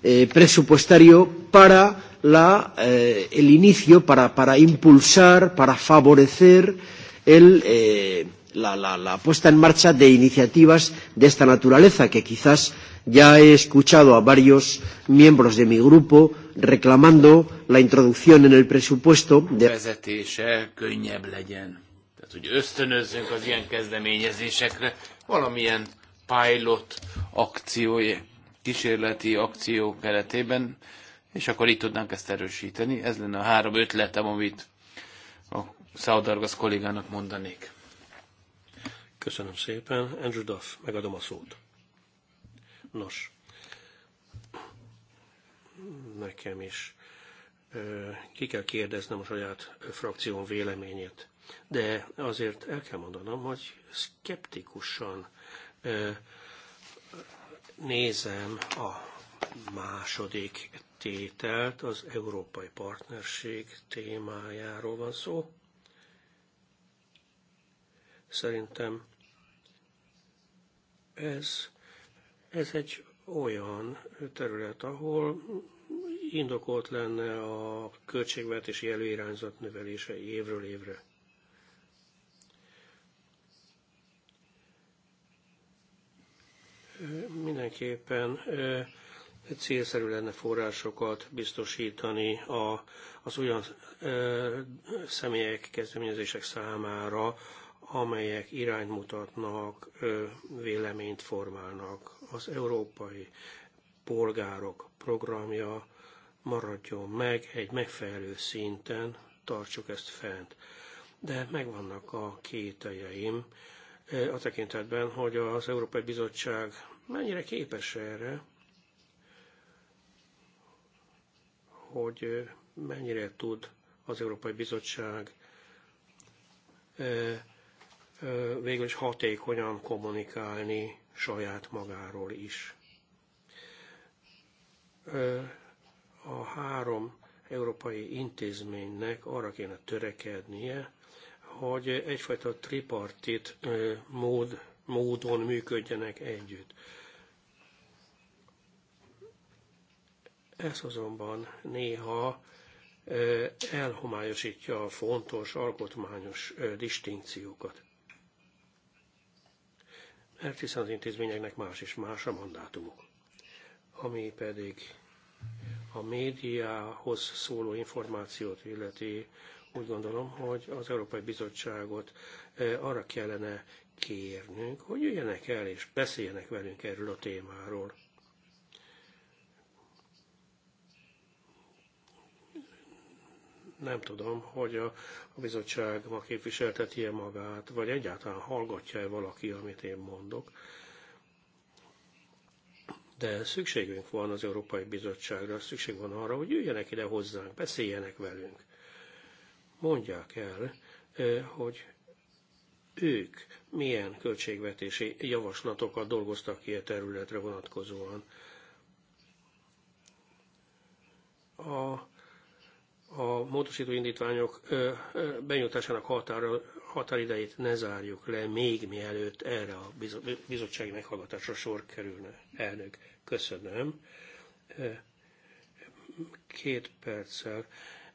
eh, presupuestario para la, eh, el inicio, para, para impulsar, para favorecer el, eh, la, la, la puesta en marcha de iniciativas de esta naturaleza, que quizás ya he escuchado a varios miembros de mi grupo reclamando la introducción en el presupuesto de hogy ösztönözzünk az ilyen kezdeményezésekre, valamilyen pilot akciója, kísérleti akció keretében, és akkor itt tudnánk ezt erősíteni. Ez lenne a három ötletem, amit a Szaudargasz kollégának mondanék. Köszönöm szépen. Andrew Duff, megadom a szót. Nos, nekem is ki kell kérdeznem a saját frakción véleményét de azért el kell mondanom, hogy szkeptikusan nézem a második tételt, az európai partnerség témájáról van szó. Szerintem ez, ez egy olyan terület, ahol indokolt lenne a költségvetési előirányzat növelése évről évre. mindenképpen célszerű lenne forrásokat biztosítani a, az olyan személyek, kezdeményezések számára, amelyek irányt mutatnak véleményt formálnak. Az Európai Polgárok programja maradjon meg egy megfelelő szinten, tartsuk ezt fent. De megvannak a kételjeim a tekintetben, hogy az Európai Bizottság mennyire képes erre, hogy mennyire tud az Európai Bizottság végül is hatékonyan kommunikálni saját magáról is. A három európai intézménynek arra kéne törekednie, hogy egyfajta tripartit mód módon működjenek együtt. Ez azonban néha elhomályosítja a fontos alkotmányos distinkciókat. Mert hiszen az intézményeknek más és más a mandátumuk. Ami pedig a médiához szóló információt illeti, úgy gondolom, hogy az Európai Bizottságot arra kellene kérnünk, hogy jöjjenek el és beszéljenek velünk erről a témáról. Nem tudom, hogy a, a bizottság ma képviselteti-e magát, vagy egyáltalán hallgatja-e valaki, amit én mondok de szükségünk van az Európai Bizottságra, szükség van arra, hogy jöjjenek ide hozzánk, beszéljenek velünk mondják el, hogy ők milyen költségvetési javaslatokat dolgoztak ki a e területre vonatkozóan. A, a módosító indítványok benyújtásának határa, határidejét ne zárjuk le, még mielőtt erre a bizottsági meghallgatásra sor kerülne. Elnök, köszönöm. Két perccel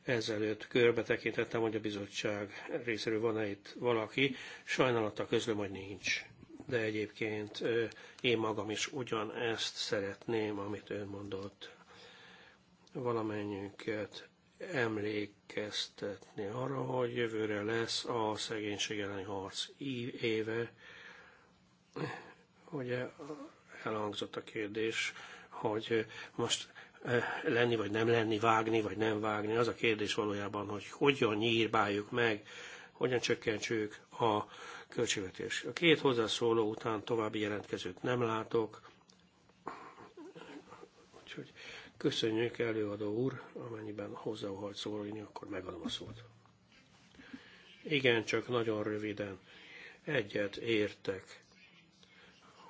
ezelőtt körbe tekintettem, hogy a bizottság részéről van-e itt valaki. Sajnálattal közlöm, hogy nincs. De egyébként én magam is ugyanezt szeretném, amit ön mondott. Valamennyünket emlékeztetni arra, hogy jövőre lesz a szegénység elleni harc éve. Ugye elhangzott a kérdés, hogy most Eh, lenni, vagy nem lenni, vágni, vagy nem vágni. Az a kérdés valójában, hogy hogyan nyírbáljuk meg, hogyan csökkentsük a költségvetés. A két hozzászóló után további jelentkezőt nem látok. Úgyhogy köszönjük előadó úr, amennyiben hozzá akar szólni, akkor megadom a szót. Igen, csak nagyon röviden. Egyet értek,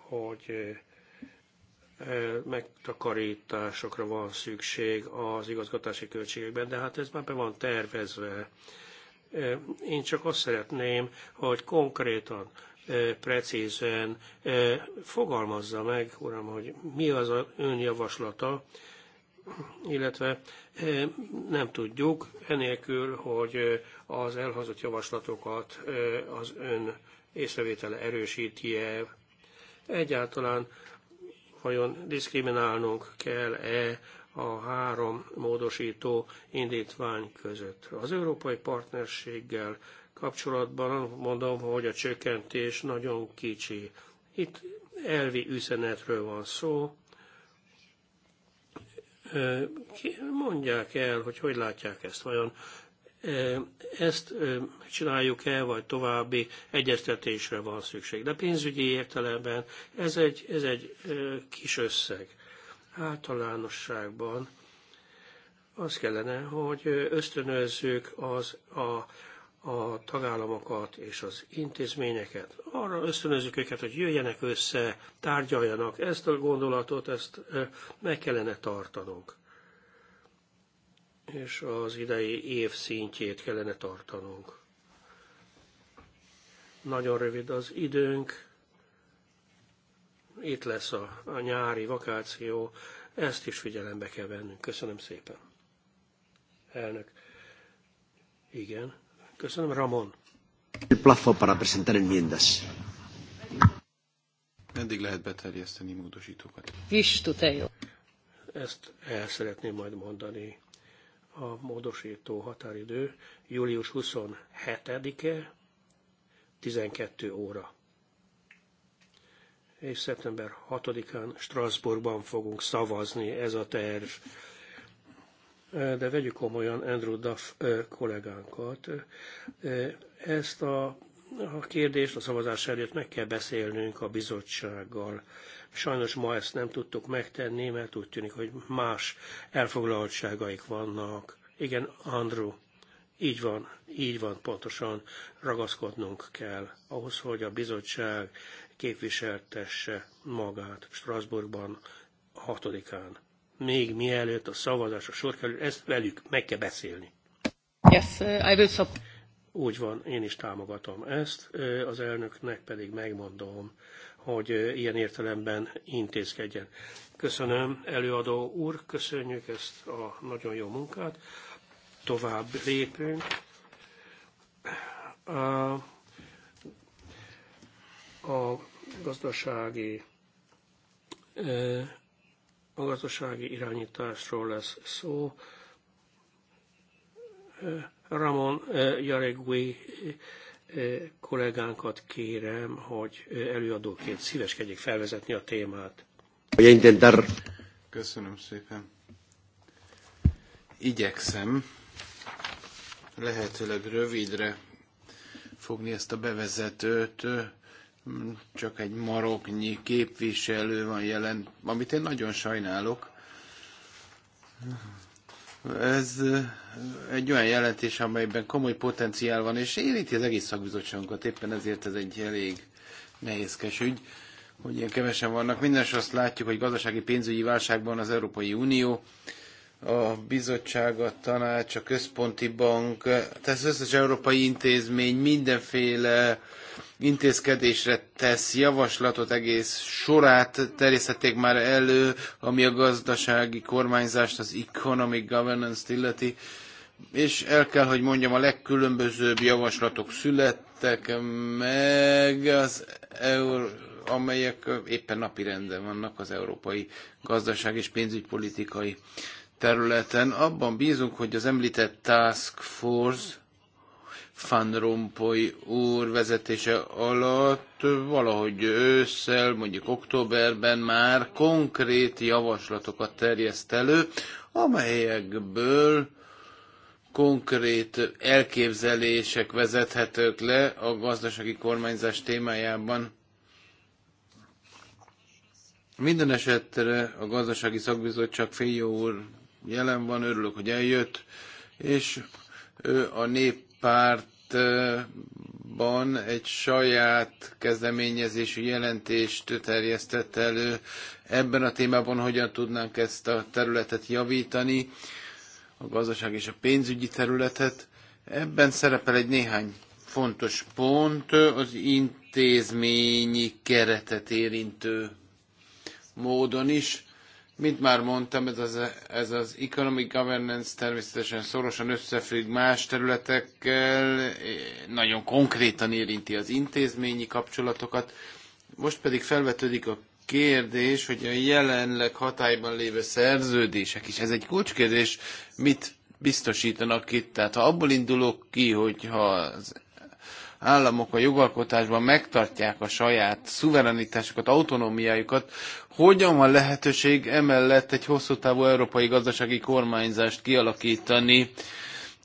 hogy eh, megtakarításokra van szükség az igazgatási költségekben, de hát ez már be van tervezve. Én csak azt szeretném, hogy konkrétan, precízen fogalmazza meg, uram, hogy mi az a javaslata, illetve nem tudjuk, enélkül, hogy az elhazott javaslatokat az ön észrevétele erősíti -e. Egyáltalán vajon diszkriminálnunk kell-e a három módosító indítvány között. Az európai partnerséggel kapcsolatban mondom, hogy a csökkentés nagyon kicsi. Itt elvi üzenetről van szó. Mondják el, hogy hogy látják ezt, vajon ezt csináljuk-e, vagy további egyeztetésre van szükség. De pénzügyi értelemben ez egy, ez egy kis összeg. Általánosságban az kellene, hogy ösztönözzük az, a, a tagállamokat és az intézményeket. Arra ösztönözzük őket, hogy jöjjenek össze, tárgyaljanak. Ezt a gondolatot, ezt meg kellene tartanunk és az idei év szintjét kellene tartanunk. Nagyon rövid az időnk, itt lesz a, a nyári vakáció, ezt is figyelembe kell vennünk. Köszönöm szépen. Elnök. Igen. Köszönöm, Ramon. El plazo para presentar enmiendas. Meddig lehet beterjeszteni módosítókat? Vistutejó. Ezt el szeretném majd mondani a módosító határidő július 27-e 12 óra. És szeptember 6-án Strasbourgban fogunk szavazni ez a terv. De vegyük komolyan Andrew Duff kollégánkat. Ezt a a kérdést a szavazás előtt meg kell beszélnünk a bizottsággal. Sajnos ma ezt nem tudtuk megtenni, mert úgy tűnik, hogy más elfoglaltságaik vannak. Igen, Andrew, így van, így van, pontosan ragaszkodnunk kell ahhoz, hogy a bizottság képviseltesse magát Strasbourgban 6-án. Még mielőtt a a sor kerül, ezt velük meg kell beszélni. Yes, uh, I will stop. Úgy van, én is támogatom ezt, az elnöknek pedig megmondom, hogy ilyen értelemben intézkedjen. Köszönöm, előadó úr, köszönjük ezt a nagyon jó munkát. Tovább lépünk. A, a gazdasági a gazdasági irányításról lesz szó. Ramon Jaregui kollégánkat kérem, hogy előadóként szíveskedjék felvezetni a témát. Köszönöm szépen. Igyekszem lehetőleg rövidre fogni ezt a bevezetőt. Csak egy maroknyi képviselő van jelen, amit én nagyon sajnálok. Ez egy olyan jelentés, amelyben komoly potenciál van, és érinti az egész szakbizottságunkat, éppen ezért ez egy elég nehézkes ügy, hogy ilyen kevesen vannak. Minden azt látjuk, hogy gazdasági pénzügyi válságban az Európai Unió, a bizottság, a tanács, a központi bank, tehát az összes európai intézmény mindenféle intézkedésre tesz javaslatot, egész sorát terjesztették már elő, ami a gazdasági kormányzást, az economic governance-t illeti, és el kell, hogy mondjam, a legkülönbözőbb javaslatok születtek meg, az Euró amelyek éppen renden vannak az európai gazdaság és pénzügypolitikai területen. Abban bízunk, hogy az említett Task Force van Rompuy úr vezetése alatt valahogy ősszel, mondjuk októberben már konkrét javaslatokat terjeszt elő, amelyekből konkrét elképzelések vezethetők le a gazdasági kormányzás témájában. Minden esetre a gazdasági szakbizottság Féljó úr jelen van, örülök, hogy eljött, és ő a nép pártban egy saját kezdeményezésű jelentést terjesztett elő ebben a témában, hogyan tudnánk ezt a területet javítani, a gazdaság és a pénzügyi területet. Ebben szerepel egy néhány fontos pont, az intézményi keretet érintő módon is. Mint már mondtam, ez az, ez az economic governance természetesen szorosan összefügg más területekkel, nagyon konkrétan érinti az intézményi kapcsolatokat. Most pedig felvetődik a kérdés, hogy a jelenleg hatályban lévő szerződések is, ez egy kulcskérdés, mit biztosítanak itt. Tehát ha abból indulok ki, hogy ha az államok a jogalkotásban megtartják a saját szuverenitásukat, autonómiájukat, hogyan van lehetőség emellett egy hosszú távú európai gazdasági kormányzást kialakítani?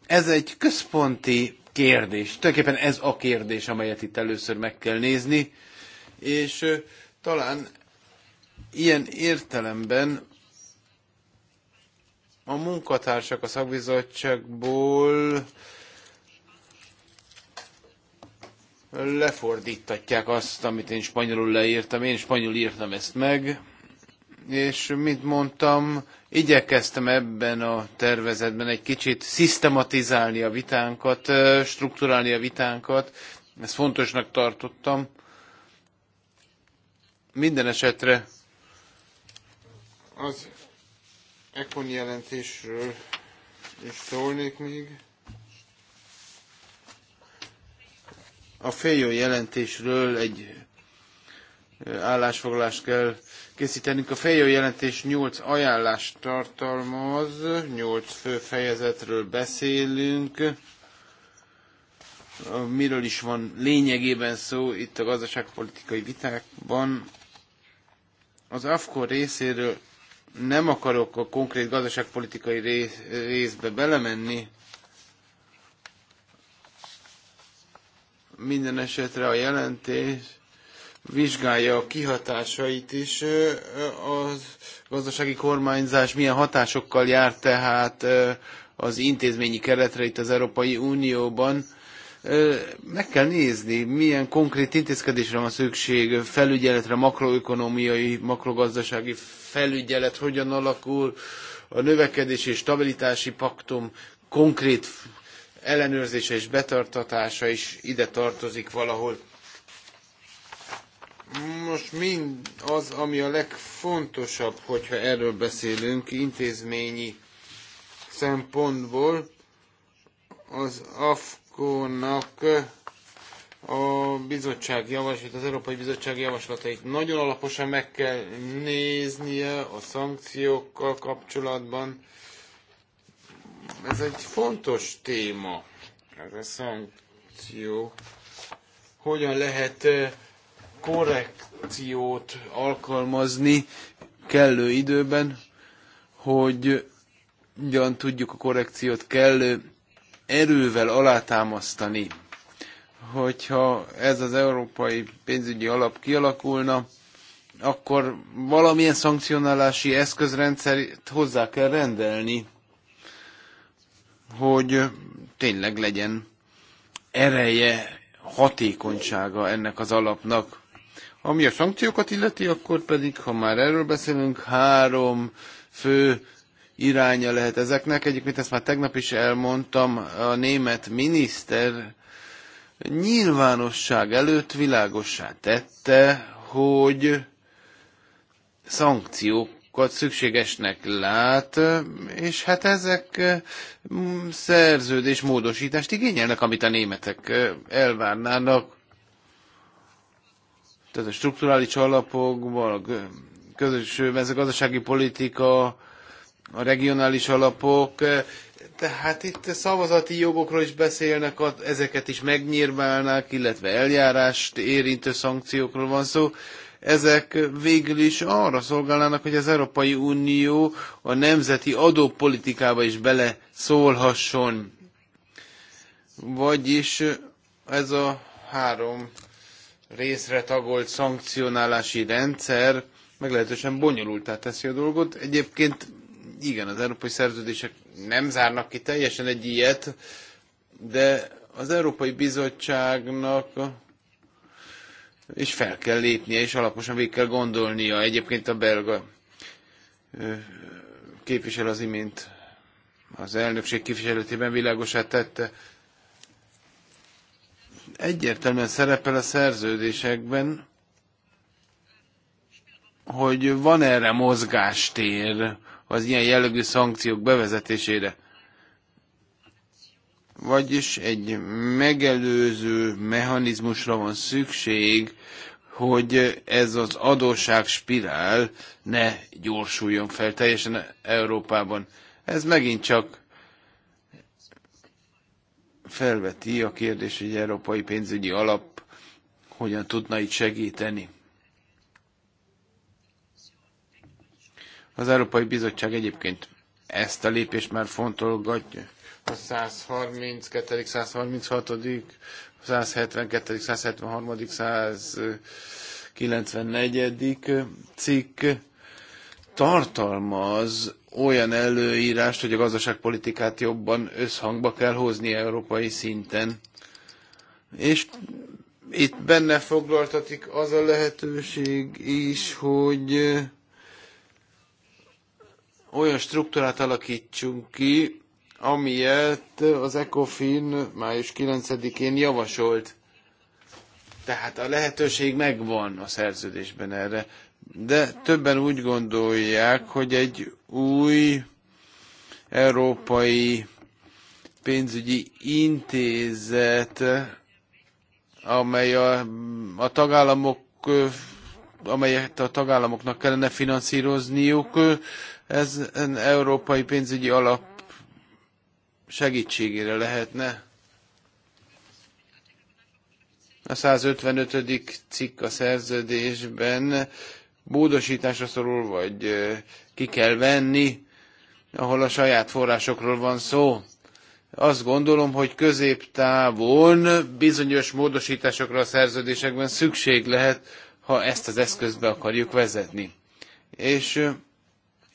Ez egy központi kérdés. Tulajdonképpen ez a kérdés, amelyet itt először meg kell nézni, és talán ilyen értelemben a munkatársak a szakbizottságból lefordítatják azt, amit én spanyolul leírtam. Én spanyolul írtam ezt meg, és mint mondtam, igyekeztem ebben a tervezetben egy kicsit szisztematizálni a vitánkat, strukturálni a vitánkat. Ezt fontosnak tartottam. Minden esetre az Econ jelentésről is szólnék még. A Fejó jelentésről egy állásfoglalást kell készítenünk. A Fejó jelentés 8 ajánlást tartalmaz, 8 fő fejezetről beszélünk. Miről is van lényegében szó itt a gazdaságpolitikai vitákban. Az AFKOR részéről nem akarok a konkrét gazdaságpolitikai részbe belemenni, Minden esetre a jelentés vizsgálja a kihatásait is. Az gazdasági kormányzás milyen hatásokkal jár tehát az intézményi keretre itt az Európai Unióban. Meg kell nézni, milyen konkrét intézkedésre van szükség, felügyeletre, makroökonomiai, makrogazdasági felügyelet hogyan alakul, a növekedési és stabilitási paktum konkrét ellenőrzése és betartatása is ide tartozik valahol. Most mind az, ami a legfontosabb, hogyha erről beszélünk, intézményi szempontból, az AFKO-nak a bizottság javaslat, az Európai Bizottság javaslatait nagyon alaposan meg kell néznie a szankciókkal kapcsolatban, ez egy fontos téma, ez a szankció. Hogyan lehet eh, korrekciót alkalmazni kellő időben, hogy ugyan tudjuk a korrekciót kellő erővel alátámasztani. Hogyha ez az európai pénzügyi alap kialakulna, akkor valamilyen szankcionálási eszközrendszert hozzá kell rendelni hogy tényleg legyen ereje, hatékonysága ennek az alapnak. Ami a szankciókat illeti, akkor pedig, ha már erről beszélünk, három fő iránya lehet ezeknek. Egyébként ezt már tegnap is elmondtam, a német miniszter nyilvánosság előtt világossá tette, hogy szankciók dolgokat szükségesnek lát, és hát ezek szerződés módosítást igényelnek, amit a németek elvárnának. Tehát a strukturális alapokban, a közös mezőgazdasági politika, a regionális alapok, tehát itt szavazati jogokról is beszélnek, ezeket is megnyírválnák, illetve eljárást érintő szankciókról van szó ezek végül is arra szolgálnának, hogy az Európai Unió a nemzeti adópolitikába is bele szólhasson. Vagyis ez a három részre tagolt szankcionálási rendszer meglehetősen bonyolultá teszi a dolgot. Egyébként igen, az európai szerződések nem zárnak ki teljesen egy ilyet, de az Európai Bizottságnak és fel kell lépnie, és alaposan végig kell gondolnia. Egyébként a belga képviselő az imént az elnökség képviselőtében világosát tette. Egyértelműen szerepel a szerződésekben, hogy van erre mozgástér az ilyen jellegű szankciók bevezetésére. Vagyis egy megelőző mechanizmusra van szükség, hogy ez az adósság spirál ne gyorsuljon fel teljesen Európában. Ez megint csak felveti a kérdés, hogy európai pénzügyi alap hogyan tudna itt segíteni. Az Európai Bizottság egyébként ezt a lépést már fontolgatja a 132., 136., 172., 173., 194. cikk tartalmaz olyan előírást, hogy a gazdaságpolitikát jobban összhangba kell hozni európai szinten. És itt benne foglaltatik az a lehetőség is, hogy olyan struktúrát alakítsunk ki, amilyet az ECOFIN május 9-én javasolt. Tehát a lehetőség megvan a szerződésben erre, de többen úgy gondolják, hogy egy új európai pénzügyi intézet, amely a, a tagállamok amelyet a tagállamoknak kellene finanszírozniuk, ez európai pénzügyi alap segítségére lehetne. A 155. cikk a szerződésben bódosításra szorul, vagy ki kell venni, ahol a saját forrásokról van szó. Azt gondolom, hogy középtávon bizonyos módosításokra a szerződésekben szükség lehet, ha ezt az eszközt akarjuk vezetni. És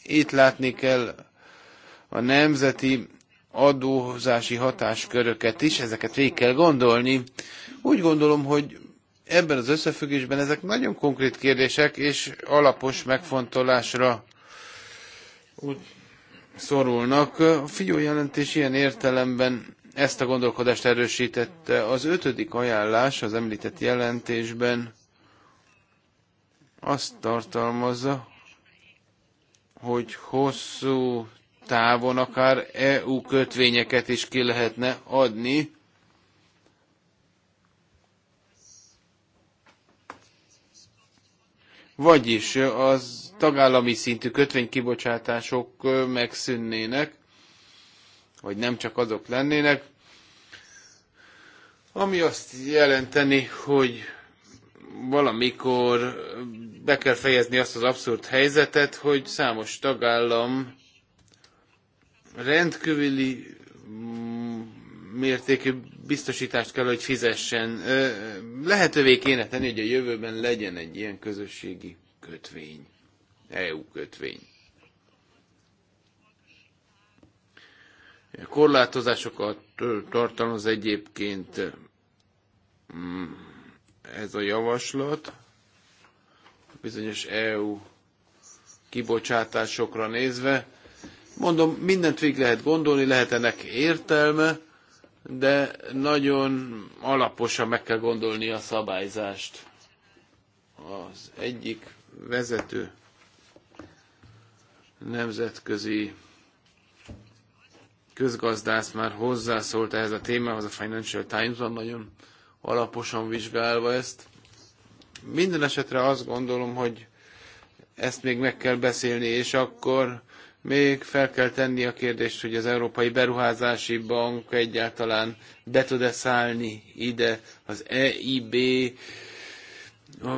itt látni kell a nemzeti adózási hatásköröket is, ezeket végig kell gondolni. Úgy gondolom, hogy ebben az összefüggésben ezek nagyon konkrét kérdések, és alapos megfontolásra úgy szorulnak. A figyeljelentés ilyen értelemben ezt a gondolkodást erősítette. Az ötödik ajánlás az említett jelentésben azt tartalmazza, hogy hosszú távon akár EU kötvényeket is ki lehetne adni, vagyis az tagállami szintű kötvénykibocsátások megszűnnének, vagy nem csak azok lennének, ami azt jelenteni, hogy valamikor be kell fejezni azt az abszurd helyzetet, hogy számos tagállam rendkívüli mm, mértékű biztosítást kell, hogy fizessen. Lehetővé kéne tenni, hogy a jövőben legyen egy ilyen közösségi kötvény, EU kötvény. Korlátozásokat tartalmaz egyébként mm, ez a javaslat, bizonyos EU kibocsátásokra nézve, Mondom, mindent végig lehet gondolni, lehet ennek értelme, de nagyon alaposan meg kell gondolni a szabályzást. Az egyik vezető nemzetközi közgazdász már hozzászólt ehhez a témához, a Financial Times-ban nagyon alaposan vizsgálva ezt. Minden esetre azt gondolom, hogy ezt még meg kell beszélni, és akkor még fel kell tenni a kérdést, hogy az Európai Beruházási Bank egyáltalán be tud-e szállni ide az EIB,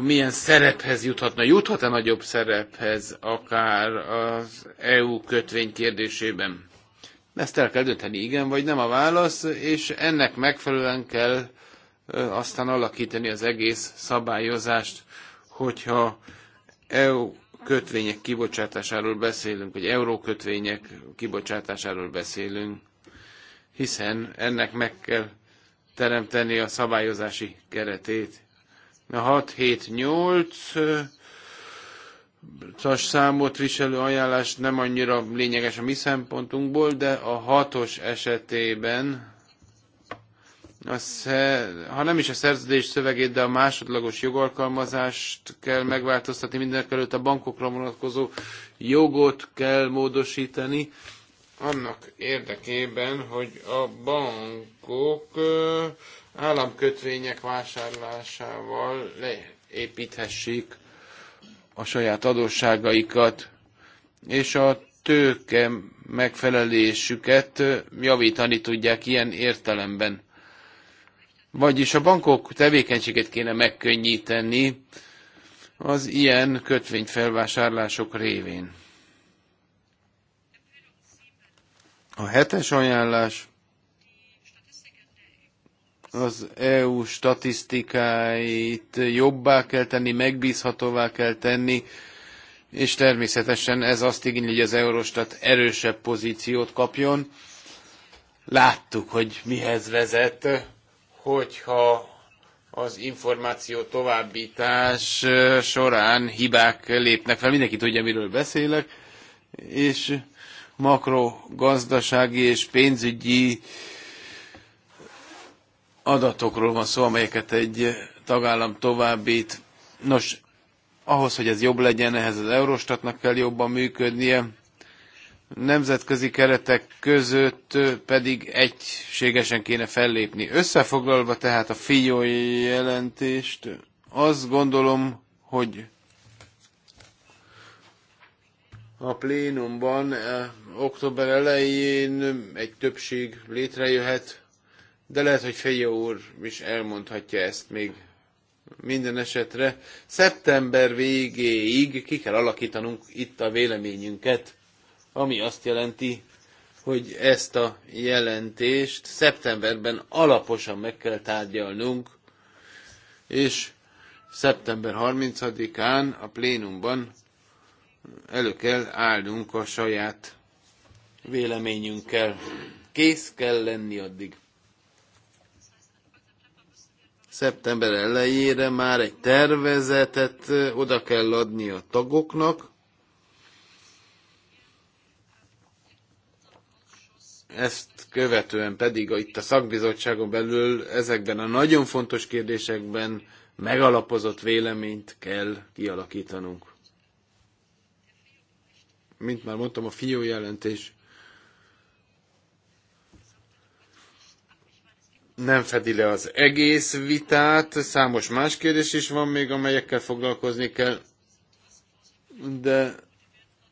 milyen szerephez juthatna, juthat-e nagyobb szerephez akár az EU kötvény kérdésében? Ezt el kell dönteni, igen vagy nem a válasz, és ennek megfelelően kell aztán alakítani az egész szabályozást, hogyha EU kötvények kibocsátásáról beszélünk, vagy eurókötvények kibocsátásáról beszélünk, hiszen ennek meg kell teremteni a szabályozási keretét. A 6-7-8 as számot viselő ajánlás nem annyira lényeges a mi szempontunkból, de a hatos esetében az, ha nem is a szerződés szövegét, de a másodlagos jogalkalmazást kell megváltoztatni, mindenek előtt a bankokra vonatkozó jogot kell módosítani, annak érdekében, hogy a bankok államkötvények vásárlásával leépíthessék a saját adósságaikat, és a tőke megfelelésüket javítani tudják ilyen értelemben. Vagyis a bankok tevékenységet kéne megkönnyíteni az ilyen kötvényfelvásárlások révén. A hetes ajánlás az EU statisztikáit jobbá kell tenni, megbízhatóvá kell tenni, és természetesen ez azt igényli, hogy az Eurostat erősebb pozíciót kapjon. Láttuk, hogy mihez vezet hogyha az információ továbbítás során hibák lépnek fel. Mindenki tudja, miről beszélek, és makrogazdasági és pénzügyi adatokról van szó, amelyeket egy tagállam továbbít. Nos, ahhoz, hogy ez jobb legyen, ehhez az Eurostatnak kell jobban működnie, nemzetközi keretek között pedig egységesen kéne fellépni. Összefoglalva tehát a fiói jelentést, azt gondolom, hogy a plénumban eh, október elején egy többség létrejöhet, de lehet, hogy Fejó úr is elmondhatja ezt még minden esetre. Szeptember végéig ki kell alakítanunk itt a véleményünket ami azt jelenti, hogy ezt a jelentést szeptemberben alaposan meg kell tárgyalnunk, és szeptember 30-án a plénumban elő kell állnunk a saját véleményünkkel. Kész kell lenni addig. Szeptember elejére már egy tervezetet oda kell adni a tagoknak, Ezt követően pedig itt a szakbizottságon belül ezekben a nagyon fontos kérdésekben megalapozott véleményt kell kialakítanunk. Mint már mondtam, a fió jelentés nem fedi le az egész vitát, számos más kérdés is van még, amelyekkel foglalkozni kell, de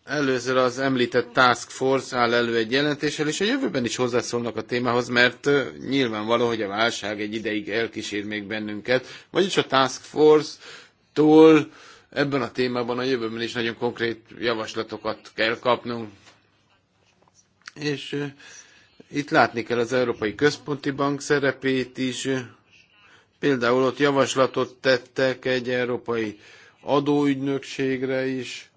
Először az említett Task Force áll elő egy jelentéssel, és a jövőben is hozzászólnak a témához, mert nyilvánvaló, hogy a válság egy ideig elkísér még bennünket. Vagyis a Task Force-tól ebben a témában a jövőben is nagyon konkrét javaslatokat kell kapnunk. És itt látni kell az Európai Központi Bank szerepét is. Például ott javaslatot tettek egy európai adóügynökségre is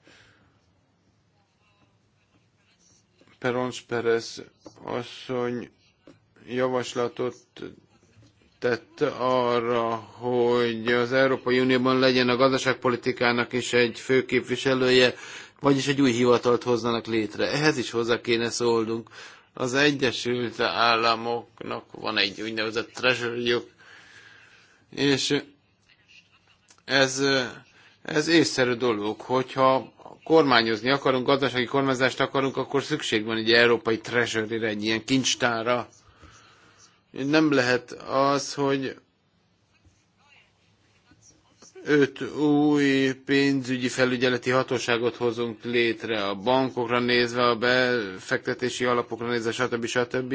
Perons Perez asszony javaslatot tett arra, hogy az Európai Unióban legyen a gazdaságpolitikának is egy fő képviselője, vagyis egy új hivatalt hozzanak létre. Ehhez is hozzá kéne szólnunk. Az Egyesült Államoknak van egy úgynevezett treasury és ez ez észszerű dolog, hogyha kormányozni akarunk, gazdasági kormányzást akarunk, akkor szükség van egy európai treasury-re, egy ilyen kincstára. Nem lehet az, hogy öt új pénzügyi felügyeleti hatóságot hozunk létre, a bankokra nézve, a befektetési alapokra nézve, stb. stb.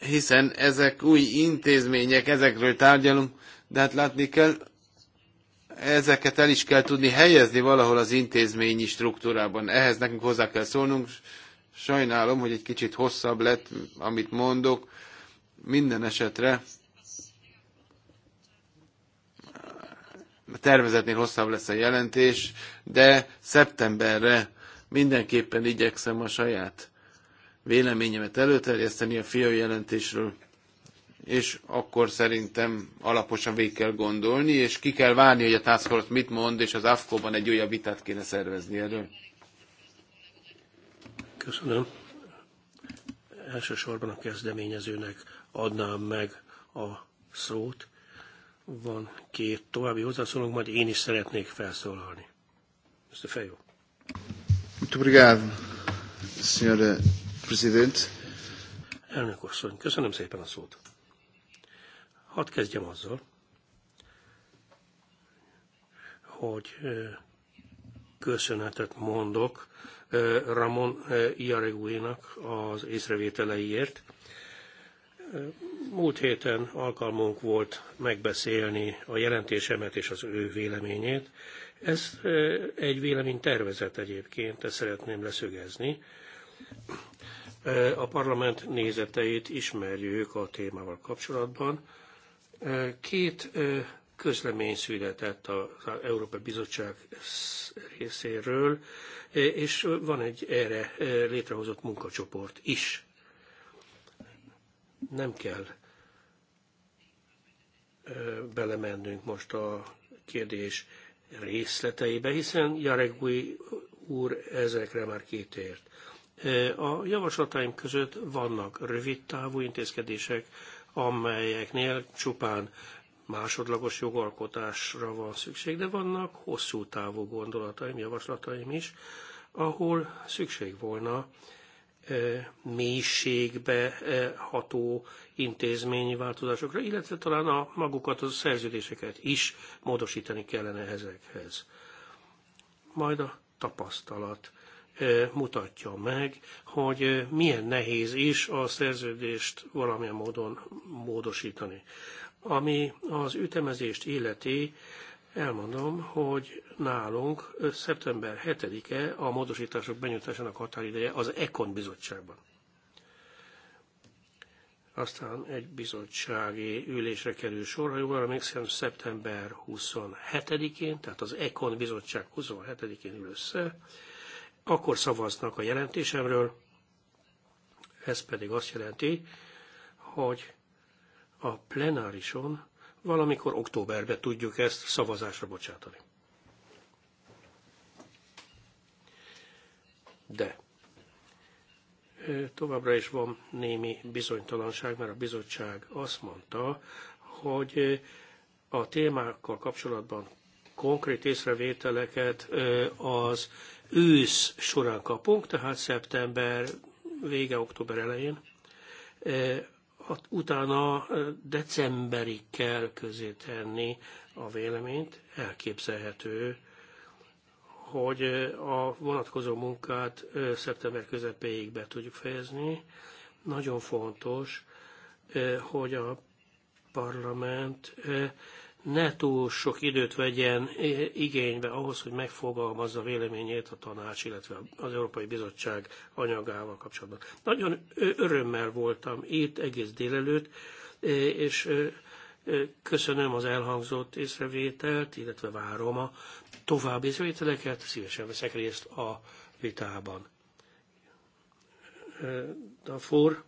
Hiszen ezek új intézmények, ezekről tárgyalunk, de hát látni kell, ezeket el is kell tudni helyezni valahol az intézményi struktúrában. Ehhez nekünk hozzá kell szólnunk. Sajnálom, hogy egy kicsit hosszabb lett, amit mondok. Minden esetre a tervezetnél hosszabb lesz a jelentés, de szeptemberre mindenképpen igyekszem a saját véleményemet előterjeszteni a FIA jelentésről és akkor szerintem alaposan végig kell gondolni, és ki kell várni, hogy a Task Force mit mond, és az AFKO-ban egy újabb vitát kéne szervezni erről. Köszönöm. Elsősorban a kezdeményezőnek adnám meg a szót. Van két további hozzászólónk, majd én is szeretnék felszólalni. Mr. Fejó. Muito obrigado, Sr. Presidente. Elnök asszony, köszönöm szépen a szót. Hadd kezdjem azzal, hogy köszönetet mondok Ramon Iareguinak az észrevételeiért. Múlt héten alkalmunk volt megbeszélni a jelentésemet és az ő véleményét. Ez egy véleménytervezet egyébként, ezt szeretném leszögezni. A parlament nézeteit ismerjük a témával kapcsolatban Két közlemény született az Európai Bizottság részéről, és van egy erre létrehozott munkacsoport is. Nem kell belemennünk most a kérdés részleteibe, hiszen Jarek úr ezekre már kitért. A javaslataim között vannak rövid távú intézkedések, amelyeknél csupán másodlagos jogalkotásra van szükség, de vannak hosszú távú gondolataim, javaslataim is, ahol szükség volna e, mélységbe e, ható intézményi változásokra, illetve talán a magukat, a szerződéseket is módosítani kellene ezekhez. Majd a tapasztalat mutatja meg, hogy milyen nehéz is a szerződést valamilyen módon módosítani. Ami az ütemezést illeti, elmondom, hogy nálunk szeptember 7-e a módosítások benyújtásának határideje az ECON bizottságban. Aztán egy bizottsági ülésre kerül sor, ha jól emlékszem, szeptember 27-én, tehát az ECON bizottság 27-én ül össze, akkor szavaznak a jelentésemről, ez pedig azt jelenti, hogy a plenárison valamikor októberben tudjuk ezt szavazásra bocsátani. De továbbra is van némi bizonytalanság, mert a bizottság azt mondta, hogy a témákkal kapcsolatban konkrét észrevételeket az ősz során kapunk, tehát szeptember vége, október elején. E, utána e, decemberig kell közé tenni a véleményt, elképzelhető, hogy e, a vonatkozó munkát szeptember közepéig be tudjuk fejezni. Nagyon fontos, hogy a parlament ne túl sok időt vegyen igénybe ahhoz, hogy megfogalmazza véleményét a tanács, illetve az Európai Bizottság anyagával kapcsolatban. Nagyon örömmel voltam itt egész délelőtt, és köszönöm az elhangzott észrevételt, illetve várom a további észrevételeket, szívesen veszek részt a vitában. Dafur,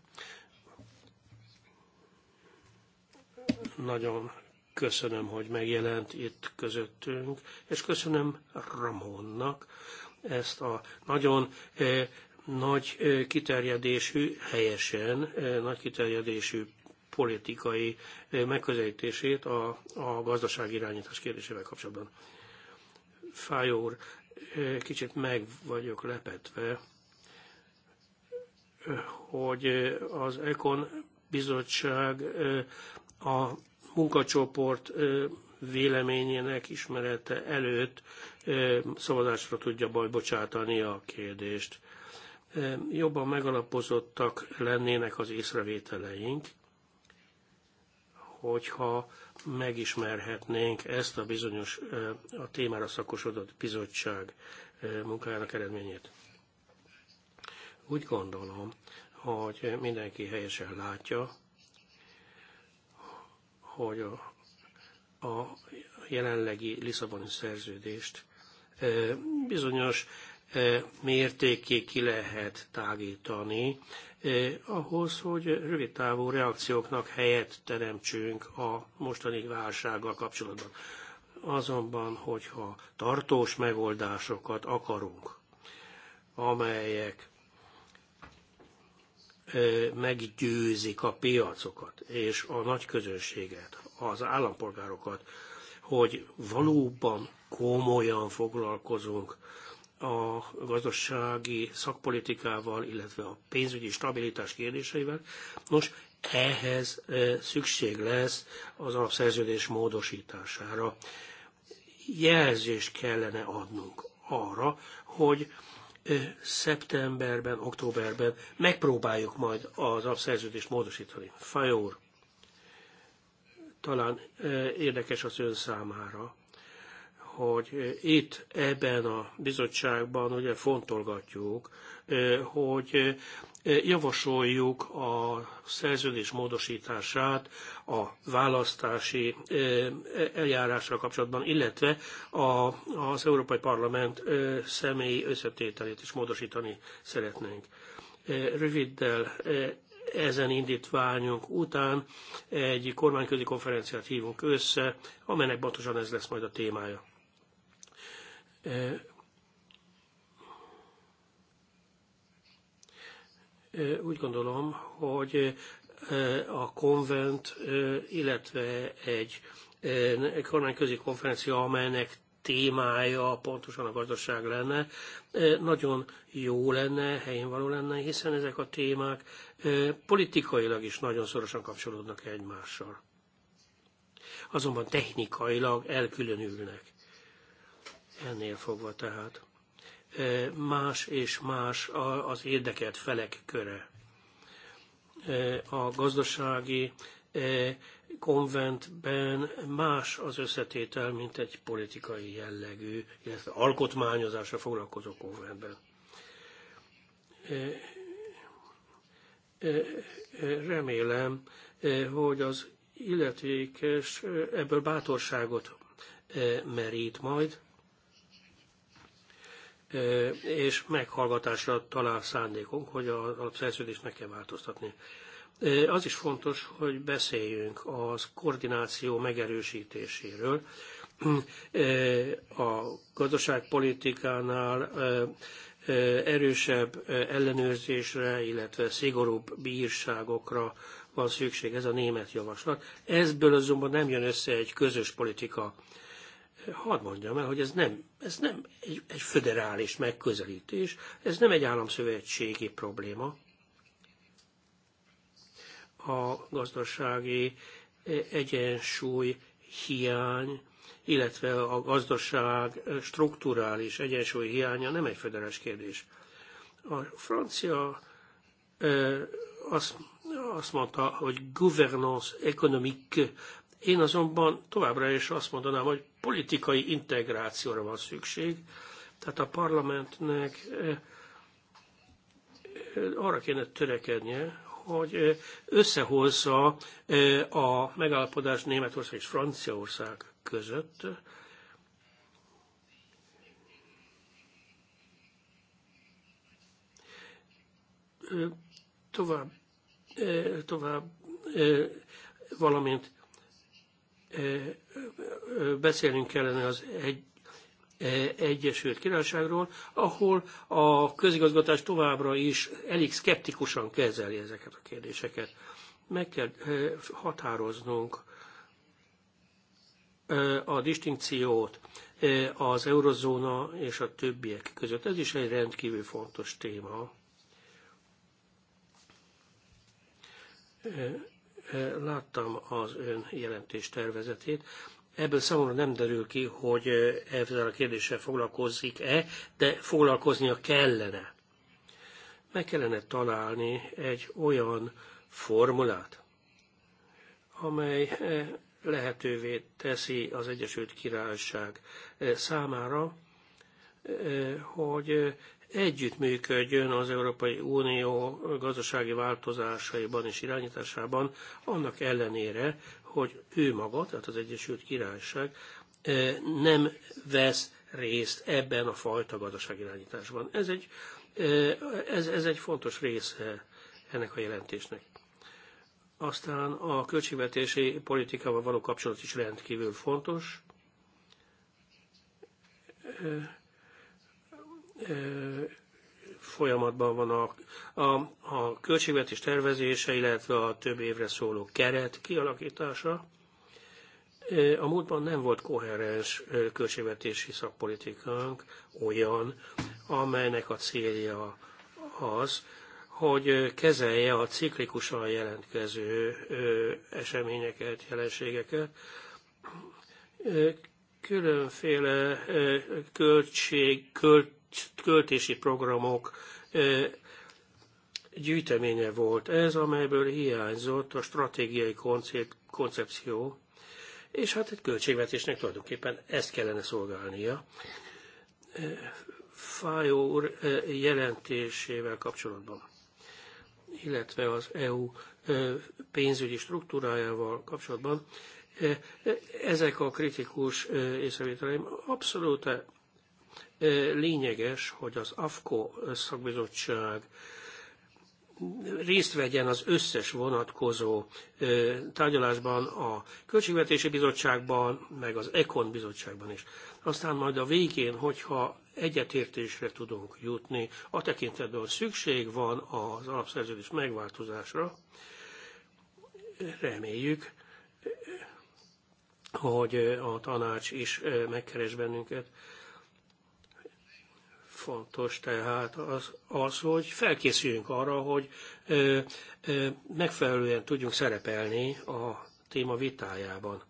nagyon Köszönöm, hogy megjelent itt közöttünk, és köszönöm Ramonnak ezt a nagyon eh, nagy eh, kiterjedésű, helyesen eh, nagy kiterjedésű politikai megközelítését a, a gazdasági irányítás kérdésével kapcsolatban. Fájó úr, kicsit meg vagyok lepetve, hogy az Ekon bizottság a munkacsoport véleményének ismerete előtt szavazásra tudja baj bocsátani a kérdést. Jobban megalapozottak lennének az észrevételeink, hogyha megismerhetnénk ezt a bizonyos, a témára szakosodott bizottság munkájának eredményét. Úgy gondolom, hogy mindenki helyesen látja, hogy a, a jelenlegi Lisszaboni szerződést bizonyos mértékig ki lehet tágítani, ahhoz, hogy rövid távú reakcióknak helyet teremtsünk a mostani válsággal kapcsolatban. Azonban, hogyha tartós megoldásokat akarunk, amelyek meggyőzik a piacokat és a nagy közönséget, az állampolgárokat, hogy valóban komolyan foglalkozunk a gazdasági szakpolitikával, illetve a pénzügyi stabilitás kérdéseivel. Nos, ehhez szükség lesz az alapszerződés módosítására. Jelzést kellene adnunk arra, hogy szeptemberben, októberben megpróbáljuk majd az alapszerződést módosítani. Fajó úr, talán érdekes az ön számára, hogy itt ebben a bizottságban ugye fontolgatjuk hogy javasoljuk a szerződés módosítását a választási eljárással kapcsolatban, illetve a, az Európai Parlament személyi összetételét is módosítani szeretnénk. Röviddel ezen indítványunk után egy kormányközi konferenciát hívunk össze, amelynek pontosan ez lesz majd a témája Úgy gondolom, hogy a konvent, illetve egy kormányközi konferencia, amelynek témája pontosan a gazdaság lenne, nagyon jó lenne, helyén való lenne, hiszen ezek a témák politikailag is nagyon szorosan kapcsolódnak egymással. Azonban technikailag elkülönülnek. Ennél fogva tehát más és más az érdekelt felek köre. A gazdasági konventben más az összetétel, mint egy politikai jellegű, illetve alkotmányozásra foglalkozó konventben. Remélem, hogy az illetékes ebből bátorságot merít majd, és meghallgatásra talál szándékunk, hogy a szerződést meg kell változtatni. Az is fontos, hogy beszéljünk az koordináció megerősítéséről. A gazdaságpolitikánál erősebb ellenőrzésre, illetve szigorúbb bírságokra van szükség, ez a német javaslat. Ezből azonban nem jön össze egy közös politika hadd mondjam el, hogy ez nem, ez nem egy, egy föderális megközelítés, ez nem egy államszövetségi probléma. A gazdasági e, egyensúly hiány, illetve a gazdaság e, strukturális egyensúly hiánya nem egy föderális kérdés. A francia e, azt, azt mondta, hogy gouvernance économique én azonban továbbra is azt mondanám, hogy politikai integrációra van szükség, tehát a parlamentnek eh, eh, arra kéne törekednie, hogy eh, összehozza a megállapodás Németország és Franciaország között. Tovább, tovább, valamint beszélnünk kellene az egy, Egyesült Királyságról, ahol a közigazgatás továbbra is elég szkeptikusan kezeli ezeket a kérdéseket. Meg kell határoznunk a distinkciót az eurozóna és a többiek között. Ez is egy rendkívül fontos téma Eh, láttam az ön jelentés tervezetét. Ebből számomra nem derül ki, hogy eh, ezzel a kérdéssel foglalkozik-e, de foglalkoznia kellene. Meg kellene találni egy olyan formulát, amely eh, lehetővé teszi az Egyesült Királyság számára, hogy együttműködjön az Európai Unió gazdasági változásaiban és irányításában, annak ellenére, hogy ő maga, tehát az Egyesült Királyság nem vesz részt ebben a fajta gazdaságirányításban. Ez egy, ez, ez egy fontos része ennek a jelentésnek. Aztán a költségvetési politikával való kapcsolat is rendkívül fontos folyamatban van a, a, a költségvetés tervezése, illetve a több évre szóló keret kialakítása. A múltban nem volt koherens költségvetési szakpolitikánk olyan, amelynek a célja az, hogy kezelje a ciklikusan jelentkező eseményeket, jelenségeket. Különféle költség, költ költési programok gyűjteménye volt ez, amelyből hiányzott a stratégiai koncepció, és hát egy költségvetésnek tulajdonképpen ezt kellene szolgálnia. Fájó úr jelentésével kapcsolatban, illetve az EU pénzügyi struktúrájával kapcsolatban, ezek a kritikus észrevételeim abszolút Lényeges, hogy az AFKO szakbizottság részt vegyen az összes vonatkozó tárgyalásban a Költségvetési Bizottságban, meg az Ekon Bizottságban is. Aztán majd a végén, hogyha egyetértésre tudunk jutni, a tekintetben, szükség van az alapszerződés megváltozásra, reméljük, hogy a tanács is megkeres bennünket Fontos tehát az, az hogy felkészüljünk arra, hogy ö, ö, megfelelően tudjunk szerepelni a téma vitájában.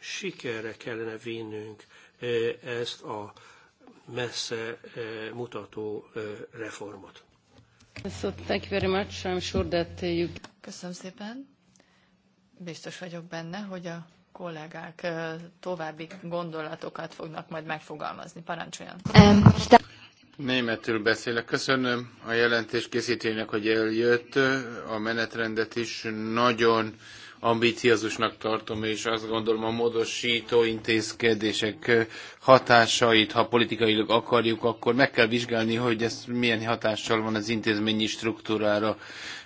Sikerre kellene vinnünk ö, ezt a messze ö, mutató ö, reformot. Köszönöm szépen. Biztos vagyok benne, hogy a kollégák további gondolatokat fognak majd megfogalmazni. Parancsoljon! Németül beszélek. Köszönöm a jelentés készítőjének, hogy eljött. A menetrendet is nagyon ambiciózusnak tartom, és azt gondolom a módosító intézkedések hatásait, ha politikailag akarjuk, akkor meg kell vizsgálni, hogy ez milyen hatással van az intézményi struktúrára.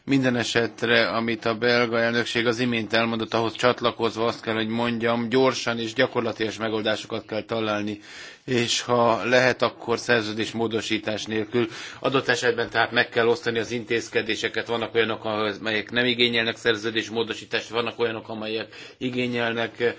Minden esetre, amit a belga elnökség az imént elmondott, ahhoz csatlakozva azt kell, hogy mondjam, gyorsan és gyakorlatilag megoldásokat kell találni, és ha lehet, akkor szerződés módosítás nélkül. Adott esetben tehát meg kell osztani az intézkedéseket, vannak olyanok, amelyek nem igényelnek szerződés módosítást, vannak olyanok, amelyek igényelnek,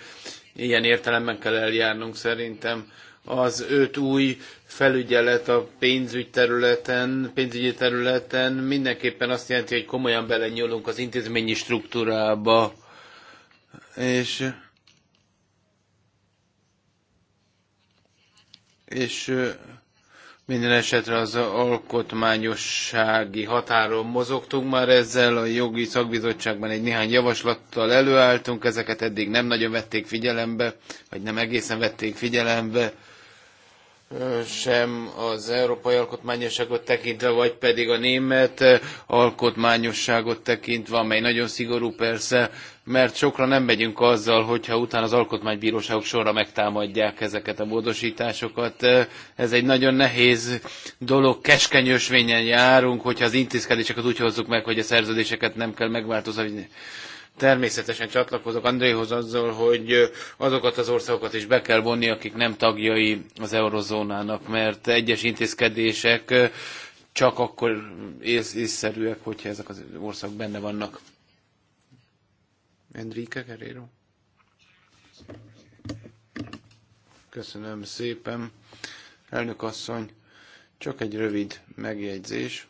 ilyen értelemben kell eljárnunk szerintem az öt új felügyelet a pénzügy területen, pénzügyi területen mindenképpen azt jelenti, hogy komolyan belenyúlunk az intézményi struktúrába, és és minden esetre az alkotmányossági határon mozogtunk már ezzel, a jogi szakbizottságban egy néhány javaslattal előálltunk, ezeket eddig nem nagyon vették figyelembe, vagy nem egészen vették figyelembe, sem az európai alkotmányosságot tekintve, vagy pedig a német alkotmányosságot tekintve, amely nagyon szigorú persze, mert sokra nem megyünk azzal, hogyha utána az alkotmánybíróságok sorra megtámadják ezeket a módosításokat. Ez egy nagyon nehéz dolog, keskeny ösvényen járunk, hogyha az intézkedéseket úgy hozzuk meg, hogy a szerződéseket nem kell megváltoztatni Természetesen csatlakozok Andréhoz azzal, hogy azokat az országokat is be kell vonni, akik nem tagjai az eurozónának, mert egyes intézkedések csak akkor ész, észszerűek, hogyha ezek az országok benne vannak. Enrique Guerrero. Köszönöm szépen. Elnök asszony, csak egy rövid megjegyzés.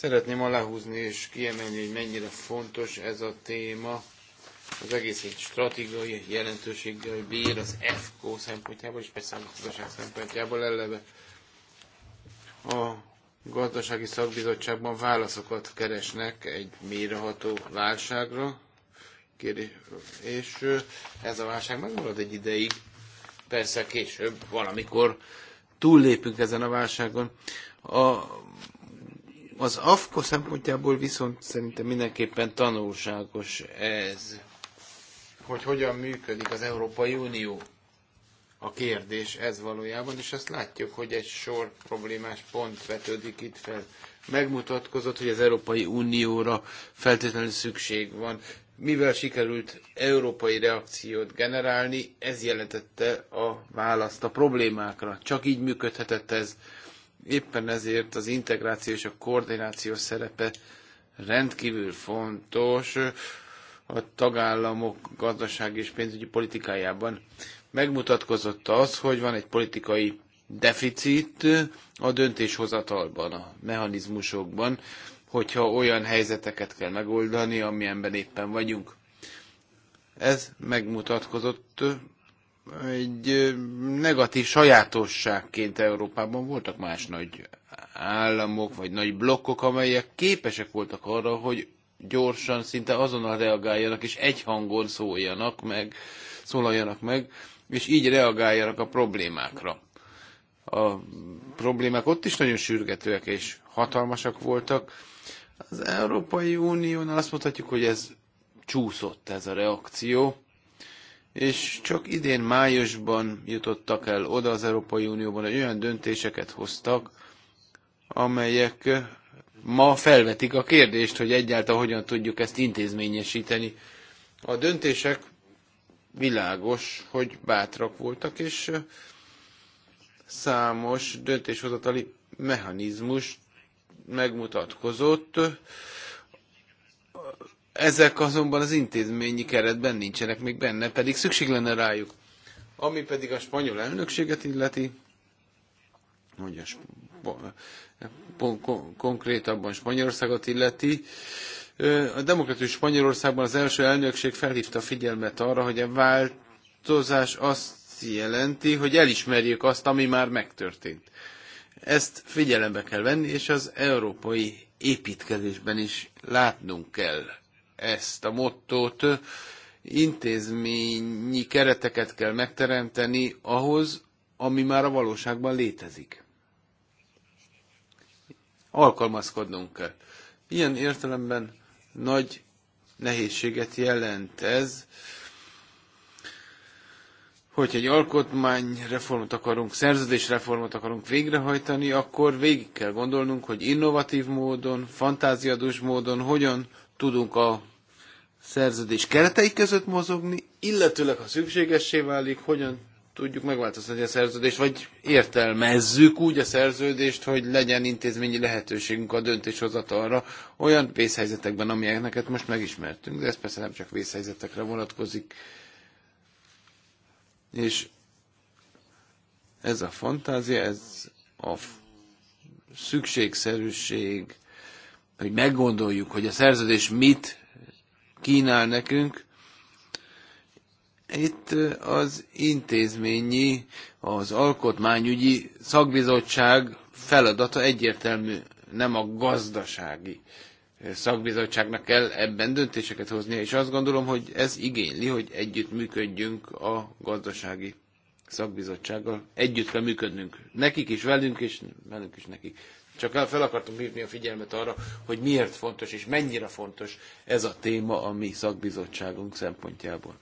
Szeretném aláhúzni és kiemelni, hogy mennyire fontos ez a téma. Az egész egy stratégiai jelentőséggel bír az FKO szempontjából, és persze a gazdaság szempontjából eleve. A gazdasági szakbizottságban válaszokat keresnek egy mérható válságra, és ez a válság megmarad egy ideig. Persze később, valamikor túllépünk ezen a válságon. A az AFKO szempontjából viszont szerintem mindenképpen tanulságos ez, hogy hogyan működik az Európai Unió. A kérdés ez valójában, és azt látjuk, hogy egy sor problémás pont vetődik itt fel. Megmutatkozott, hogy az Európai Unióra feltétlenül szükség van. Mivel sikerült európai reakciót generálni, ez jelentette a választ a problémákra. Csak így működhetett ez Éppen ezért az integráció és a koordináció szerepe rendkívül fontos a tagállamok gazdasági és pénzügyi politikájában. Megmutatkozott az, hogy van egy politikai deficit a döntéshozatalban, a mechanizmusokban, hogyha olyan helyzeteket kell megoldani, amilyenben éppen vagyunk. Ez megmutatkozott egy negatív sajátosságként Európában voltak más nagy államok, vagy nagy blokkok, amelyek képesek voltak arra, hogy gyorsan, szinte azonnal reagáljanak, és egy hangon szóljanak meg, szólaljanak meg, és így reagáljanak a problémákra. A problémák ott is nagyon sürgetőek és hatalmasak voltak. Az Európai Uniónál azt mondhatjuk, hogy ez csúszott ez a reakció, és csak idén májusban jutottak el oda az Európai Unióban, hogy olyan döntéseket hoztak, amelyek eh, ma felvetik a kérdést, hogy egyáltalán hogyan tudjuk ezt intézményesíteni. A döntések világos, hogy bátrak voltak, és eh, számos döntéshozatali mechanizmus megmutatkozott, ezek azonban az intézményi keretben nincsenek még benne, pedig szükség lenne rájuk. Ami pedig a spanyol elnökséget illeti, mondja, konkrétabban Spanyolországot illeti. A demokratikus Spanyolországban az első elnökség felhívta figyelmet arra, hogy a változás azt jelenti, hogy elismerjük azt, ami már megtörtént. Ezt figyelembe kell venni, és az európai építkezésben is látnunk kell ezt a mottót. Intézményi kereteket kell megteremteni ahhoz, ami már a valóságban létezik. Alkalmazkodnunk kell. Ilyen értelemben nagy nehézséget jelent ez, hogy egy alkotmányreformot akarunk, szerződésreformot akarunk végrehajtani, akkor végig kell gondolnunk, hogy innovatív módon, fantáziadós módon hogyan tudunk a szerződés keretei között mozogni, illetőleg, ha szükségessé válik, hogyan tudjuk megváltoztatni a szerződést, vagy értelmezzük úgy a szerződést, hogy legyen intézményi lehetőségünk a döntéshozatalra olyan vészhelyzetekben, amilyeneket most megismertünk, de ez persze nem csak vészhelyzetekre vonatkozik. És ez a fantázia, ez a szükségszerűség hogy meggondoljuk, hogy a szerződés mit kínál nekünk. Itt az intézményi, az alkotmányügyi szakbizottság feladata egyértelmű, nem a gazdasági szakbizottságnak kell ebben döntéseket hoznia, és azt gondolom, hogy ez igényli, hogy együtt működjünk a gazdasági szakbizottsággal. Együtt kell működnünk. Nekik is, velünk is, velünk is nekik. Csak el fel akartunk hívni a figyelmet arra, hogy miért fontos és mennyire fontos ez a téma a mi szakbizottságunk szempontjából.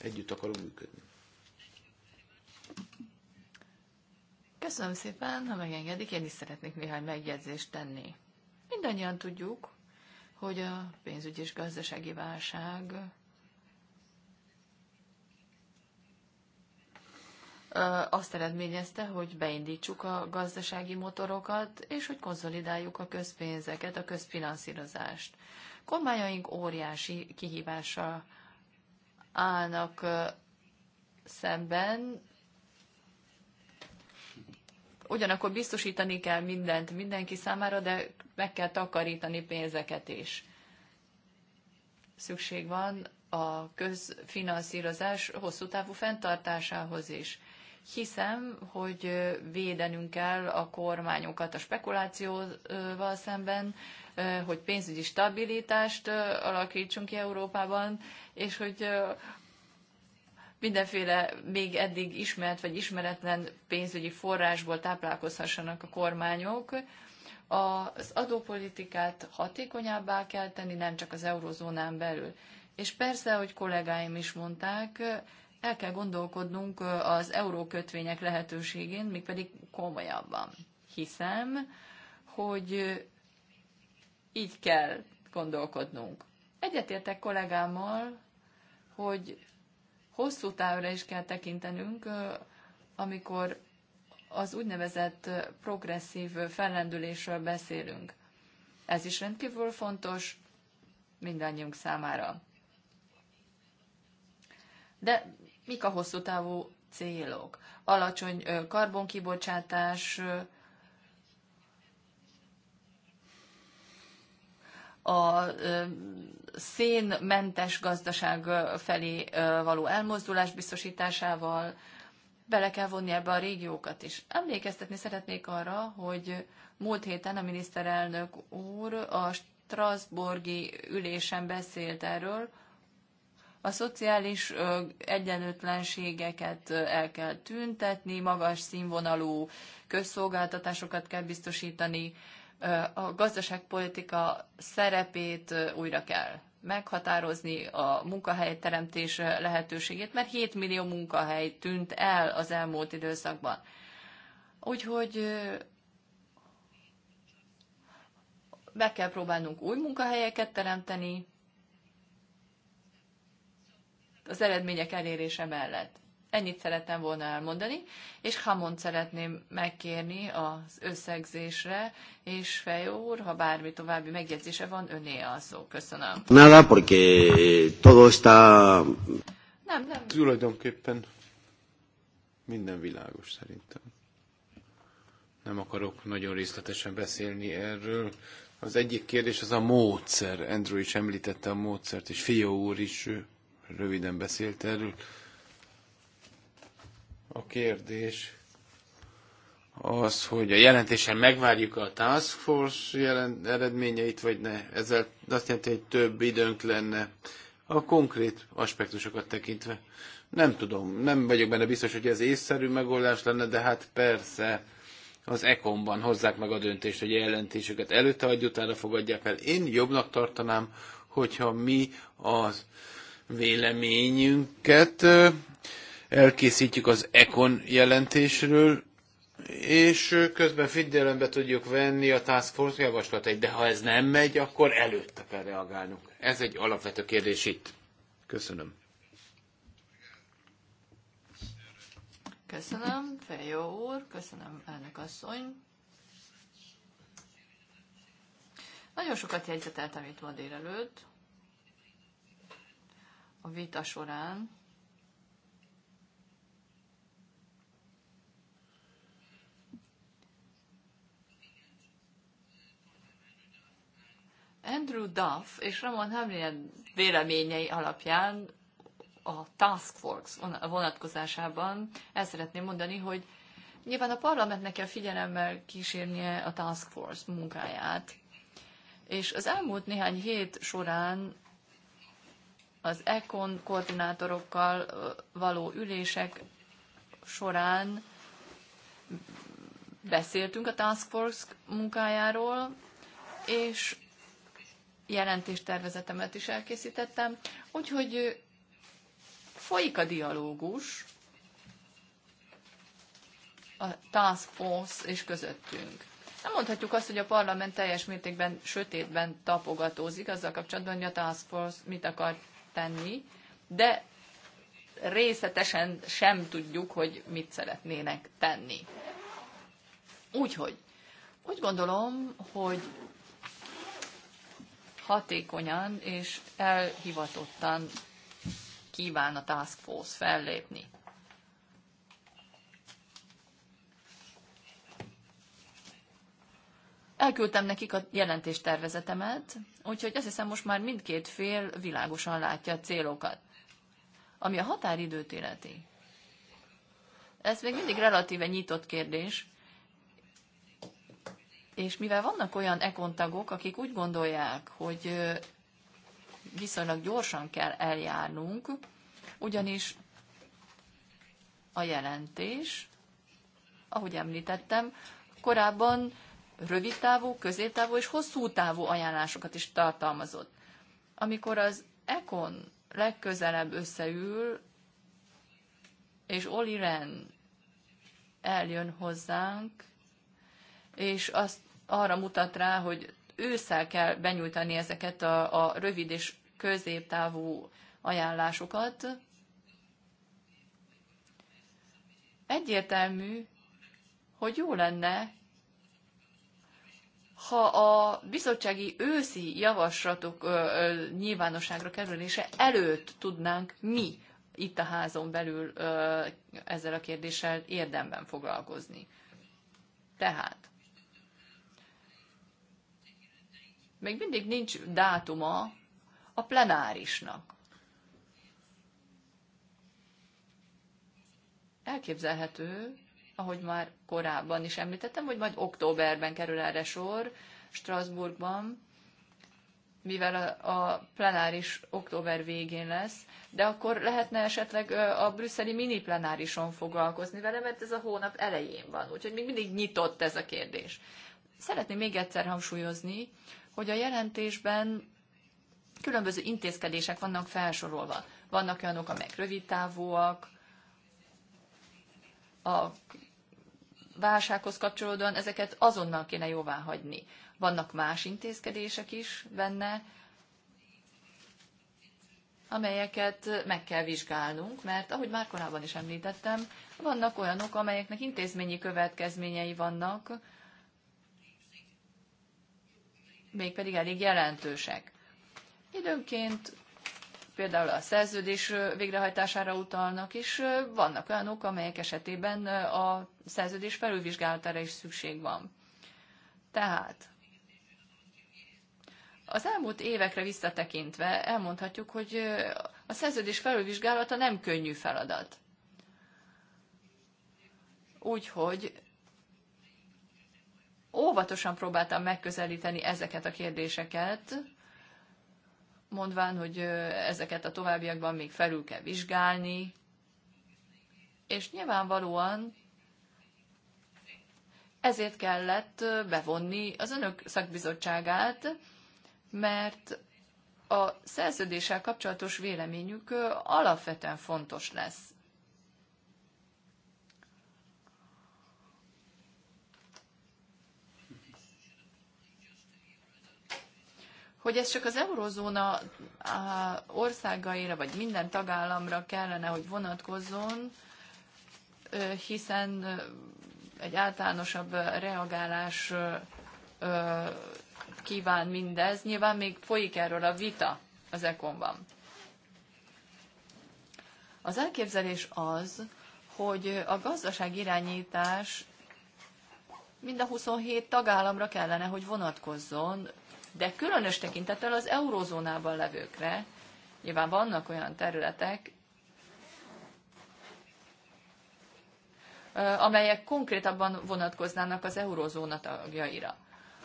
Együtt akarunk működni. Köszönöm szépen, ha megengedik, én is szeretnék néhány megjegyzést tenni. Mindannyian tudjuk, hogy a pénzügyi és gazdasági válság azt eredményezte, hogy beindítsuk a gazdasági motorokat, és hogy konszolidáljuk a közpénzeket, a közfinanszírozást. Kormányaink óriási kihívása állnak szemben, ugyanakkor biztosítani kell mindent mindenki számára, de meg kell takarítani pénzeket is. Szükség van a közfinanszírozás hosszú távú fenntartásához is hiszem, hogy védenünk kell a kormányokat a spekulációval szemben, hogy pénzügyi stabilitást alakítsunk ki Európában, és hogy mindenféle még eddig ismert vagy ismeretlen pénzügyi forrásból táplálkozhassanak a kormányok. Az adópolitikát hatékonyabbá kell tenni, nem csak az eurozónán belül. És persze, hogy kollégáim is mondták, el kell gondolkodnunk az eurókötvények lehetőségén, pedig komolyabban. Hiszem, hogy így kell gondolkodnunk. Egyetértek kollégámmal, hogy hosszú távra is kell tekintenünk, amikor az úgynevezett progresszív fellendülésről beszélünk. Ez is rendkívül fontos mindannyiunk számára. De mik a hosszú távú célok. Alacsony karbonkibocsátás, a szénmentes gazdaság felé való elmozdulás biztosításával, bele kell vonni ebbe a régiókat is. Emlékeztetni szeretnék arra, hogy múlt héten a miniszterelnök úr a Strasburgi ülésen beszélt erről, a szociális egyenlőtlenségeket el kell tüntetni, magas színvonalú közszolgáltatásokat kell biztosítani, a gazdaságpolitika szerepét újra kell meghatározni a munkahely teremtés lehetőségét, mert 7 millió munkahely tűnt el az elmúlt időszakban. Úgyhogy meg kell próbálnunk új munkahelyeket teremteni, az eredmények elérése mellett. Ennyit szerettem volna elmondani, és Hamon szeretném megkérni az összegzésre, és Fejó úr, ha bármi további megjegyzése van, öné a szó. Köszönöm. Nada, porque eh, todo está... Nem, nem. Tulajdonképpen minden világos szerintem. Nem akarok nagyon részletesen beszélni erről. Az egyik kérdés az a módszer. Andrew is említette a módszert, és Fió úr is röviden beszélt erről. A kérdés az, hogy a jelentésen megvárjuk a Task Force jelent, eredményeit, vagy ne. Ezzel azt jelenti, hogy több időnk lenne a konkrét aspektusokat tekintve. Nem tudom, nem vagyok benne biztos, hogy ez észszerű megoldás lenne, de hát persze az ekonban hozzák meg a döntést, hogy a jelentésüket előtte vagy utána fogadják el. Én jobbnak tartanám, hogyha mi az véleményünket, elkészítjük az ECON jelentésről, és közben figyelembe tudjuk venni a Task Force javaslatait, de ha ez nem megy, akkor előtte kell reagálnunk. Ez egy alapvető kérdés itt. Köszönöm. Köszönöm, Fejó úr, köszönöm, elnök asszony. Nagyon sokat jegyzeteltem itt ma délelőtt a vita során, Andrew Duff és Ramon Hamlin véleményei alapján a Task Force vonatkozásában el szeretném mondani, hogy nyilván a parlamentnek kell figyelemmel kísérnie a Task Force munkáját. És az elmúlt néhány hét során az ECON koordinátorokkal való ülések során beszéltünk a Task Force munkájáról, és jelentéstervezetemet is elkészítettem, úgyhogy folyik a dialógus a Task Force és közöttünk. Nem mondhatjuk azt, hogy a parlament teljes mértékben sötétben tapogatózik azzal kapcsolatban, hogy a Task Force mit akar tenni, de részletesen sem tudjuk, hogy mit szeretnének tenni. Úgyhogy úgy gondolom, hogy hatékonyan és elhivatottan kíván a Task Force fellépni. Elküldtem nekik a jelentés tervezetemet, úgyhogy azt hiszem most már mindkét fél világosan látja a célokat. Ami a határidőt illeti. Ez még mindig relatíve nyitott kérdés, és mivel vannak olyan ekontagok, akik úgy gondolják, hogy viszonylag gyorsan kell eljárnunk, ugyanis a jelentés, ahogy említettem, korábban rövidtávú, középtávú és hosszú távú ajánlásokat is tartalmazott. Amikor az Econ legközelebb összeül, és Oli Ren eljön hozzánk, és azt arra mutat rá, hogy ősszel kell benyújtani ezeket a, a rövid és középtávú ajánlásokat. Egyértelmű, hogy jó lenne, ha a bizottsági őszi javaslatok ö, ö, nyilvánosságra kerülése előtt tudnánk mi itt a házon belül ö, ezzel a kérdéssel érdemben foglalkozni. Tehát, még mindig nincs dátuma a plenárisnak. Elképzelhető, ahogy már korábban is említettem, hogy majd októberben kerül erre sor Strasbourgban, mivel a, a plenáris október végén lesz, de akkor lehetne esetleg a brüsszeli mini plenárison foglalkozni vele, mert ez a hónap elején van, úgyhogy még mindig nyitott ez a kérdés. Szeretném még egyszer hangsúlyozni, hogy a jelentésben különböző intézkedések vannak felsorolva. Vannak olyanok, amelyek rövid távúak, a válsághoz kapcsolódóan ezeket azonnal kéne jóvá hagyni. Vannak más intézkedések is benne, amelyeket meg kell vizsgálnunk, mert ahogy már korábban is említettem, vannak olyanok, amelyeknek intézményi következményei vannak, mégpedig elég jelentősek. Időnként például a szerződés végrehajtására utalnak, és vannak olyanok, amelyek esetében a szerződés felülvizsgálatára is szükség van. Tehát az elmúlt évekre visszatekintve elmondhatjuk, hogy a szerződés felülvizsgálata nem könnyű feladat. Úgyhogy óvatosan próbáltam megközelíteni ezeket a kérdéseket, mondván, hogy ezeket a továbbiakban még felül kell vizsgálni, és nyilvánvalóan ezért kellett bevonni az önök szakbizottságát, mert a szerződéssel kapcsolatos véleményük alapvetően fontos lesz. hogy ez csak az eurozóna országaira, vagy minden tagállamra kellene, hogy vonatkozzon, hiszen egy általánosabb reagálás kíván mindez. Nyilván még folyik erről a vita az ekonban. Az elképzelés az, hogy a gazdaság irányítás mind a 27 tagállamra kellene, hogy vonatkozzon, de különös tekintettel az eurozónában levőkre. Nyilván vannak olyan területek, amelyek konkrétabban vonatkoznának az eurozóna tagjaira.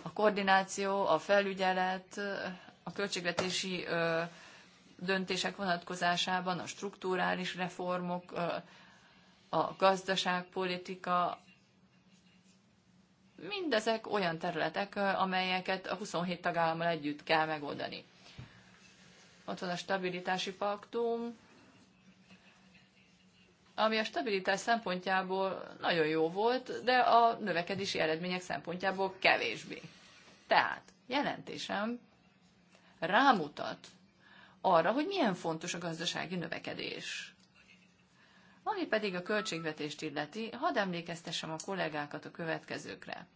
A koordináció, a felügyelet, a költségvetési döntések vonatkozásában, a strukturális reformok, a gazdaságpolitika, Mindezek olyan területek, amelyeket a 27 tagállammal együtt kell megoldani. Ott van a stabilitási paktum, ami a stabilitás szempontjából nagyon jó volt, de a növekedési eredmények szempontjából kevésbé. Tehát jelentésem rámutat arra, hogy milyen fontos a gazdasági növekedés. Ami pedig a költségvetést illeti, hadd emlékeztessem a kollégákat a következőkre.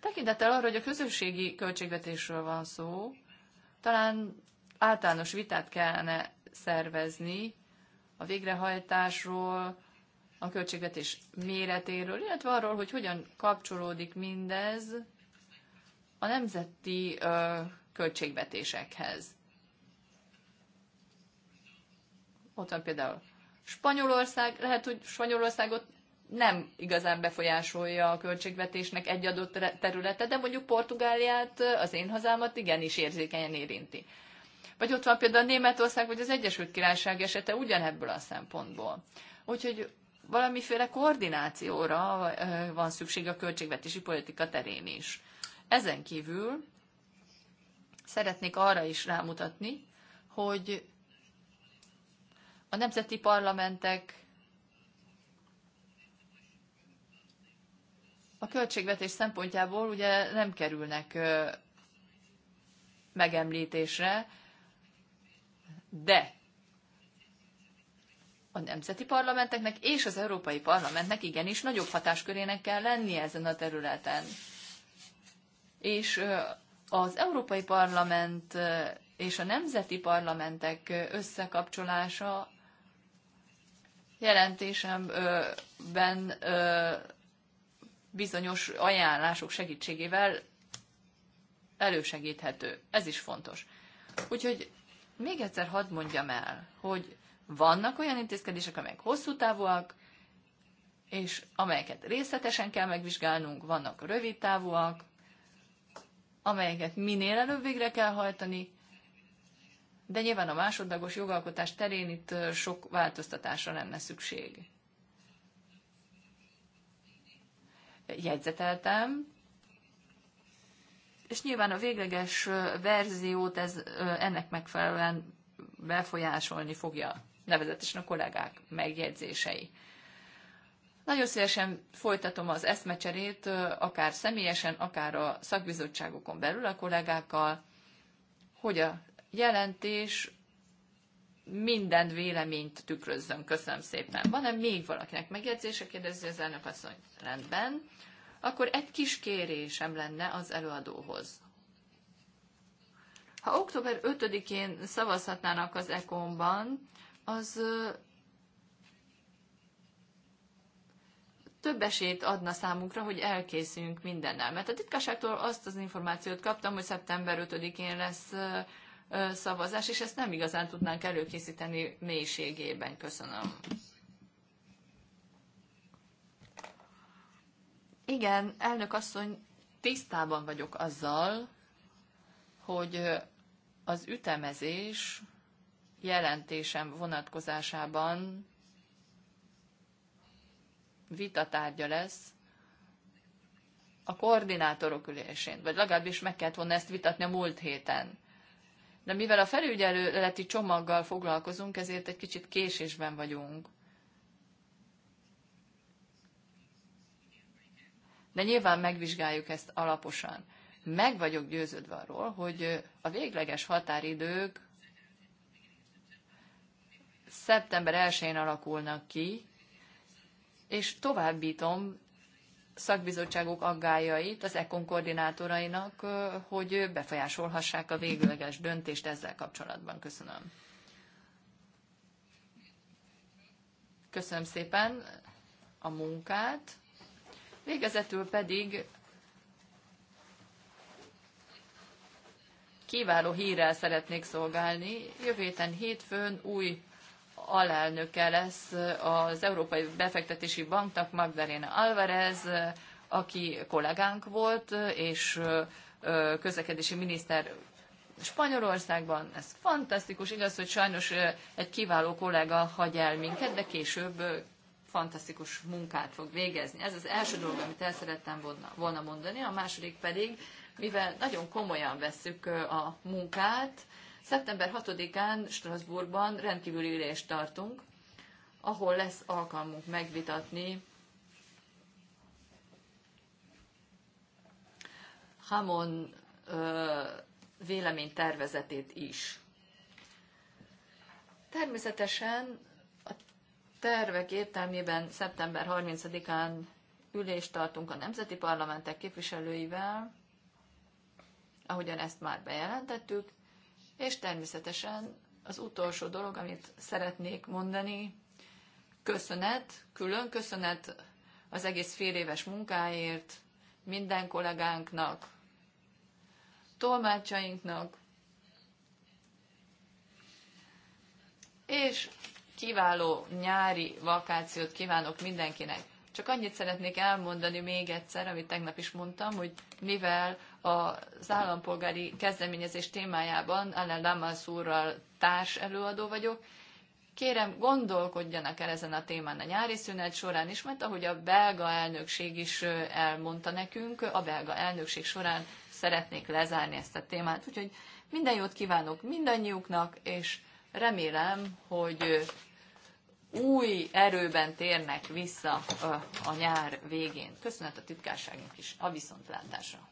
Tekintettel arra, hogy a közösségi költségvetésről van szó, talán általános vitát kellene szervezni a végrehajtásról, a költségvetés méretéről, illetve arról, hogy hogyan kapcsolódik mindez a nemzeti ö, költségvetésekhez. Ott van például Spanyolország, lehet, hogy Spanyolországot nem igazán befolyásolja a költségvetésnek egy adott területe, de mondjuk Portugáliát, eh, az én hazámat igenis érzékenyen érinti. Vagy ott van például Németország, vagy az Egyesült Királyság esete ugyanebből a szempontból. Úgyhogy valamiféle koordinációra eh, van szükség a költségvetési politika terén is. Ezen kívül szeretnék arra is rámutatni, hogy a nemzeti parlamentek a költségvetés szempontjából ugye nem kerülnek megemlítésre, de a nemzeti parlamenteknek és az Európai Parlamentnek igenis nagyobb hatáskörének kell lennie ezen a területen. És az Európai Parlament és a nemzeti parlamentek összekapcsolása jelentésemben bizonyos ajánlások segítségével elősegíthető. Ez is fontos. Úgyhogy még egyszer hadd mondjam el, hogy vannak olyan intézkedések, amelyek hosszú távúak, és amelyeket részletesen kell megvizsgálnunk, vannak rövid távúak, amelyeket minél előbb végre kell hajtani, de nyilván a másodlagos jogalkotás terén itt sok változtatásra lenne szükség. Jegyzeteltem, és nyilván a végleges verziót ez ennek megfelelően befolyásolni fogja nevezetesen a kollégák megjegyzései. Nagyon szívesen folytatom az eszmecserét, akár személyesen, akár a szakbizottságokon belül a kollégákkal, hogy a jelentés minden véleményt tükrözzön. Köszönöm szépen. Van-e még valakinek megjegyzése? Kérdezi az elnök asszony. Rendben. Akkor egy kis kérésem lenne az előadóhoz. Ha október 5-én szavazhatnának az ECOM-ban, az több esélyt adna számunkra, hogy elkészüljünk mindennel. Mert a titkárságtól azt az információt kaptam, hogy szeptember 5-én lesz szavazás, és ezt nem igazán tudnánk előkészíteni mélységében. Köszönöm. Igen, elnök asszony, tisztában vagyok azzal, hogy az ütemezés jelentésem vonatkozásában vitatárgya lesz a koordinátorok ülésén, vagy legalábbis meg kellett volna ezt vitatni a múlt héten. De mivel a felügyeleti csomaggal foglalkozunk, ezért egy kicsit késésben vagyunk. De nyilván megvizsgáljuk ezt alaposan. Meg vagyok győződve arról, hogy a végleges határidők szeptember 1-én alakulnak ki, és továbbítom szakbizottságok aggájait az ECON koordinátorainak, hogy befolyásolhassák a végleges döntést ezzel kapcsolatban. Köszönöm. Köszönöm szépen a munkát. Végezetül pedig kiváló hírrel szeretnék szolgálni. Jövő héten hétfőn új alelnöke lesz az Európai Befektetési Banknak Magdalena Alvarez, aki kollégánk volt, és közlekedési miniszter Spanyolországban. Ez fantasztikus, igaz, hogy sajnos egy kiváló kollega hagy el minket, de később fantasztikus munkát fog végezni. Ez az első dolog, amit el szerettem volna mondani, a második pedig, mivel nagyon komolyan vesszük a munkát, Szeptember 6-án Strasbourgban rendkívüli ülést tartunk, ahol lesz alkalmunk megvitatni Hamon ö, véleménytervezetét is. Természetesen a tervek értelmében szeptember 30-án ülést tartunk a nemzeti parlamentek képviselőivel, ahogyan ezt már bejelentettük, és természetesen az utolsó dolog, amit szeretnék mondani, köszönet, külön köszönet az egész fél éves munkáért, minden kollégánknak, tolmácsainknak, és kiváló nyári vakációt kívánok mindenkinek. Csak annyit szeretnék elmondani még egyszer, amit tegnap is mondtam, hogy mivel az állampolgári kezdeményezés témájában Allen Lamas úrral társ előadó vagyok, kérem, gondolkodjanak el ezen a témán a nyári szünet során is, mert ahogy a belga elnökség is elmondta nekünk, a belga elnökség során szeretnék lezárni ezt a témát. Úgyhogy minden jót kívánok mindannyiuknak, és remélem, hogy új erőben térnek vissza a nyár végén. Köszönet a titkárságnak is a viszontlátásra.